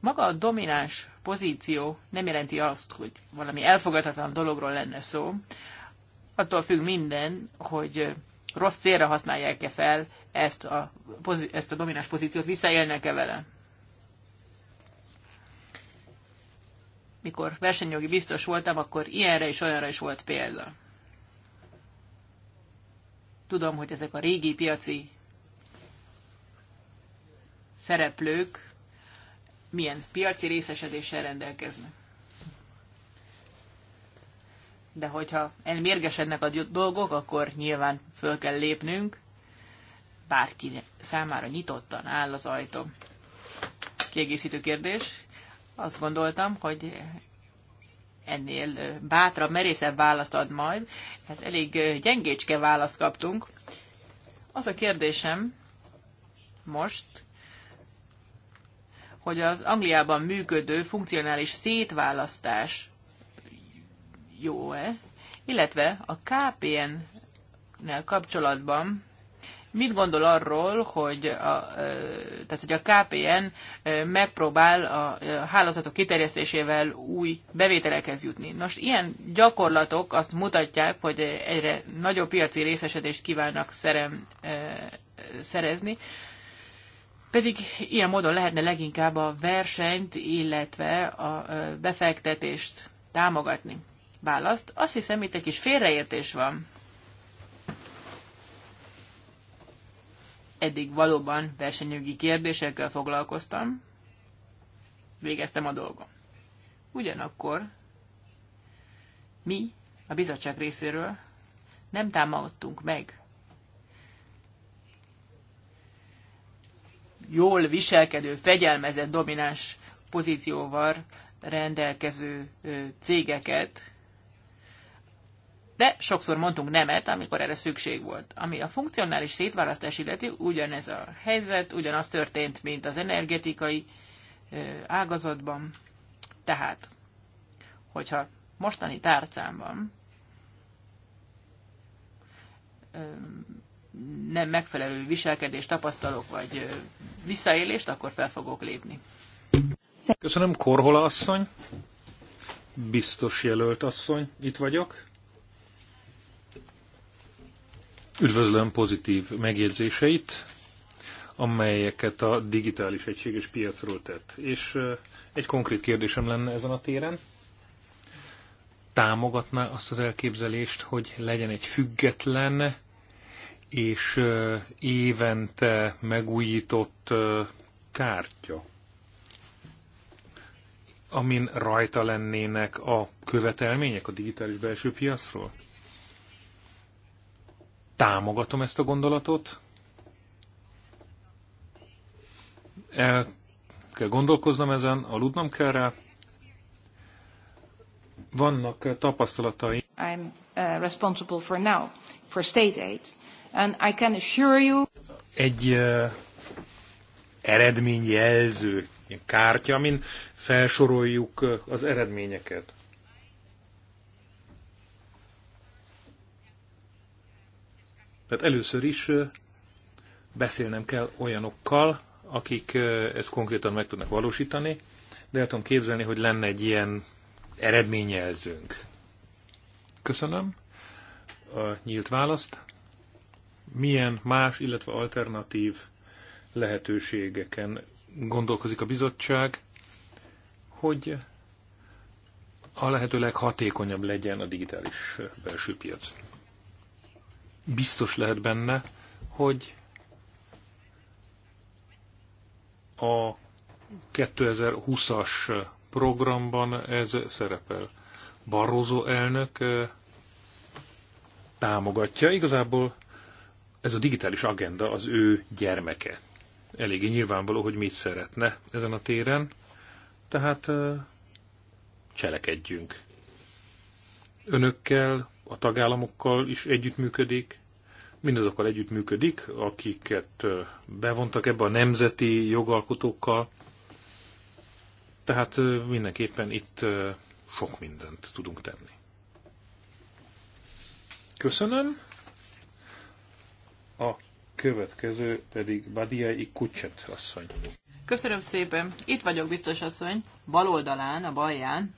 Maga a domináns pozíció nem jelenti azt, hogy valami elfogadhatatlan dologról lenne szó. Attól függ minden, hogy rossz célra használják-e fel ezt a, ezt a domináns pozíciót, visszaélnek-e vele. Mikor versenyjogi biztos voltam, akkor ilyenre és olyanra is volt példa. Tudom, hogy ezek a régi piaci szereplők milyen piaci részesedéssel rendelkeznek. De hogyha elmérgesednek a dolgok, akkor nyilván föl kell lépnünk, bárki számára nyitottan áll az ajtó. Kiegészítő kérdés. Azt gondoltam, hogy ennél bátrabb, merészebb választ ad majd. Hát elég gyengécske választ kaptunk. Az a kérdésem most, hogy az Angliában működő funkcionális szétválasztás jó-e, illetve a KPN-nel kapcsolatban mit gondol arról, hogy a, tehát, hogy a KPN megpróbál a hálózatok kiterjesztésével új bevételekhez jutni. Nos, ilyen gyakorlatok azt mutatják, hogy egyre nagyobb piaci részesedést kívánnak szerem, szerezni. Pedig ilyen módon lehetne leginkább a versenyt, illetve a befektetést támogatni. Választ. Azt hiszem, itt egy kis félreértés van. Eddig valóban versenyügyi kérdésekkel foglalkoztam. Végeztem a dolgom. Ugyanakkor mi a bizottság részéről nem támadtunk meg jól viselkedő, fegyelmezett, domináns pozícióval rendelkező cégeket, de sokszor mondtunk nemet, amikor erre szükség volt. Ami a funkcionális szétválasztás illeti, ugyanez a helyzet, ugyanaz történt, mint az energetikai ágazatban. Tehát, hogyha mostani tárcámban nem megfelelő viselkedést tapasztalok, vagy visszaélést, akkor fel fogok lépni. Köszönöm, Korhola asszony. Biztos jelölt asszony, itt vagyok. Üdvözlöm pozitív megjegyzéseit, amelyeket a digitális egységes piacról tett. És egy konkrét kérdésem lenne ezen a téren. Támogatná azt az elképzelést, hogy legyen egy független és évente megújított kártya, amin rajta lennének a követelmények a digitális belső piacról? Támogatom ezt a gondolatot. El kell gondolkoznom ezen, aludnom kell rá. Vannak tapasztalatai. I'm uh, responsible for now, for state aid And I can assure you... Egy uh, eredményjelző kártya, amin felsoroljuk az eredményeket. Tehát először is beszélnem kell olyanokkal, akik ezt konkrétan meg tudnak valósítani, de el tudom képzelni, hogy lenne egy ilyen eredményjelzőnk. Köszönöm a nyílt választ milyen más, illetve alternatív lehetőségeken gondolkozik a bizottság, hogy a lehető leghatékonyabb legyen a digitális belső piac. Biztos lehet benne, hogy a 2020-as programban ez szerepel. Barroso elnök eh, támogatja. Igazából ez a digitális agenda az ő gyermeke. Eléggé nyilvánvaló, hogy mit szeretne ezen a téren, tehát cselekedjünk. Önökkel, a tagállamokkal is együttműködik, mindazokkal együttműködik, akiket bevontak ebbe a nemzeti jogalkotókkal, tehát mindenképpen itt sok mindent tudunk tenni. Köszönöm következő pedig Badiai Kucset asszony. Köszönöm szépen. Itt vagyok, biztos asszony. Bal oldalán, a balján.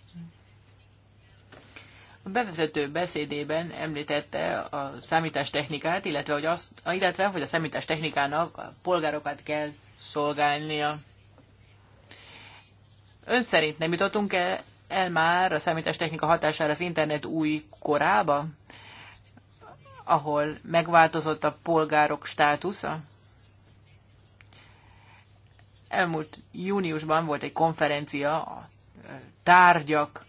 A bevezető beszédében említette a számítástechnikát, illetve hogy, azt, illetve, hogy a számítástechnikának a polgárokat kell szolgálnia. Ön szerint nem jutottunk el, el már a számítástechnika hatására az internet új korába? ahol megváltozott a polgárok státusza? Elmúlt júniusban volt egy konferencia a tárgyak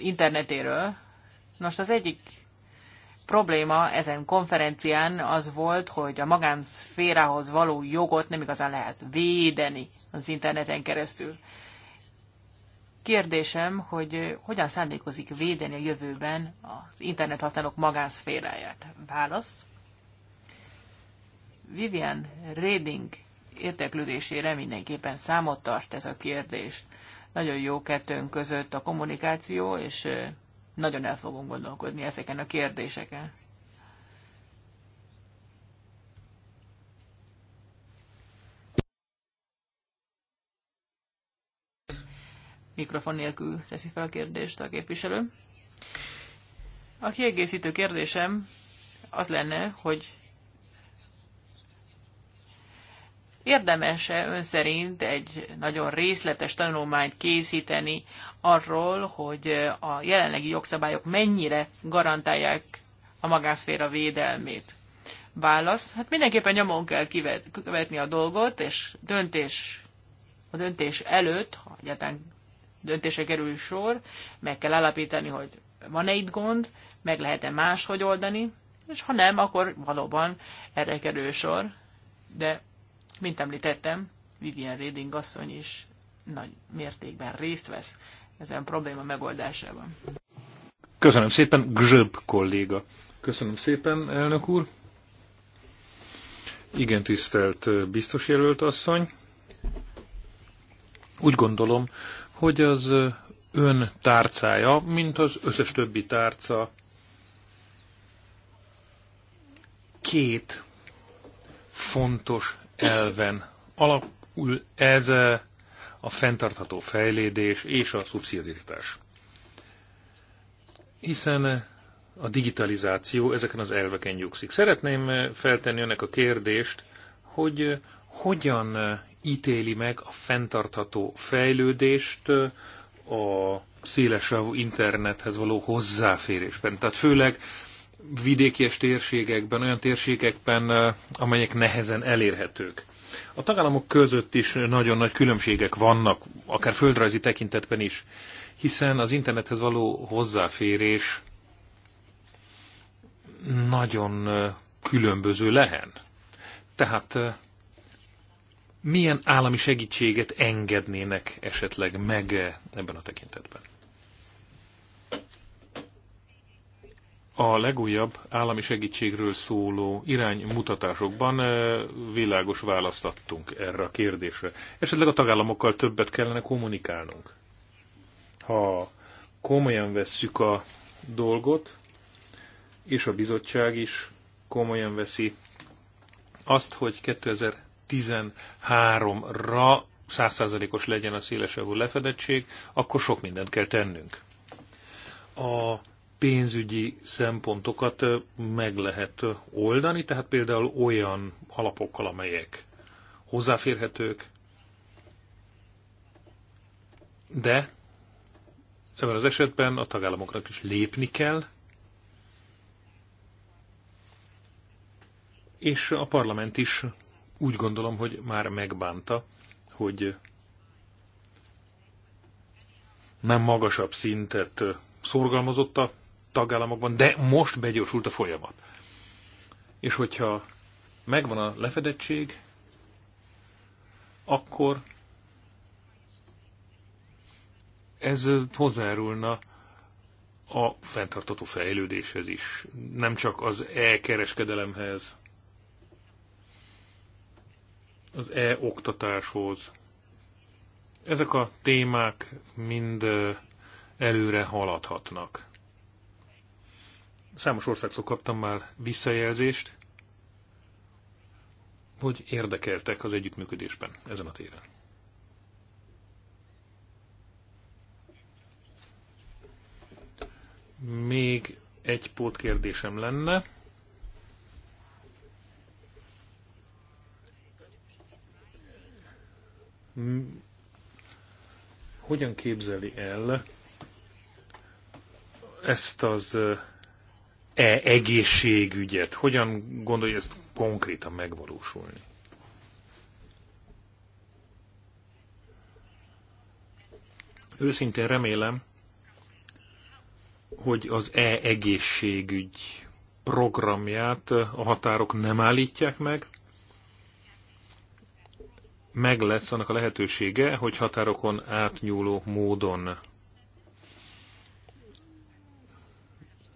internetéről. Nos, az egyik probléma ezen konferencián az volt, hogy a magánszférához való jogot nem igazán lehet védeni az interneten keresztül kérdésem, hogy hogyan szándékozik védeni a jövőben az internet használók magánszféráját? Válasz. Vivian Reding érteklődésére mindenképpen számot tart ez a kérdés. Nagyon jó kettőnk között a kommunikáció, és nagyon el fogunk gondolkodni ezeken a kérdéseken. mikrofon nélkül teszi fel a kérdést a képviselő. A kiegészítő kérdésem az lenne, hogy érdemes-e ön szerint egy nagyon részletes tanulmányt készíteni arról, hogy a jelenlegi jogszabályok mennyire garantálják a magánszféra védelmét? Válasz, hát mindenképpen nyomon kell kivet, követni a dolgot, és döntés, a döntés előtt, ha egyáltalán döntése kerül sor, meg kell állapítani, hogy van-e itt gond, meg lehet-e máshogy oldani, és ha nem, akkor valóban erre kerül sor. De, mint említettem, Vivian Reding asszony is nagy mértékben részt vesz ezen probléma megoldásában. Köszönöm szépen, Gzsöb kolléga. Köszönöm szépen, elnök úr. Igen, tisztelt biztos jelölt asszony. Úgy gondolom, hogy az ön tárcája, mint az összes többi tárca, két fontos elven alapul ez a fenntartható fejlődés és a szubszidiaritás. Hiszen a digitalizáció ezeken az elveken nyugszik. Szeretném feltenni önnek a kérdést, hogy hogyan ítéli meg a fenntartható fejlődést a szélesávú internethez való hozzáférésben. Tehát főleg vidéki és térségekben, olyan térségekben, amelyek nehezen elérhetők. A tagállamok között is nagyon nagy különbségek vannak, akár földrajzi tekintetben is, hiszen az internethez való hozzáférés nagyon különböző lehet. Tehát milyen állami segítséget engednének esetleg meg ebben a tekintetben? A legújabb állami segítségről szóló iránymutatásokban világos választ adtunk erre a kérdésre. Esetleg a tagállamokkal többet kellene kommunikálnunk. Ha komolyan vesszük a dolgot, és a bizottság is komolyan veszi azt, hogy 2000 2013-ra százszázalékos legyen a szélesávú lefedettség, akkor sok mindent kell tennünk. A pénzügyi szempontokat meg lehet oldani, tehát például olyan alapokkal, amelyek hozzáférhetők, de ebben az esetben a tagállamoknak is lépni kell, és a parlament is úgy gondolom, hogy már megbánta, hogy nem magasabb szintet szorgalmazott a tagállamokban, de most begyorsult a folyamat. És hogyha megvan a lefedettség, akkor ez hozzárulna a fenntartató fejlődéshez is, nem csak az elkereskedelemhez, az e-oktatáshoz. Ezek a témák mind előre haladhatnak. Számos országtól kaptam már visszajelzést, hogy érdekeltek az együttműködésben ezen a téren. Még egy pótkérdésem lenne. hogyan képzeli el ezt az e egészségügyet? Hogyan gondolja ezt konkrétan megvalósulni? Őszintén remélem, hogy az e-egészségügy programját a határok nem állítják meg, meg lesz annak a lehetősége, hogy határokon átnyúló módon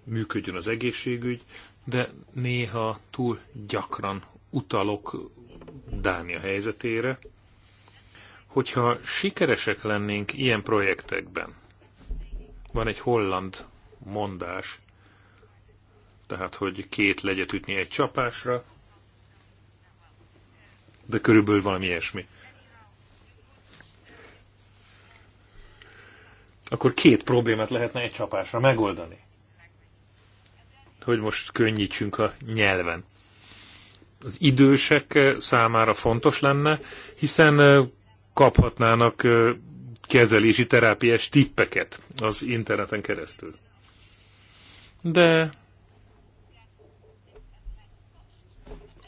működjön az egészségügy, de néha túl gyakran utalok Dánia helyzetére. Hogyha sikeresek lennénk ilyen projektekben, van egy holland mondás, tehát hogy két legyet ütni egy csapásra, de körülbelül valami ilyesmi. Akkor két problémát lehetne egy csapásra megoldani. Hogy most könnyítsünk a nyelven. Az idősek eh, számára fontos lenne, hiszen eh, kaphatnának eh, kezelési terápiás tippeket az interneten keresztül. De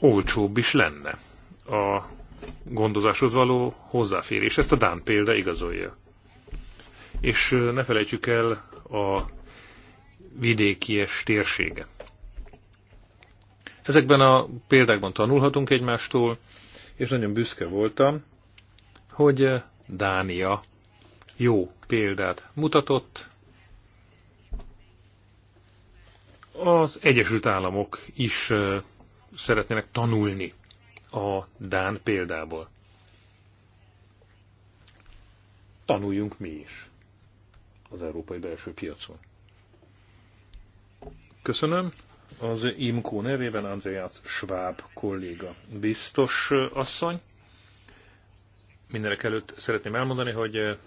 olcsóbb is lenne a gondozáshoz való hozzáférés. Ezt a Dán példa igazolja. És ne felejtsük el a vidékies térsége. Ezekben a példákban tanulhatunk egymástól, és nagyon büszke voltam, hogy Dánia jó példát mutatott. Az Egyesült Államok is szeretnének tanulni a Dán példából. Tanuljunk mi is az európai belső piacon. Köszönöm. Az IMCO nevében Andreas Schwab kolléga. Biztos asszony. Mindenek előtt szeretném elmondani, hogy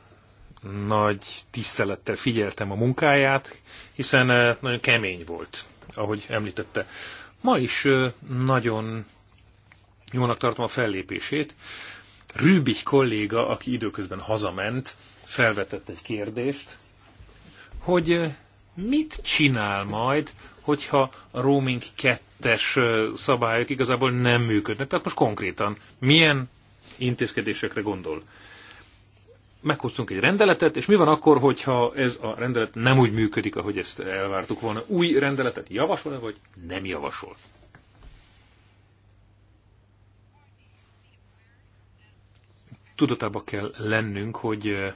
nagy tisztelettel figyeltem a munkáját, hiszen nagyon kemény volt, ahogy említette. Ma is nagyon Jónak tartom a fellépését. Rübich kolléga, aki időközben hazament, felvetett egy kérdést, hogy mit csinál majd, hogyha a roaming kettes szabályok igazából nem működnek. Tehát most konkrétan milyen intézkedésekre gondol? Meghoztunk egy rendeletet, és mi van akkor, hogyha ez a rendelet nem úgy működik, ahogy ezt elvártuk volna? Új rendeletet javasol-e, vagy nem javasol? tudatában kell lennünk, hogy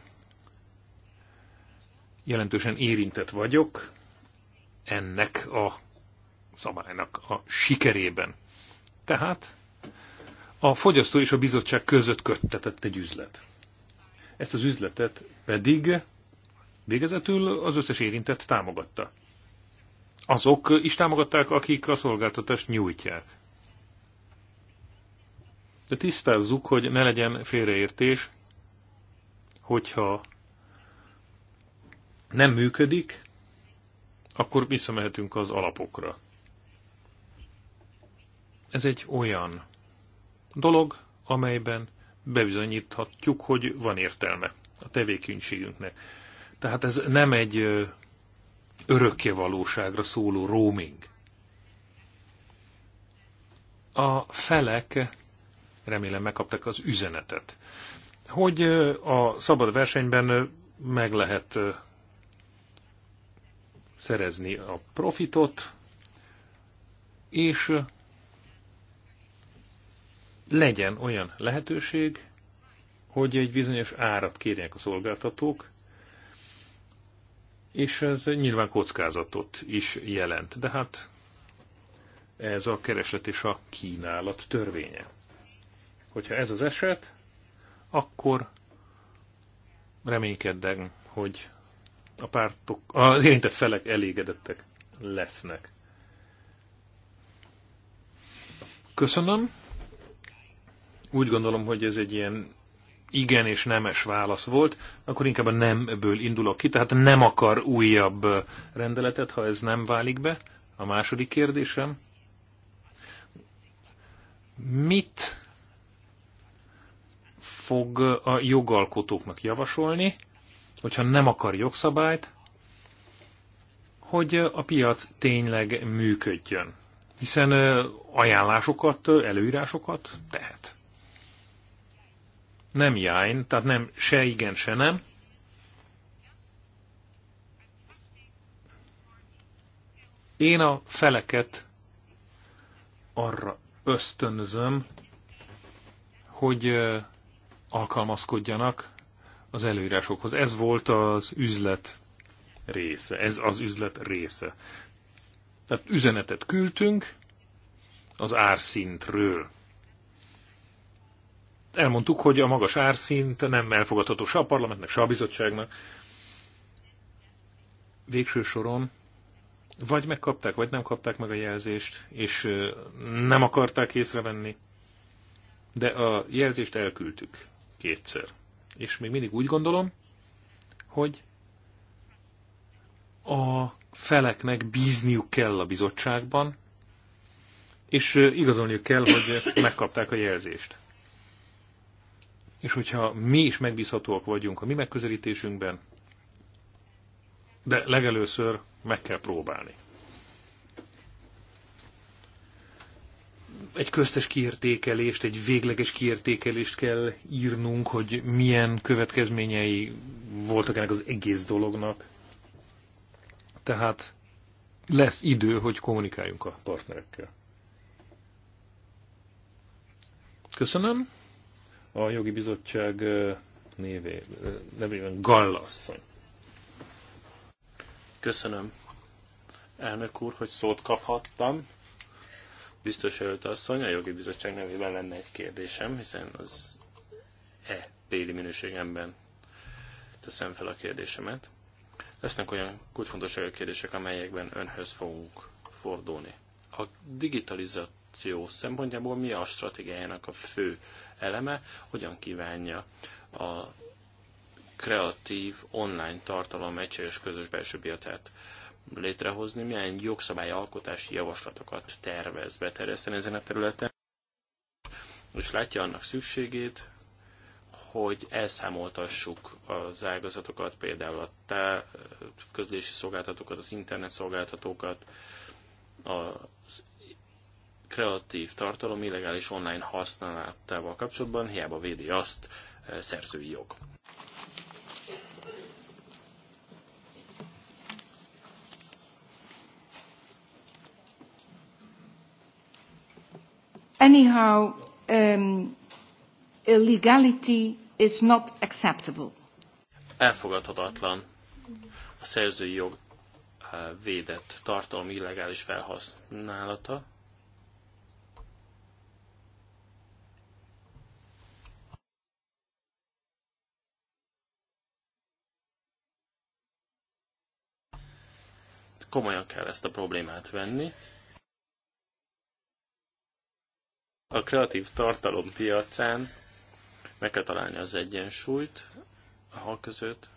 jelentősen érintett vagyok ennek a szabálynak a sikerében. Tehát a fogyasztó és a bizottság között köttetett egy üzlet. Ezt az üzletet pedig végezetül az összes érintett támogatta. Azok is támogatták, akik a szolgáltatást nyújtják. De tisztázzuk, hogy ne legyen félreértés, hogyha nem működik, akkor visszamehetünk az alapokra. Ez egy olyan dolog, amelyben bebizonyíthatjuk, hogy van értelme a tevékenységünknek. Tehát ez nem egy örökké valóságra szóló roaming. A felek remélem megkapták az üzenetet, hogy a szabad versenyben meg lehet szerezni a profitot, és legyen olyan lehetőség, hogy egy bizonyos árat kérjenek a szolgáltatók, és ez nyilván kockázatot is jelent. De hát ez a kereslet és a kínálat törvénye. Hogyha ez az eset, akkor reménykedden, hogy a pártok, az érintett felek elégedettek lesznek. Köszönöm. Úgy gondolom, hogy ez egy ilyen igen és nemes válasz volt, akkor inkább a nemből indulok ki, tehát nem akar újabb rendeletet, ha ez nem válik be. A második kérdésem. Mit fog a jogalkotóknak javasolni, hogyha nem akar jogszabályt, hogy a piac tényleg működjön. Hiszen ajánlásokat, előírásokat tehet. Nem jájn, tehát nem se igen, se nem. Én a feleket arra ösztönzöm, hogy alkalmazkodjanak az előírásokhoz. Ez volt az üzlet része, ez az üzlet része. Tehát üzenetet küldtünk az árszintről. Elmondtuk, hogy a magas árszint nem elfogadható se a parlamentnek, se a bizottságnak. Végső soron vagy megkapták, vagy nem kapták meg a jelzést, és nem akarták észrevenni, de a jelzést elküldtük kétszer. És még mindig úgy gondolom, hogy a feleknek bízniuk kell a bizottságban, és igazolniuk kell, hogy megkapták a jelzést. És hogyha mi is megbízhatóak vagyunk a mi megközelítésünkben, de legelőször meg kell próbálni. egy köztes kiértékelést, egy végleges kiértékelést kell írnunk, hogy milyen következményei voltak ennek az egész dolognak. Tehát lesz idő, hogy kommunikáljunk a partnerekkel. Köszönöm. A jogi bizottság névé, nevében Gallasszony. Köszönöm, elnök úr, hogy szót kaphattam Biztos előtt asszony, a jogi bizottság nevében lenne egy kérdésem, hiszen az e béli minőségemben teszem fel a kérdésemet. Lesznek olyan kulcsfontosságú kérdések, amelyekben önhöz fogunk fordulni. A digitalizáció szempontjából mi a stratégiájának a fő eleme, hogyan kívánja a kreatív online tartalom egységes közös belső piacát létrehozni, milyen jogszabályalkotási javaslatokat tervez beterjeszteni ezen a területen, és látja annak szükségét, hogy elszámoltassuk az ágazatokat, például a tá- eh, közlési szolgáltatókat, az internet szolgáltatókat, az kreatív tartalom illegális online használatával kapcsolatban, hiába védi azt eh, szerzői jog. Anyhow, um, illegality is not acceptable. Elfogadhatatlan a szerzői jog uh, védett tartalom illegális felhasználata. Komolyan kell ezt a problémát venni. A kreatív tartalom piacán meg kell találni az egyensúlyt a között,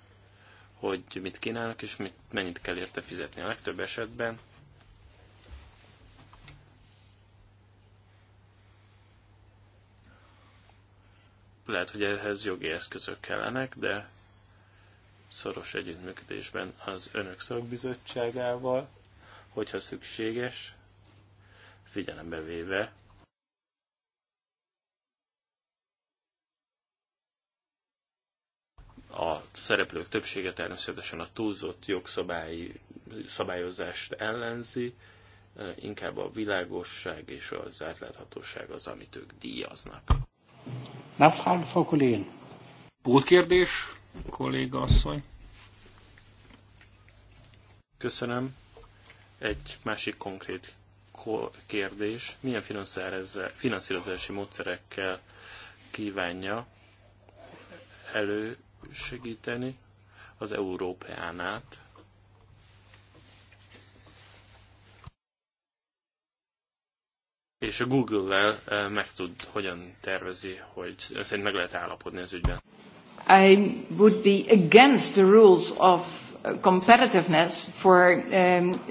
hogy mit kínálnak és mit, mennyit kell érte fizetni a legtöbb esetben. Lehet, hogy ehhez jogi eszközök kellenek, de szoros együttműködésben az önök szakbizottságával, hogyha szükséges, figyelembe véve a szereplők többsége természetesen a túlzott jogszabályi szabályozást ellenzi, inkább a világosság és az átláthatóság az, amit ők díjaznak. Nachfrage, Frau Kollégin. kérdés, kolléga asszony. Köszönöm. Egy másik konkrét kérdés. Milyen finanszírozási módszerekkel kívánja elő segíteni az át. És a Google-lel eh, meg tud, hogyan tervezi, hogy szerint meg lehet állapodni az ügyben. I would be against the rules of eh, competitiveness for um,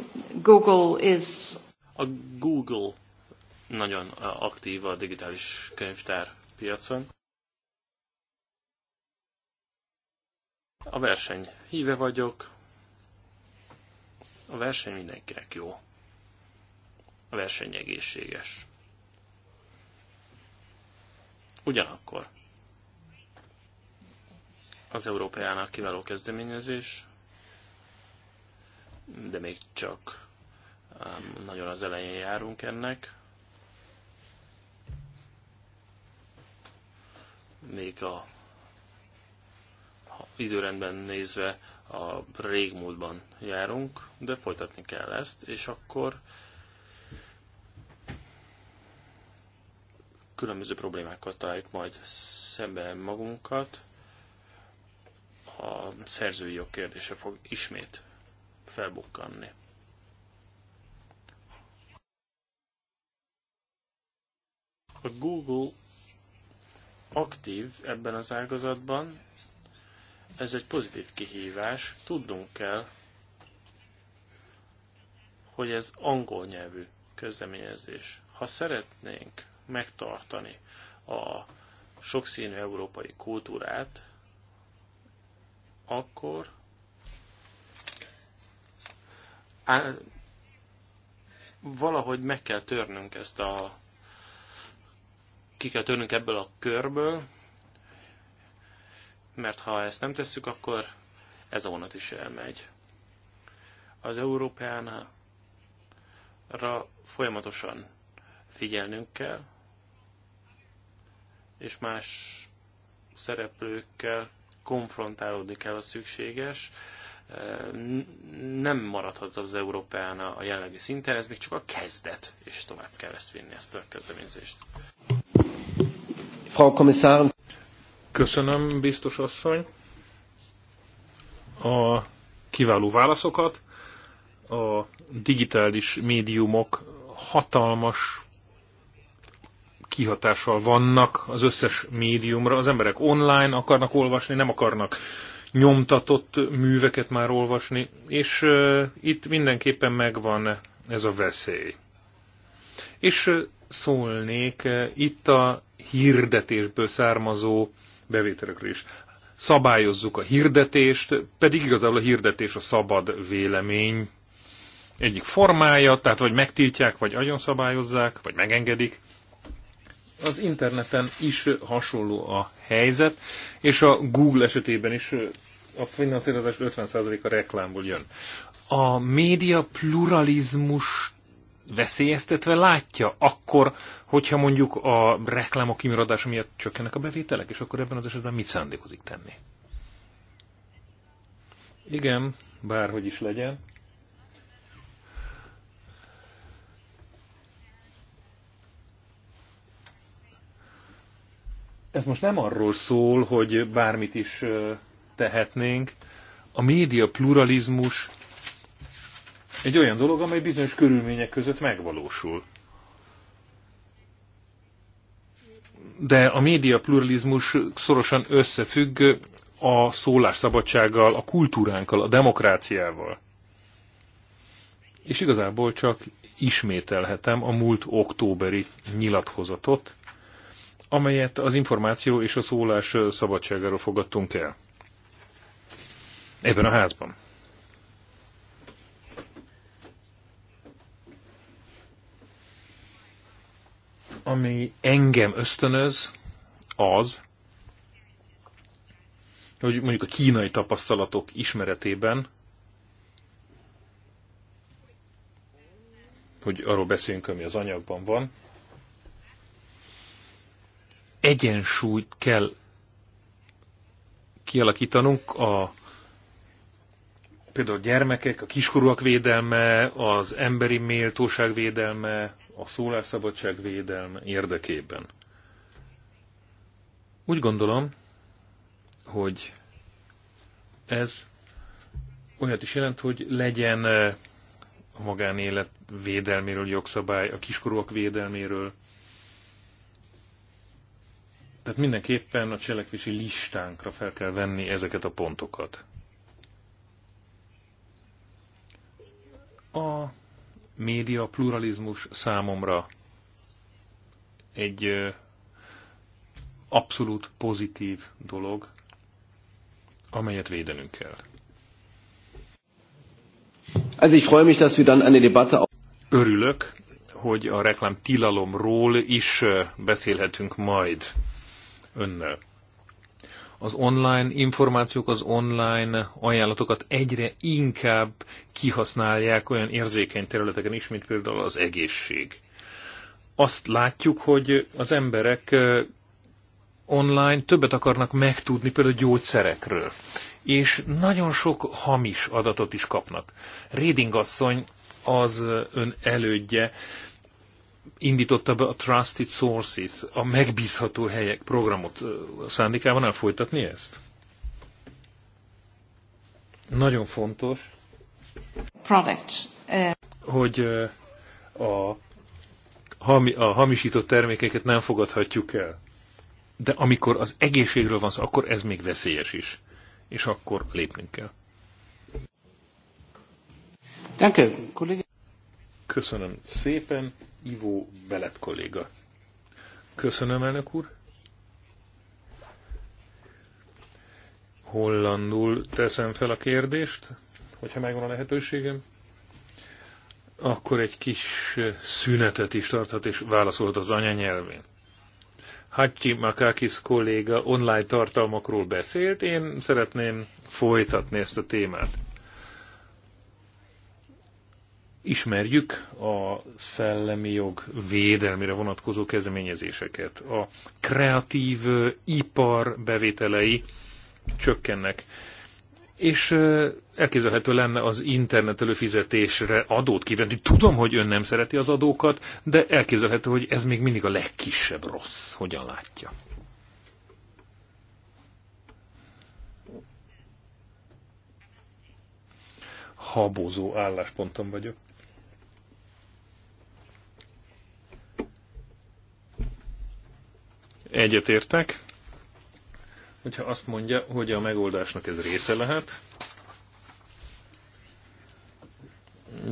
Google is... A Google nagyon aktív a digitális könyvtár piacon. A verseny híve vagyok. A verseny mindenkinek jó. A verseny egészséges. Ugyanakkor az Európájának kiváló kezdeményezés, de még csak nagyon az elején járunk ennek. Még a időrendben nézve a régmúltban járunk, de folytatni kell ezt, és akkor különböző problémákkal találjuk majd szembe magunkat. A szerzői jog kérdése fog ismét felbukkanni. A Google aktív ebben az ágazatban, ez egy pozitív kihívás, tudnunk kell, hogy ez angol nyelvű közleményezés. Ha szeretnénk megtartani a sokszínű európai kultúrát, akkor á, valahogy meg kell törnünk ezt a ki kell törnünk ebből a körből, mert ha ezt nem tesszük, akkor ez a vonat is elmegy. Az Európeánra folyamatosan figyelnünk kell, és más szereplőkkel konfrontálódni kell a szükséges. Nem maradhat az Európán a jelenlegi szinten, ez még csak a kezdet, és tovább kell ezt vinni, ezt a kezdeményezést. Frau Kommissarin. Köszönöm, biztos asszony, a kiváló válaszokat. A digitális médiumok hatalmas kihatással vannak az összes médiumra. Az emberek online akarnak olvasni, nem akarnak nyomtatott műveket már olvasni, és uh, itt mindenképpen megvan ez a veszély. És uh, szólnék uh, itt a hirdetésből származó bevételekről is. Szabályozzuk a hirdetést, pedig igazából a hirdetés a szabad vélemény egyik formája, tehát vagy megtiltják, vagy agyon szabályozzák, vagy megengedik. Az interneten is hasonló a helyzet, és a Google esetében is a finanszírozás 50% a reklámból jön. A média pluralizmus veszélyeztetve látja, akkor, hogyha mondjuk a reklámok kimaradása miatt csökkennek a bevételek, és akkor ebben az esetben mit szándékozik tenni? Igen, bárhogy is legyen. Ez most nem arról szól, hogy bármit is tehetnénk. A média pluralizmus egy olyan dolog, amely bizonyos körülmények között megvalósul. De a média pluralizmus szorosan összefügg a szólásszabadsággal, a kultúránkkal, a demokráciával. És igazából csak ismételhetem a múlt októberi nyilatkozatot, amelyet az információ és a szólás szabadságáról fogadtunk el. Ebben a házban. ami engem ösztönöz, az, hogy mondjuk a kínai tapasztalatok ismeretében, hogy arról beszéljünk, ami az anyagban van, egyensúlyt kell kialakítanunk a például a gyermekek, a kiskorúak védelme, az emberi méltóság védelme, a szólásszabadság védelme érdekében. Úgy gondolom, hogy ez olyat is jelent, hogy legyen eh, a magánélet védelméről jogszabály, a kiskorúak védelméről. Tehát mindenképpen a cselekvési listánkra fel kell venni ezeket a pontokat. média pluralizmus számomra egy abszolút pozitív dolog, amelyet védenünk kell. Also ich freue mich, dass wir dann eine Debatte Örülök, hogy a reklám tilalomról is beszélhetünk majd önnel az online információk, az online ajánlatokat egyre inkább kihasználják olyan érzékeny területeken is, mint például az egészség. Azt látjuk, hogy az emberek online többet akarnak megtudni például gyógyszerekről, és nagyon sok hamis adatot is kapnak. Reading asszony az ön elődje indította be a Trusted Sources, a megbízható helyek programot. Szándékában elfolytatni ezt? Nagyon fontos, Product. hogy a, hami, a hamisított termékeket nem fogadhatjuk el. De amikor az egészségről van szó, akkor ez még veszélyes is. És akkor lépnünk kell. Köszönöm szépen. Ivó Belet kolléga. Köszönöm, elnök úr. Hollandul teszem fel a kérdést, hogyha megvan a lehetőségem. Akkor egy kis szünetet is tarthat, és válaszolhat az anyanyelvén. Hacsi Makakis kolléga online tartalmakról beszélt, én szeretném folytatni ezt a témát ismerjük a szellemi jog védelmére vonatkozó kezdeményezéseket. A kreatív ipar bevételei csökkennek, és elképzelhető lenne az internet előfizetésre adót kivenni. Tudom, hogy ön nem szereti az adókat, de elképzelhető, hogy ez még mindig a legkisebb rossz. Hogyan látja? habozó állásponton vagyok. egyetértek, hogyha azt mondja, hogy a megoldásnak ez része lehet,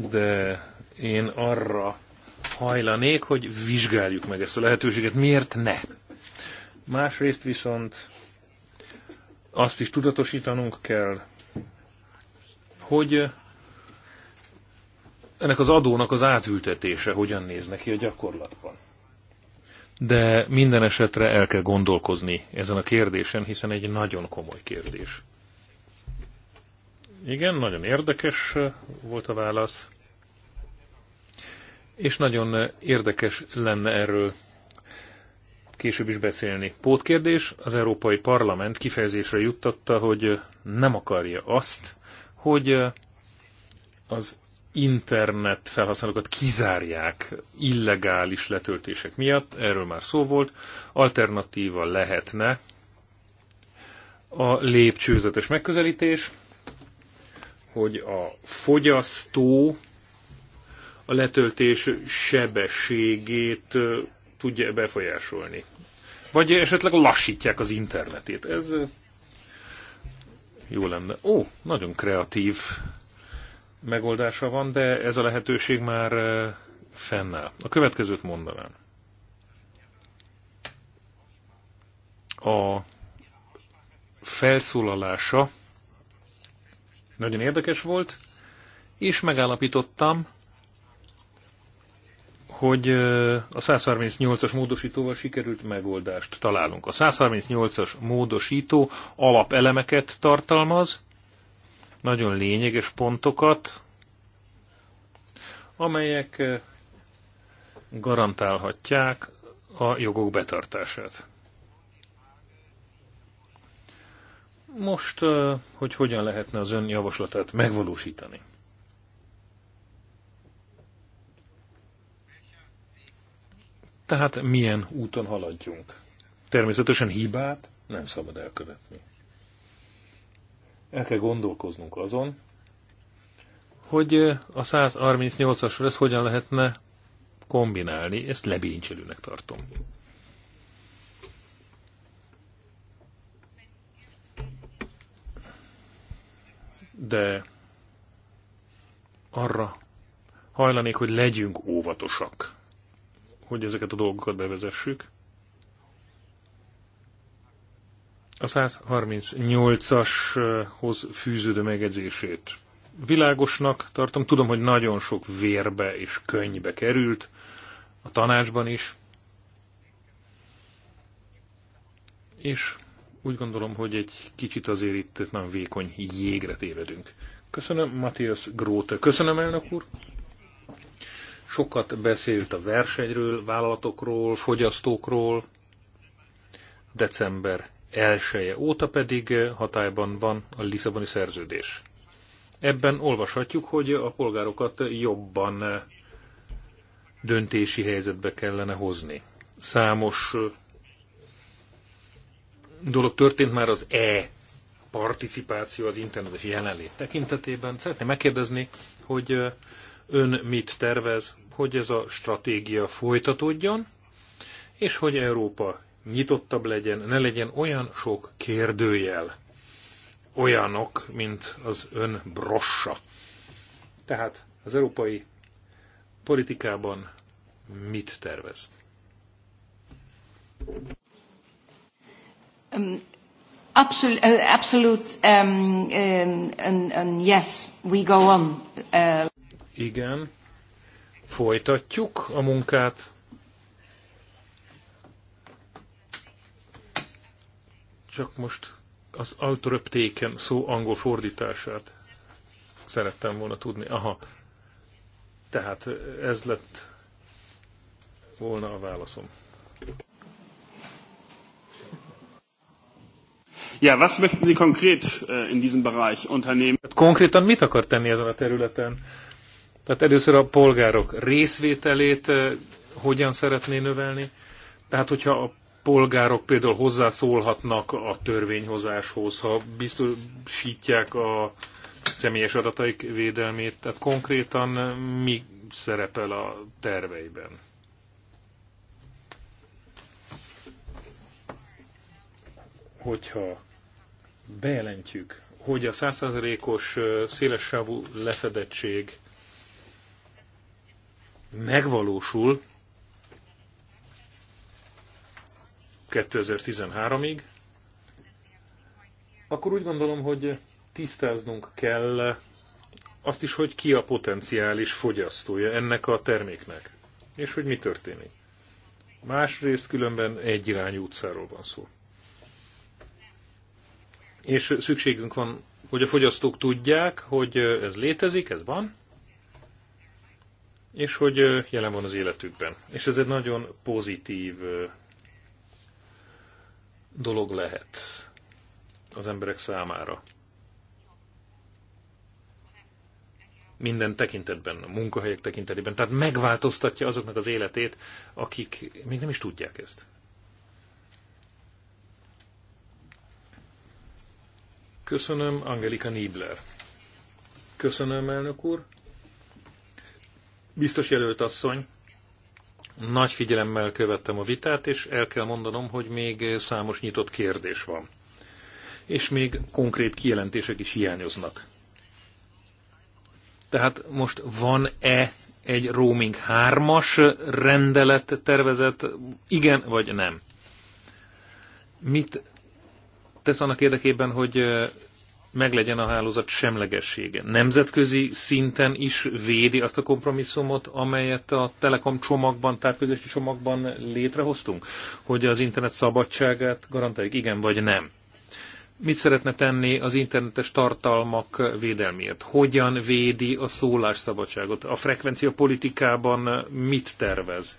de én arra hajlanék, hogy vizsgáljuk meg ezt a lehetőséget. Miért ne? Másrészt viszont azt is tudatosítanunk kell, hogy ennek az adónak az átültetése hogyan néz neki a gyakorlatban de minden esetre el kell gondolkozni ezen a kérdésen, hiszen egy nagyon komoly kérdés. Igen, nagyon érdekes eh, volt a válasz, és nagyon eh, érdekes lenne erről később is beszélni. Pótkérdés, az Európai Parlament kifejezésre juttatta, hogy eh, nem akarja azt, hogy az internet felhasználókat kizárják illegális letöltések miatt, erről már szó volt, alternatíva lehetne a lépcsőzetes megközelítés, hogy a fogyasztó a letöltés sebességét tudja befolyásolni. Vagy esetleg lassítják az internetét. Ez jó lenne. Ó, nagyon kreatív megoldása van, de ez a lehetőség már fennáll. A következőt mondanám. A felszólalása nagyon érdekes volt, és megállapítottam, hogy a 138-as módosítóval sikerült megoldást találunk. A 138-as módosító alapelemeket tartalmaz, nagyon lényeges pontokat, amelyek eh, garantálhatják a jogok betartását. Most, eh, hogy hogyan lehetne az ön javaslatát megvalósítani? Tehát milyen úton haladjunk? Természetesen hibát nem szabad elkövetni el kell gondolkoznunk azon, hogy a 138-asról ezt hogyan lehetne kombinálni, ezt lebíncselőnek tartom. De arra hajlanék, hogy legyünk óvatosak, hogy ezeket a dolgokat bevezessük, a 138-ashoz fűződő megedzését. világosnak tartom. Tudom, hogy nagyon sok vérbe és könnybe került, a tanácsban is. És úgy gondolom, hogy egy kicsit azért itt nem vékony jégre tévedünk. Köszönöm, Matthias Gróte. Köszönöm, elnök úr. Sokat beszélt a versenyről, vállalatokról, fogyasztókról. December elsője óta pedig eh, hatályban van a Lisszaboni szerződés. Ebben olvashatjuk, hogy a polgárokat jobban eh, döntési helyzetbe kellene hozni. Számos eh, dolog történt már az E participáció, az internetes jelenlét tekintetében. Szeretném megkérdezni, hogy ön mit tervez, hogy ez a stratégia folytatódjon, és hogy Európa nyitottabb legyen, ne legyen olyan sok kérdőjel, olyanok, mint az ön brossa. Tehát az európai politikában mit tervez? Um, absolute, uh, absolute um, um, um, um, yes, we go on. Uh... Igen, folytatjuk a munkát, csak most az autoröptéken szó angol fordítását szerettem volna tudni. Aha, tehát ez lett volna a válaszom. Ja, was möchten Sie konkret äh, in diesem Bereich unternehmen? Hát konkrétan mit akar tenni ezen a területen? Tehát először a polgárok részvételét äh, hogyan szeretné növelni? Tehát, hogyha a polgárok például hozzászólhatnak a törvényhozáshoz, ha biztosítják a személyes adataik védelmét, tehát konkrétan mi szerepel a terveiben? Hogyha bejelentjük, hogy a széles szélessávú lefedettség megvalósul, 2013-ig, akkor úgy gondolom, hogy tisztáznunk kell azt is, hogy ki a potenciális fogyasztója ennek a terméknek, és hogy mi történik. Másrészt különben egy irányú utcáról van szó. És szükségünk van, hogy a fogyasztók tudják, hogy ez létezik, ez van, és hogy jelen van az életükben. És ez egy nagyon pozitív dolog lehet az emberek számára. Minden tekintetben, a munkahelyek tekintetében. Tehát megváltoztatja azoknak az életét, akik még nem is tudják ezt. Köszönöm, Angelika Niebler. Köszönöm, elnök úr. Biztos jelölt asszony, nagy figyelemmel követtem a vitát, és el kell mondanom, hogy még számos nyitott kérdés van. És még konkrét kijelentések is hiányoznak. Tehát most van-e egy roaming 3-as rendelet tervezet, igen vagy nem? Mit tesz annak érdekében, hogy meglegyen a hálózat semlegessége. Nemzetközi szinten is védi azt a kompromisszumot, amelyet a Telekom csomagban, távközlési csomagban létrehoztunk, hogy az internet szabadságát garantáljuk, igen vagy nem. Mit szeretne tenni az internetes tartalmak védelmiért? Hogyan védi a szólásszabadságot? A frekvencia politikában mit tervez?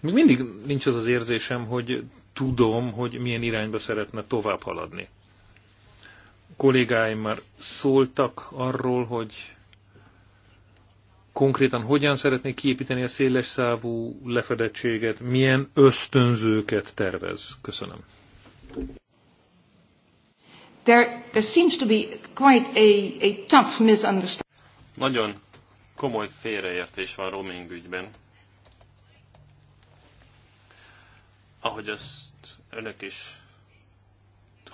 Még mindig nincs az az érzésem, hogy tudom, hogy milyen irányba szeretne tovább haladni kollégáim már szóltak arról, hogy konkrétan hogyan szeretnék kiépíteni a széles szávú lefedettséget, milyen ösztönzőket tervez. Köszönöm. There, there seems to be quite a, a tough misunderstanding. Nagyon komoly félreértés van roaming ügyben. Ahogy azt önök is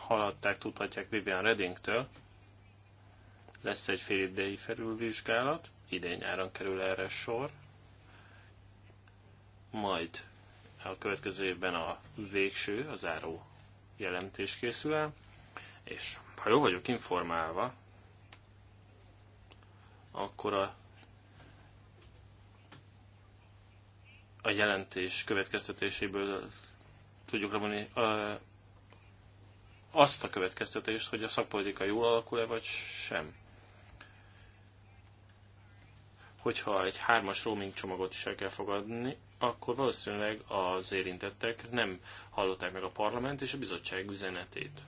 haladták, tudhatják Vivian Reddingtől. Lesz egy félidei felülvizsgálat, idén nyáron kerül erre sor. Majd a következő évben a végső, a záró jelentés készül el, és ha jól vagyok informálva, akkor a, a jelentés következtetéséből tudjuk levonni azt a következtetést, hogy a szakpolitika jól alakul-e vagy sem. Hogyha egy hármas roaming csomagot is el kell fogadni, akkor valószínűleg az érintettek nem hallották meg a parlament és a bizottság üzenetét.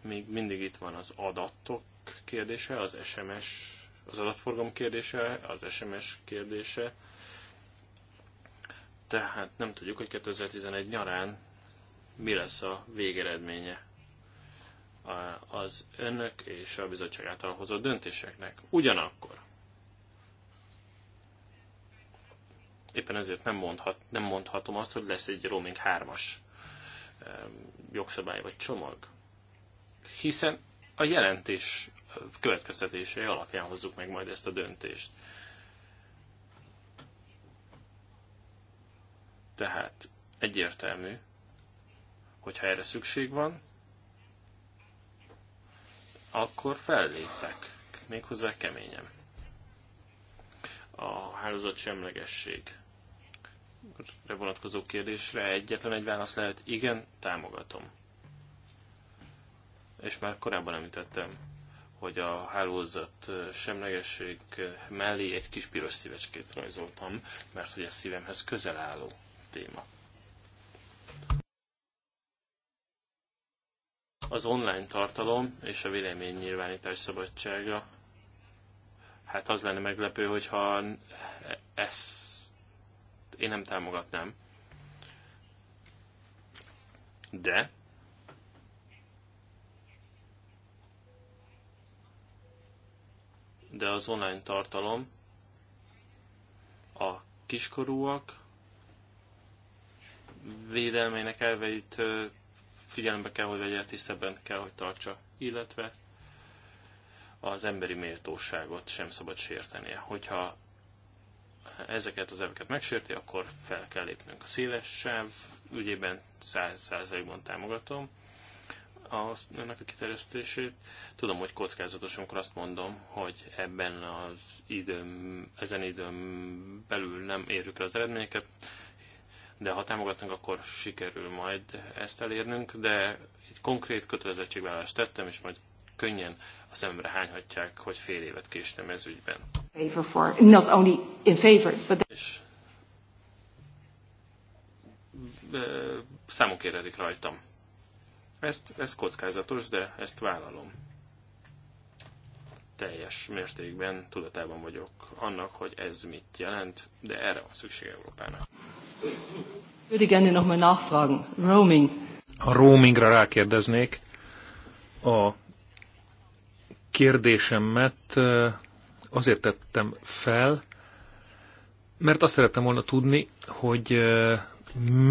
Még mindig itt van az adatok kérdése, az SMS, az adatforgalom kérdése, az SMS kérdése. Tehát nem tudjuk, hogy 2011 nyarán mi lesz a végeredménye az önök és a bizottság által hozott döntéseknek. Ugyanakkor éppen ezért nem, mondhat, nem mondhatom azt, hogy lesz egy roaming 3-as jogszabály vagy csomag. Hiszen a jelentés következtetései alapján hozzuk meg majd ezt a döntést. Tehát egyértelmű, hogyha erre szükség van, akkor felléptek, méghozzá keményen. A hálózat semlegesség vonatkozó kérdésre egyetlen egy válasz lehet, igen, támogatom. És már korábban említettem, hogy a hálózat semlegesség mellé egy kis piros szívecskét rajzoltam, mert hogy ez szívemhez közel álló téma. Az online tartalom és a véleménynyilvánítás szabadsága. Hát az lenne meglepő, hogyha ezt én nem támogatnám. De de az online tartalom a kiskorúak védelmének elveit figyelembe kell, hogy vegye, tisztebben kell, hogy tartsa, illetve az emberi méltóságot sem szabad sértenie. Hogyha ezeket az elveket megsérti, akkor fel kell lépnünk. A széles sáv ügyében 100%-ban támogatom az, ennek a kiterjesztését. Tudom, hogy kockázatos, amikor azt mondom, hogy ebben az időm, ezen időm belül nem érjük el az eredményeket de ha támogatnak, akkor sikerül majd ezt elérnünk, de egy konkrét kötelezettségvállalást tettem, és majd könnyen a szemre hányhatják, hogy fél évet késtem ez ügyben. For, not only in favor, but... És számon rajtam. Ezt, ez kockázatos, de ezt vállalom. Teljes mértékben tudatában vagyok annak, hogy ez mit jelent, de erre van szükség Európának. Würde gerne nochmal nachfragen. Roaming. A roamingra rákérdeznék. A kérdésemet azért tettem fel, mert azt szerettem volna tudni, hogy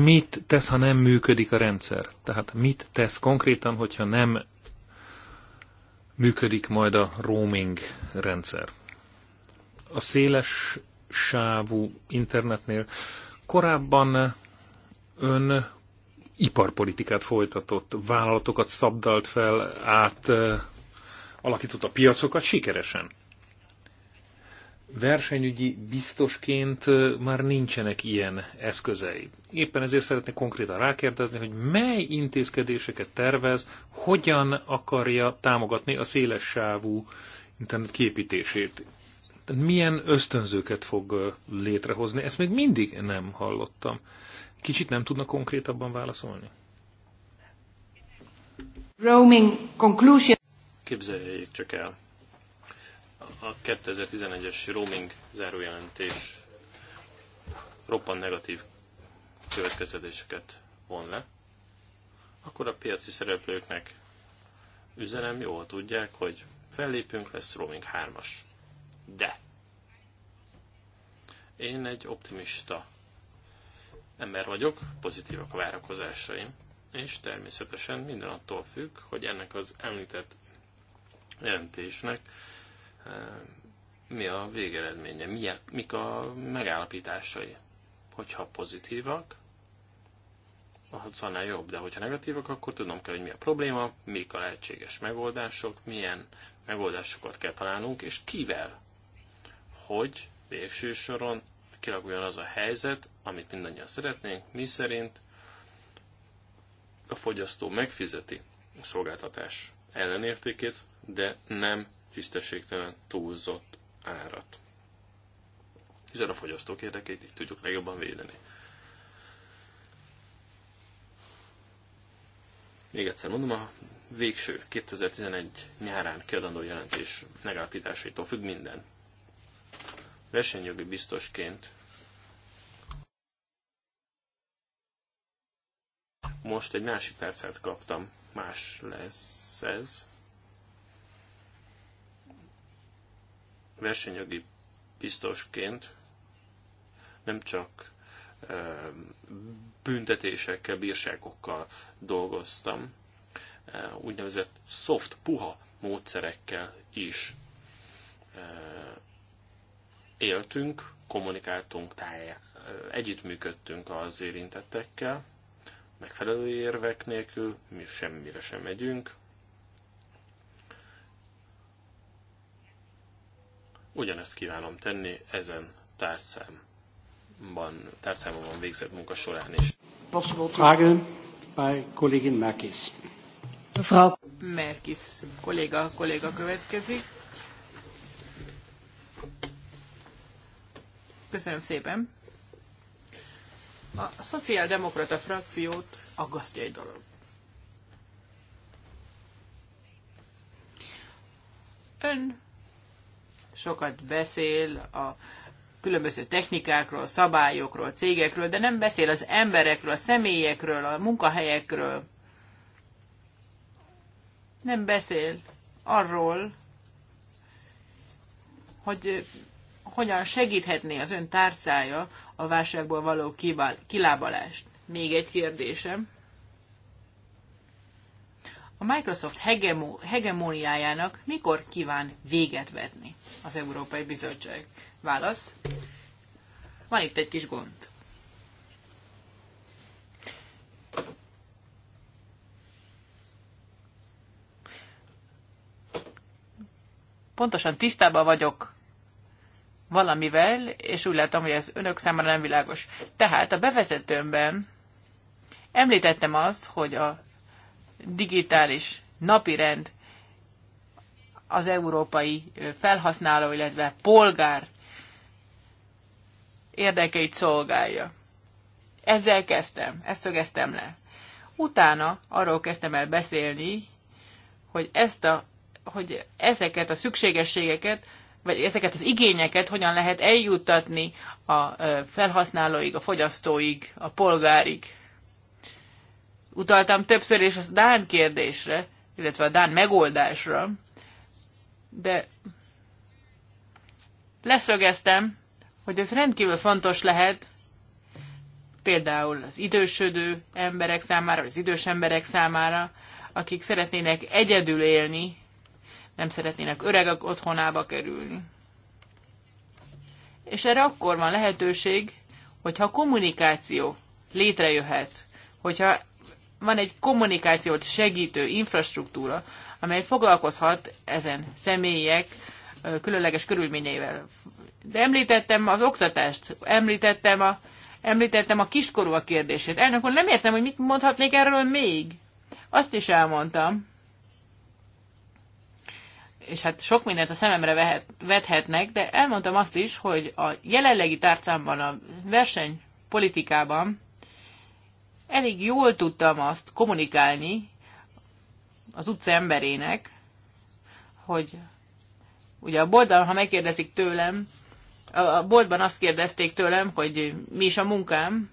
mit tesz, ha nem működik a rendszer. Tehát mit tesz konkrétan, hogyha nem működik majd a roaming rendszer. A széles sávú internetnél uh, Korábban eh, ön eh, iparpolitikát folytatott, vállalatokat szabdalt fel, át eh, alakított a piacokat sikeresen. Versenyügyi biztosként már nincsenek ilyen eszközei. Éppen ezért szeretnék konkrétan rákérdezni, hogy mely intézkedéseket tervez, hogyan akarja támogatni a széles sávú internet képítését. Tehát milyen ösztönzőket fog létrehozni? Ezt még mindig nem hallottam. Kicsit nem tudna konkrétabban válaszolni? Roaming conclusion. Képzeljék csak el. A 2011-es roaming zárójelentés roppan negatív következtetéseket von le. Akkor a piaci szereplőknek üzenem, jól tudják, hogy fellépünk, lesz roaming 3-as de én egy optimista ember vagyok, pozitívak a várakozásaim, és természetesen minden attól függ, hogy ennek az említett jelentésnek eh, mi a végeredménye, milyen, mik a megállapításai. Hogyha pozitívak, az annál jobb, de hogyha negatívak, akkor tudnom kell, hogy mi a probléma, mik a lehetséges megoldások, milyen megoldásokat kell találnunk, és kivel hogy végső soron kilaguljon az a helyzet, amit mindannyian szeretnénk, mi szerint a fogyasztó megfizeti a szolgáltatás ellenértékét, de nem tisztességtelen túlzott árat. Hiszen a fogyasztók érdekét így tudjuk legjobban védeni. Még egyszer mondom, a végső 2011 nyárán kiadandó jelentés megállapításaitól függ minden versenyjogi biztosként most egy másik tárcát kaptam, más lesz ez. Versenyjogi biztosként nem csak ehm, büntetésekkel, bírságokkal dolgoztam, ehm, úgynevezett soft, puha módszerekkel is ehm, éltünk, kommunikáltunk, tájá, együttműködtünk az érintettekkel, megfelelő érvek nélkül mi semmire sem megyünk. Ugyanezt kívánom tenni ezen tárcámban, tárcámban végzett munka során is. Frage bei Kollegin Merkis. Frau Merkis kolléga, kolléga következik. Köszönöm szépen. A szociáldemokrata frakciót aggasztja egy dolog. Ön sokat beszél a különböző technikákról, szabályokról, cégekről, de nem beszél az emberekről, a személyekről, a munkahelyekről. Nem beszél arról, hogy hogyan segíthetné az ön tárcája a válságból való kilábalást? Még egy kérdésem. A Microsoft hegemó, hegemóniájának mikor kíván véget vetni az Európai Bizottság? Válasz. Van itt egy kis gond. Pontosan tisztában vagyok valamivel, és úgy látom, hogy ez önök számára nem világos. Tehát a bevezetőmben említettem azt, hogy a digitális napirend az európai felhasználó, illetve polgár érdekeit szolgálja. Ezzel kezdtem, ezt szögeztem le. Utána arról kezdtem el beszélni, hogy, ezt a, hogy ezeket a szükségességeket vagy ezeket az igényeket hogyan lehet eljuttatni a felhasználóig, a fogyasztóig, a polgárig. Utaltam többször is a Dán kérdésre, illetve a Dán megoldásra, de leszögeztem, hogy ez rendkívül fontos lehet például az idősödő emberek számára, az idős emberek számára, akik szeretnének egyedül élni, nem szeretnének öregek otthonába kerülni. És erre akkor van lehetőség, hogyha a kommunikáció létrejöhet, hogyha van egy kommunikációt segítő infrastruktúra, amely foglalkozhat ezen személyek különleges körülményeivel. De említettem az oktatást, említettem a, említettem a kiskorúak kérdését. Elnök úr, nem értem, hogy mit mondhatnék erről még. Azt is elmondtam, és hát sok mindent a szememre vehet, vethetnek, de elmondtam azt is, hogy a jelenlegi tárcámban, a versenypolitikában elég jól tudtam azt kommunikálni az utca emberének, hogy ugye a boltban, ha megkérdezik tőlem, a boltban azt kérdezték tőlem, hogy mi is a munkám,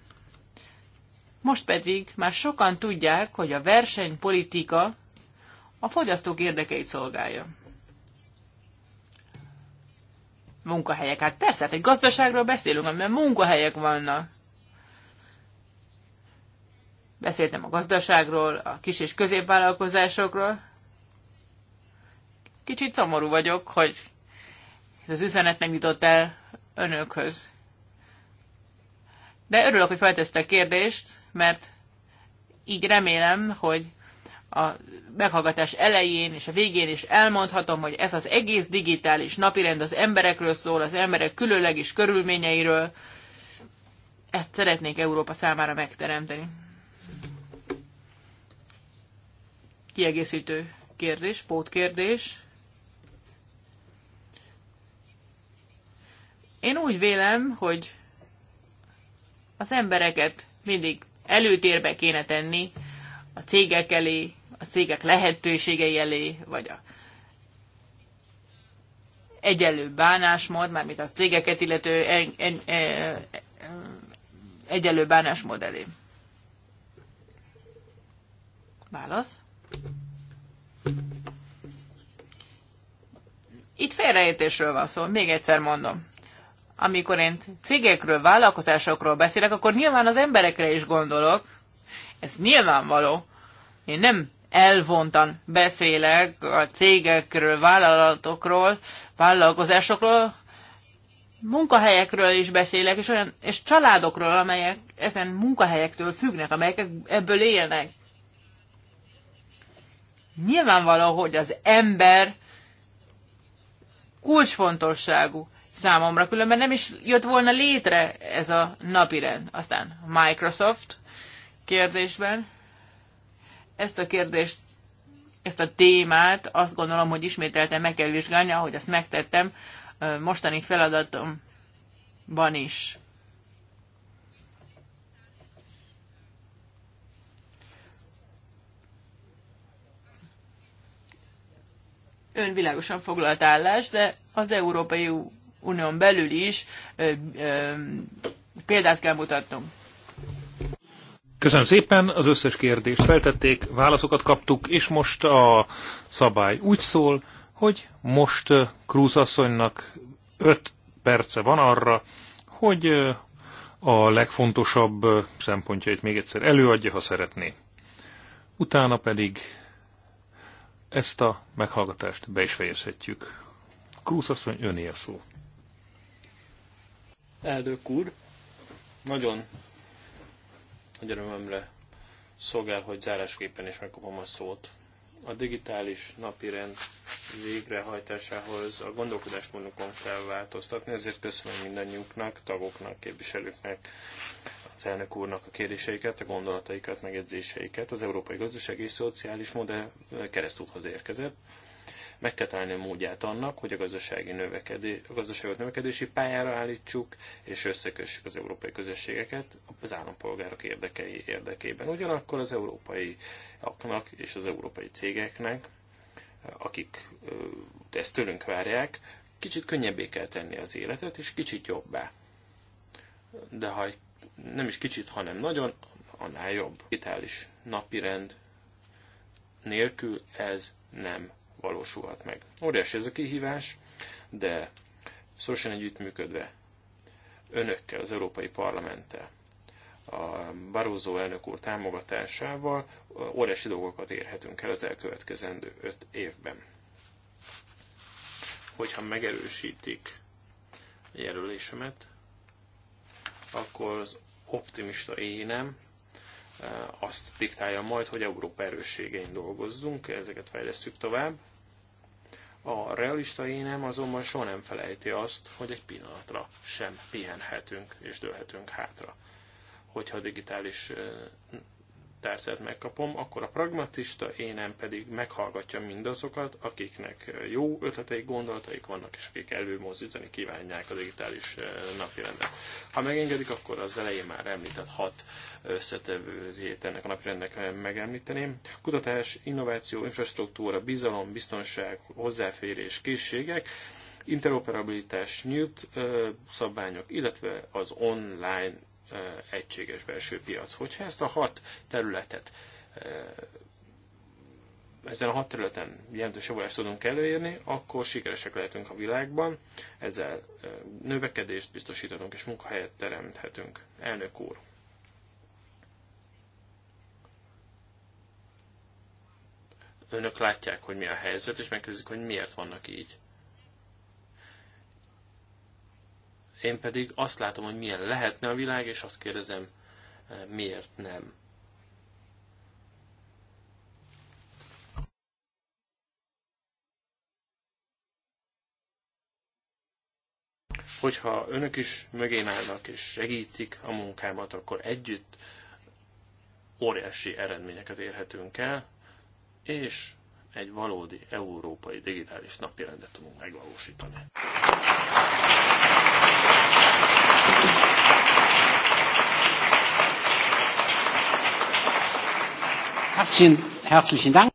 most pedig már sokan tudják, hogy a versenypolitika a fogyasztók érdekeit szolgálja munkahelyek. Hát persze, hát egy gazdaságról beszélünk, amiben munkahelyek vannak. Beszéltem a gazdaságról, a kis és középvállalkozásokról. Kicsit szomorú vagyok, hogy ez az üzenet nem jutott el önökhöz. De örülök, hogy felteszte a kérdést, mert így remélem, hogy a meghallgatás elején és a végén is elmondhatom, hogy ez az egész digitális napirend az emberekről szól, az emberek különleges körülményeiről. Ezt szeretnék Európa számára megteremteni. Kiegészítő kérdés, pótkérdés. Én úgy vélem, hogy az embereket mindig előtérbe kéne tenni, a cégek elé, a cégek lehetőségei elé, vagy a egyenlő bánásmód, mármint a cégeket illető en, en, en, e- egyenlő bánásmód elé. Válasz? Itt félreértésről van szó, még egyszer mondom. Amikor én cégekről, vállalkozásokról beszélek, akkor nyilván az emberekre is gondolok. Ez nyilvánvaló. Én nem elvontan beszélek a cégekről, vállalatokról, vállalkozásokról, munkahelyekről is beszélek, és, olyan, és családokról, amelyek ezen munkahelyektől függnek, amelyek ebből élnek. Nyilvánvaló, hogy az ember kulcsfontosságú számomra, különben nem is jött volna létre ez a napirend. Aztán Microsoft kérdésben ezt a kérdést, ezt a témát azt gondolom, hogy ismételten meg kell vizsgálni, ahogy ezt megtettem mostani feladatomban is. Ön világosan foglalt állás, de az Európai Unión belül is ö, ö, példát kell mutatnom. Köszönöm szépen, az összes kérdést feltették, válaszokat kaptuk, és most a szabály úgy szól, hogy most Krúz asszonynak 5 perce van arra, hogy a legfontosabb szempontjait még egyszer előadja, ha szeretné. Utána pedig ezt a meghallgatást be is fejezhetjük. Krúz asszony, öné a szó. Eldök úr, nagyon nagy örömömre szolgál, hogy zárásképpen is megkapom a szót. A digitális napirend végrehajtásához a gondolkodásmódunkon kell változtatni, ezért köszönöm mindannyiunknak, tagoknak, képviselőknek, az elnök úrnak a kérdéseiket, a gondolataikat, megjegyzéseiket. Az európai gazdasági és szociális modell keresztúthoz érkezett. Meg kell találni a módját annak, hogy a, gazdasági növekedé, a gazdaságot növekedési pályára állítsuk, és összekössük az európai közösségeket az állampolgárok érdekei érdekében. Ugyanakkor az európai aknak és az európai cégeknek, akik ezt tőlünk várják, kicsit könnyebbé kell tenni az életet, és kicsit jobbá. De ha nem is kicsit, hanem nagyon, annál jobb. Itális napirend nélkül ez nem valósulhat meg. Óriási ez a kihívás, de szorosan együttműködve önökkel, az Európai Parlamenttel, a Barózó elnök úr támogatásával óriási dolgokat érhetünk el az elkövetkezendő öt évben. Hogyha megerősítik a jelölésemet, akkor az optimista énem eh, azt diktálja majd, hogy Európa erősségein dolgozzunk, ezeket fejlesztjük tovább, a realista énem azonban soha nem felejti azt, hogy egy pillanatra sem pihenhetünk és dőlhetünk hátra. Hogyha a digitális eh, tárcát megkapom, akkor a pragmatista énem pedig meghallgatja mindazokat, akiknek jó ötleteik, gondolataik vannak, és akik előmozdítani kívánják a digitális eh, napirendet. Ha megengedik, akkor az elején már említett hat összetevőjét ennek a napirendnek eh, megemlíteném. Kutatás, innováció, infrastruktúra, bizalom, biztonság, hozzáférés, készségek, interoperabilitás, nyílt eh, szabványok, illetve az online egységes belső piac. Hogyha ezt a hat területet ezen a hat területen jelentős javulást tudunk előírni, akkor sikeresek lehetünk a világban, ezzel növekedést biztosítatunk és munkahelyet teremthetünk. Elnök úr! Önök látják, hogy mi a helyzet, és megkérdezik, hogy miért vannak így Én pedig azt látom, hogy milyen lehetne a világ, és azt kérdezem, eh, miért nem. Hogyha önök is mögém állnak és segítik a munkámat, akkor együtt óriási eredményeket érhetünk el, és egy valódi európai digitális napirendet tudunk megvalósítani.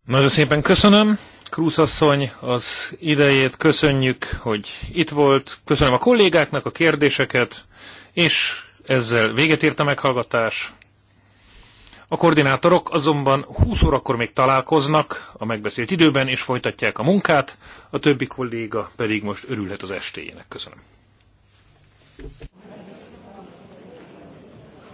Nagyon szépen köszönöm. Krúz asszony az idejét, köszönjük, hogy itt volt, köszönöm a kollégáknak a kérdéseket, és ezzel véget ért a meghallgatás. A koordinátorok azonban 20 órakor még találkoznak a megbeszélt időben, és folytatják a munkát, a többi kolléga pedig most örülhet az estéjének. Köszönöm.